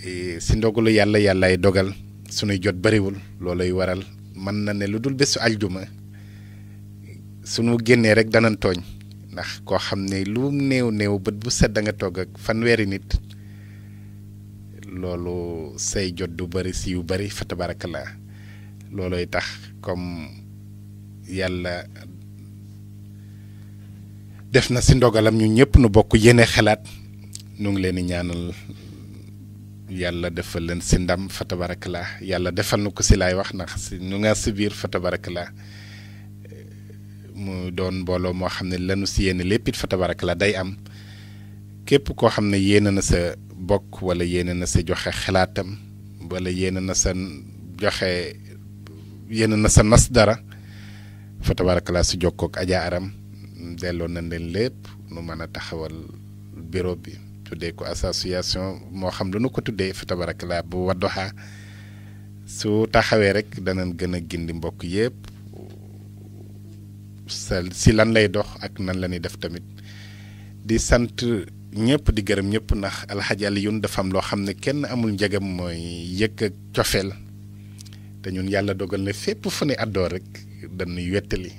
eh, si ndogalu yàlla yàllaay dogal sunuy jot bariwul loolay waral mën na ne lu dul bésu aljuma sunu génnee rek danan tooñ ndax koo xam ne lu néew néew bët bu set da nga togg ak fanweeri nit loolu say jot du bari si yu bari fa tabarakallah looloy tax comme yàlla def na si ndogalam ñu ñëpp nu bokk yéene xalaat nu ngi leen di ñaanal yàlla defal leen si ndam fa la yàlla defal nu ko si laay wax ndax si nu ngaa si biir fa la mu doon mbooloo moo xam ne lanu si yéene léppit it fa tabarakalaa day am képp koo xam ne yéene na sa bokk wala yéene na sa joxe xalaatam wala yéene na sa joxe yenn na sa nas dara fa tabaarakala si jokkoo ak Adja Aram delloo nañ leen lépp nu mën a taxawal bureau bi tuddee ko association moo xam lu nu ko tuddee fa tabaarakala bu Wadduha su taxawee rek danañ gën a gindi mbokk yëpp si lan lay dox ak nan la ñuy def tamit di sant ñëpp di gërëm ñëpp ndax alxaji Aliyun dafa am loo xam ne kenn amul njëgam mooy yëkk ak cofeel te ñun yàlla dogal na fépp fu ne rek. dañuy wettali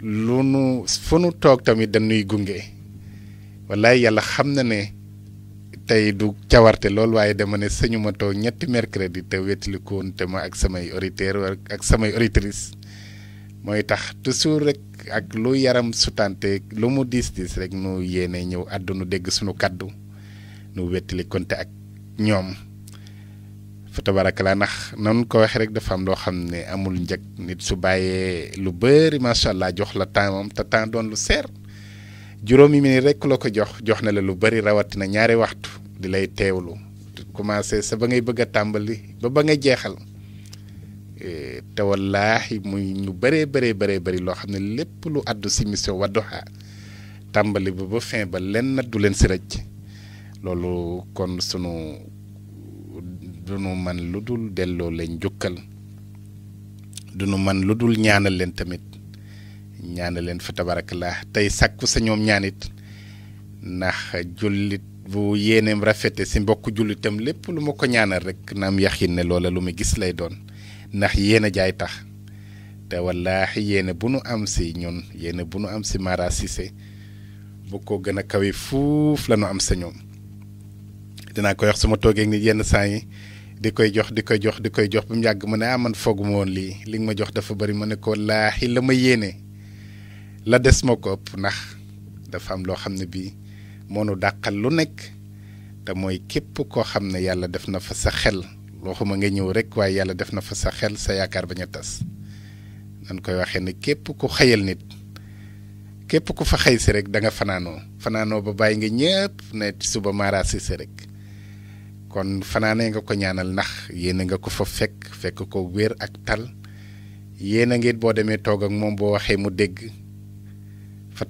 lu nu fu nu toog tamit dañuy gunge wallaay yàlla xam na ne tey du cawarte lool waaye dama ne sañu ma toog ñetti mercredi te wettilikoon te ma ak samay auditeurs ak samay auditrices mooy tax toujours rek ak lu yaram sutante lu mu diis diis rek nu yéene ñëw àdduna dégg suñu kàddu nu wettali konte ak ñoom fa tabarakalaa ndax noonu ko waxee rek dafa am loo xam ne amul njëg nit su bàyyee lu bëri macha allah jox la temps te temps doon lu seer juróomi minute rek la ko jox jox na la lu bari rawatina ñaari waxtu di lay teewlu commencé sa ba ngay bëgg a tàmbali ba ba nga jeexal e, te wallaahi mu lu bëree bëree bëree bëri loo xam ne lépp lu addu si mission Wadduha tàmbali ba ba fin ba lenn du leen si rëcc loolu kon sunu. duñu man lu dul delloo leen njukkal duñu man lu dul ñaanal leen tamit ñaanal leen fa tabarakallah tey sàkku sa ñoom ñaanit ndax jullit bu yéeneem rafete si mbokk jullitam lépp lu ma ko ñaanal rek naam yaxin ne loola lu ma gis lay doon ndax yéen jaay tax te wallaahi yéene bu nu am si ñun yéene bu nu am si marasise Cissé bu ko gën a kawe fuuf la nu am sa ñoom dinaa ko wax su ma toogee yenn saa yi di koy jox di koy jox di koy jox ba mu yàgg mu ne ah man woon lii li nga ma jox dafa bari ma ne ko laaxi la ma yéene la des ma ko ëpp ndax dafa am loo xam ne bii moo dàqal lu nekk te mooy képp koo xam ne yàlla def na fa sa xel waxuma nga ñëw rek waaye yàlla def na fa sa xel sa yaakaar nan koy waxee ne képp ku xëyal nit képp ku fa xëy si rek da nga fanaanoo fanaanoo ba bàyyi nga ñëpp ne suba maaraasi si rek kon fanane nga ko ñaanal ndax yéene nga ko fa fekk fekk ko wér ak tal yéene ngeen boo demee toog ak moom boo waxee mu dégg fa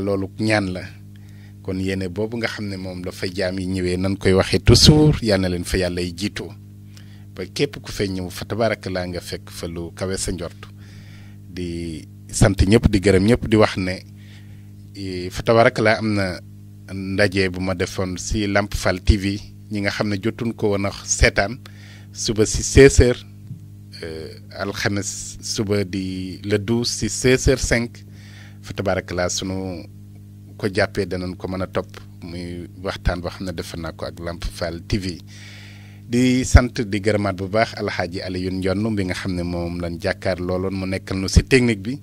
loolu ñaan la kon yéene boobu nga xam ne moom la fa jaam yi ñëwee nan koy waxee toujours yal leen fa yàlla jiitu ba képp ku fay ñëw fa tabarakalaa nga fekk fa lu kawe sa njort di sant ñëpp di gërëm ñëpp di wax ne eh, fa tabarakalaa am na ndaje bu ma defoon si Lamp fal TV ñi nga xam ne jotuñ ko woon seetaan suba si 16h euh, alxames suba di le 12 si 16h05 fa tabaarakala sunu ko jàppee danañ ko mën a topp muy waxtaan boo xam ne defe naa ko ak Lamp Fall TV di sant di gërëmaat bu baax Alxaaji Alioune Ndion bi nga xam ne moom lañ jàkkaar looloon mu nekkal nu si technique bi.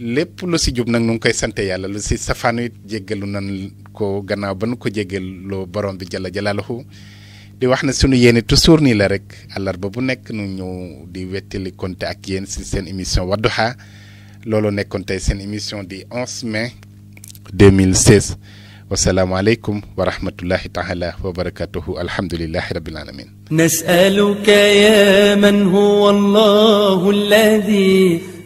lépp lu si jub nag nu ngi koy sante yàlla lu si safaanu it jéggalu nan ko gannaaw ba nu ko jéggaloo borom bi jalla jalaaluhu di wax na sunu yéene toujours nii la rek àllarba bu nekk nu ñëw di wettali konte ak yéen si seen émission Wadduha loolu nekkoon tey seen émission di 11 mai 2016 wasalaamaaleykum wa rahmatullahi taala wa barakatuhu alhamdulilahi rabbil alamin nasaluka ya man huwa allahu alladi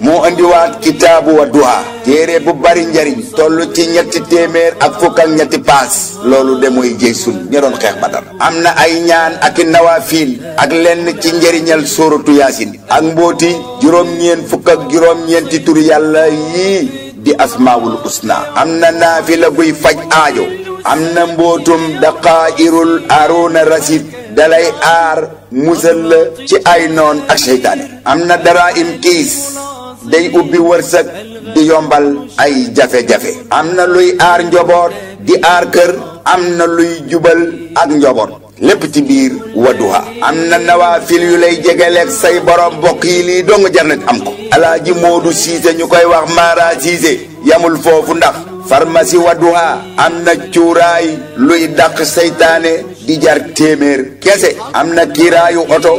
moo andiwaat kitaabu Wadduha téere bu bari njariñ toll ci ñetti téeméer ak fukk ñetti paas loolu de mooy jëy sun xeex Badar am na ay ñaan ak i nawafiil ak lenn ci njariñal sóoratu yaasin ak mbóoti juróom-ñeen fukk juróom-ñeenti turi yàlla yii di asmaawul usna am na naafila buy faj aajo am na mbootum daqaayirul aruuna rasid dalay aar musal la ci ay noon ak seytaane am na dara im kiis day ubbi wërsëg di yombal ay jafe-jafe am na luy aar njaboot di aar kër am na luy jubal ak njaboot lépp ci biir Wadduha am na nawaafil yu lay jegeleeg say borom mbokk yi lii dong jar na am ko alaaji Moodu Siise ñu koy wax Mara Siise yamul foofu ndax farmasi Wadduha am na cuuraay luy daq seytaane di jar téeméer kese am na kiiraayu oto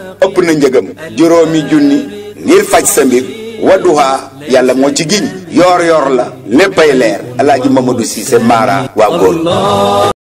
ëpp na njëgam juróomi junni ngir faj sa mbir Wadduha yàlla moo ci giñ yoor yoor la léppay leer alaaji Mamadou Cissé Mara waa góor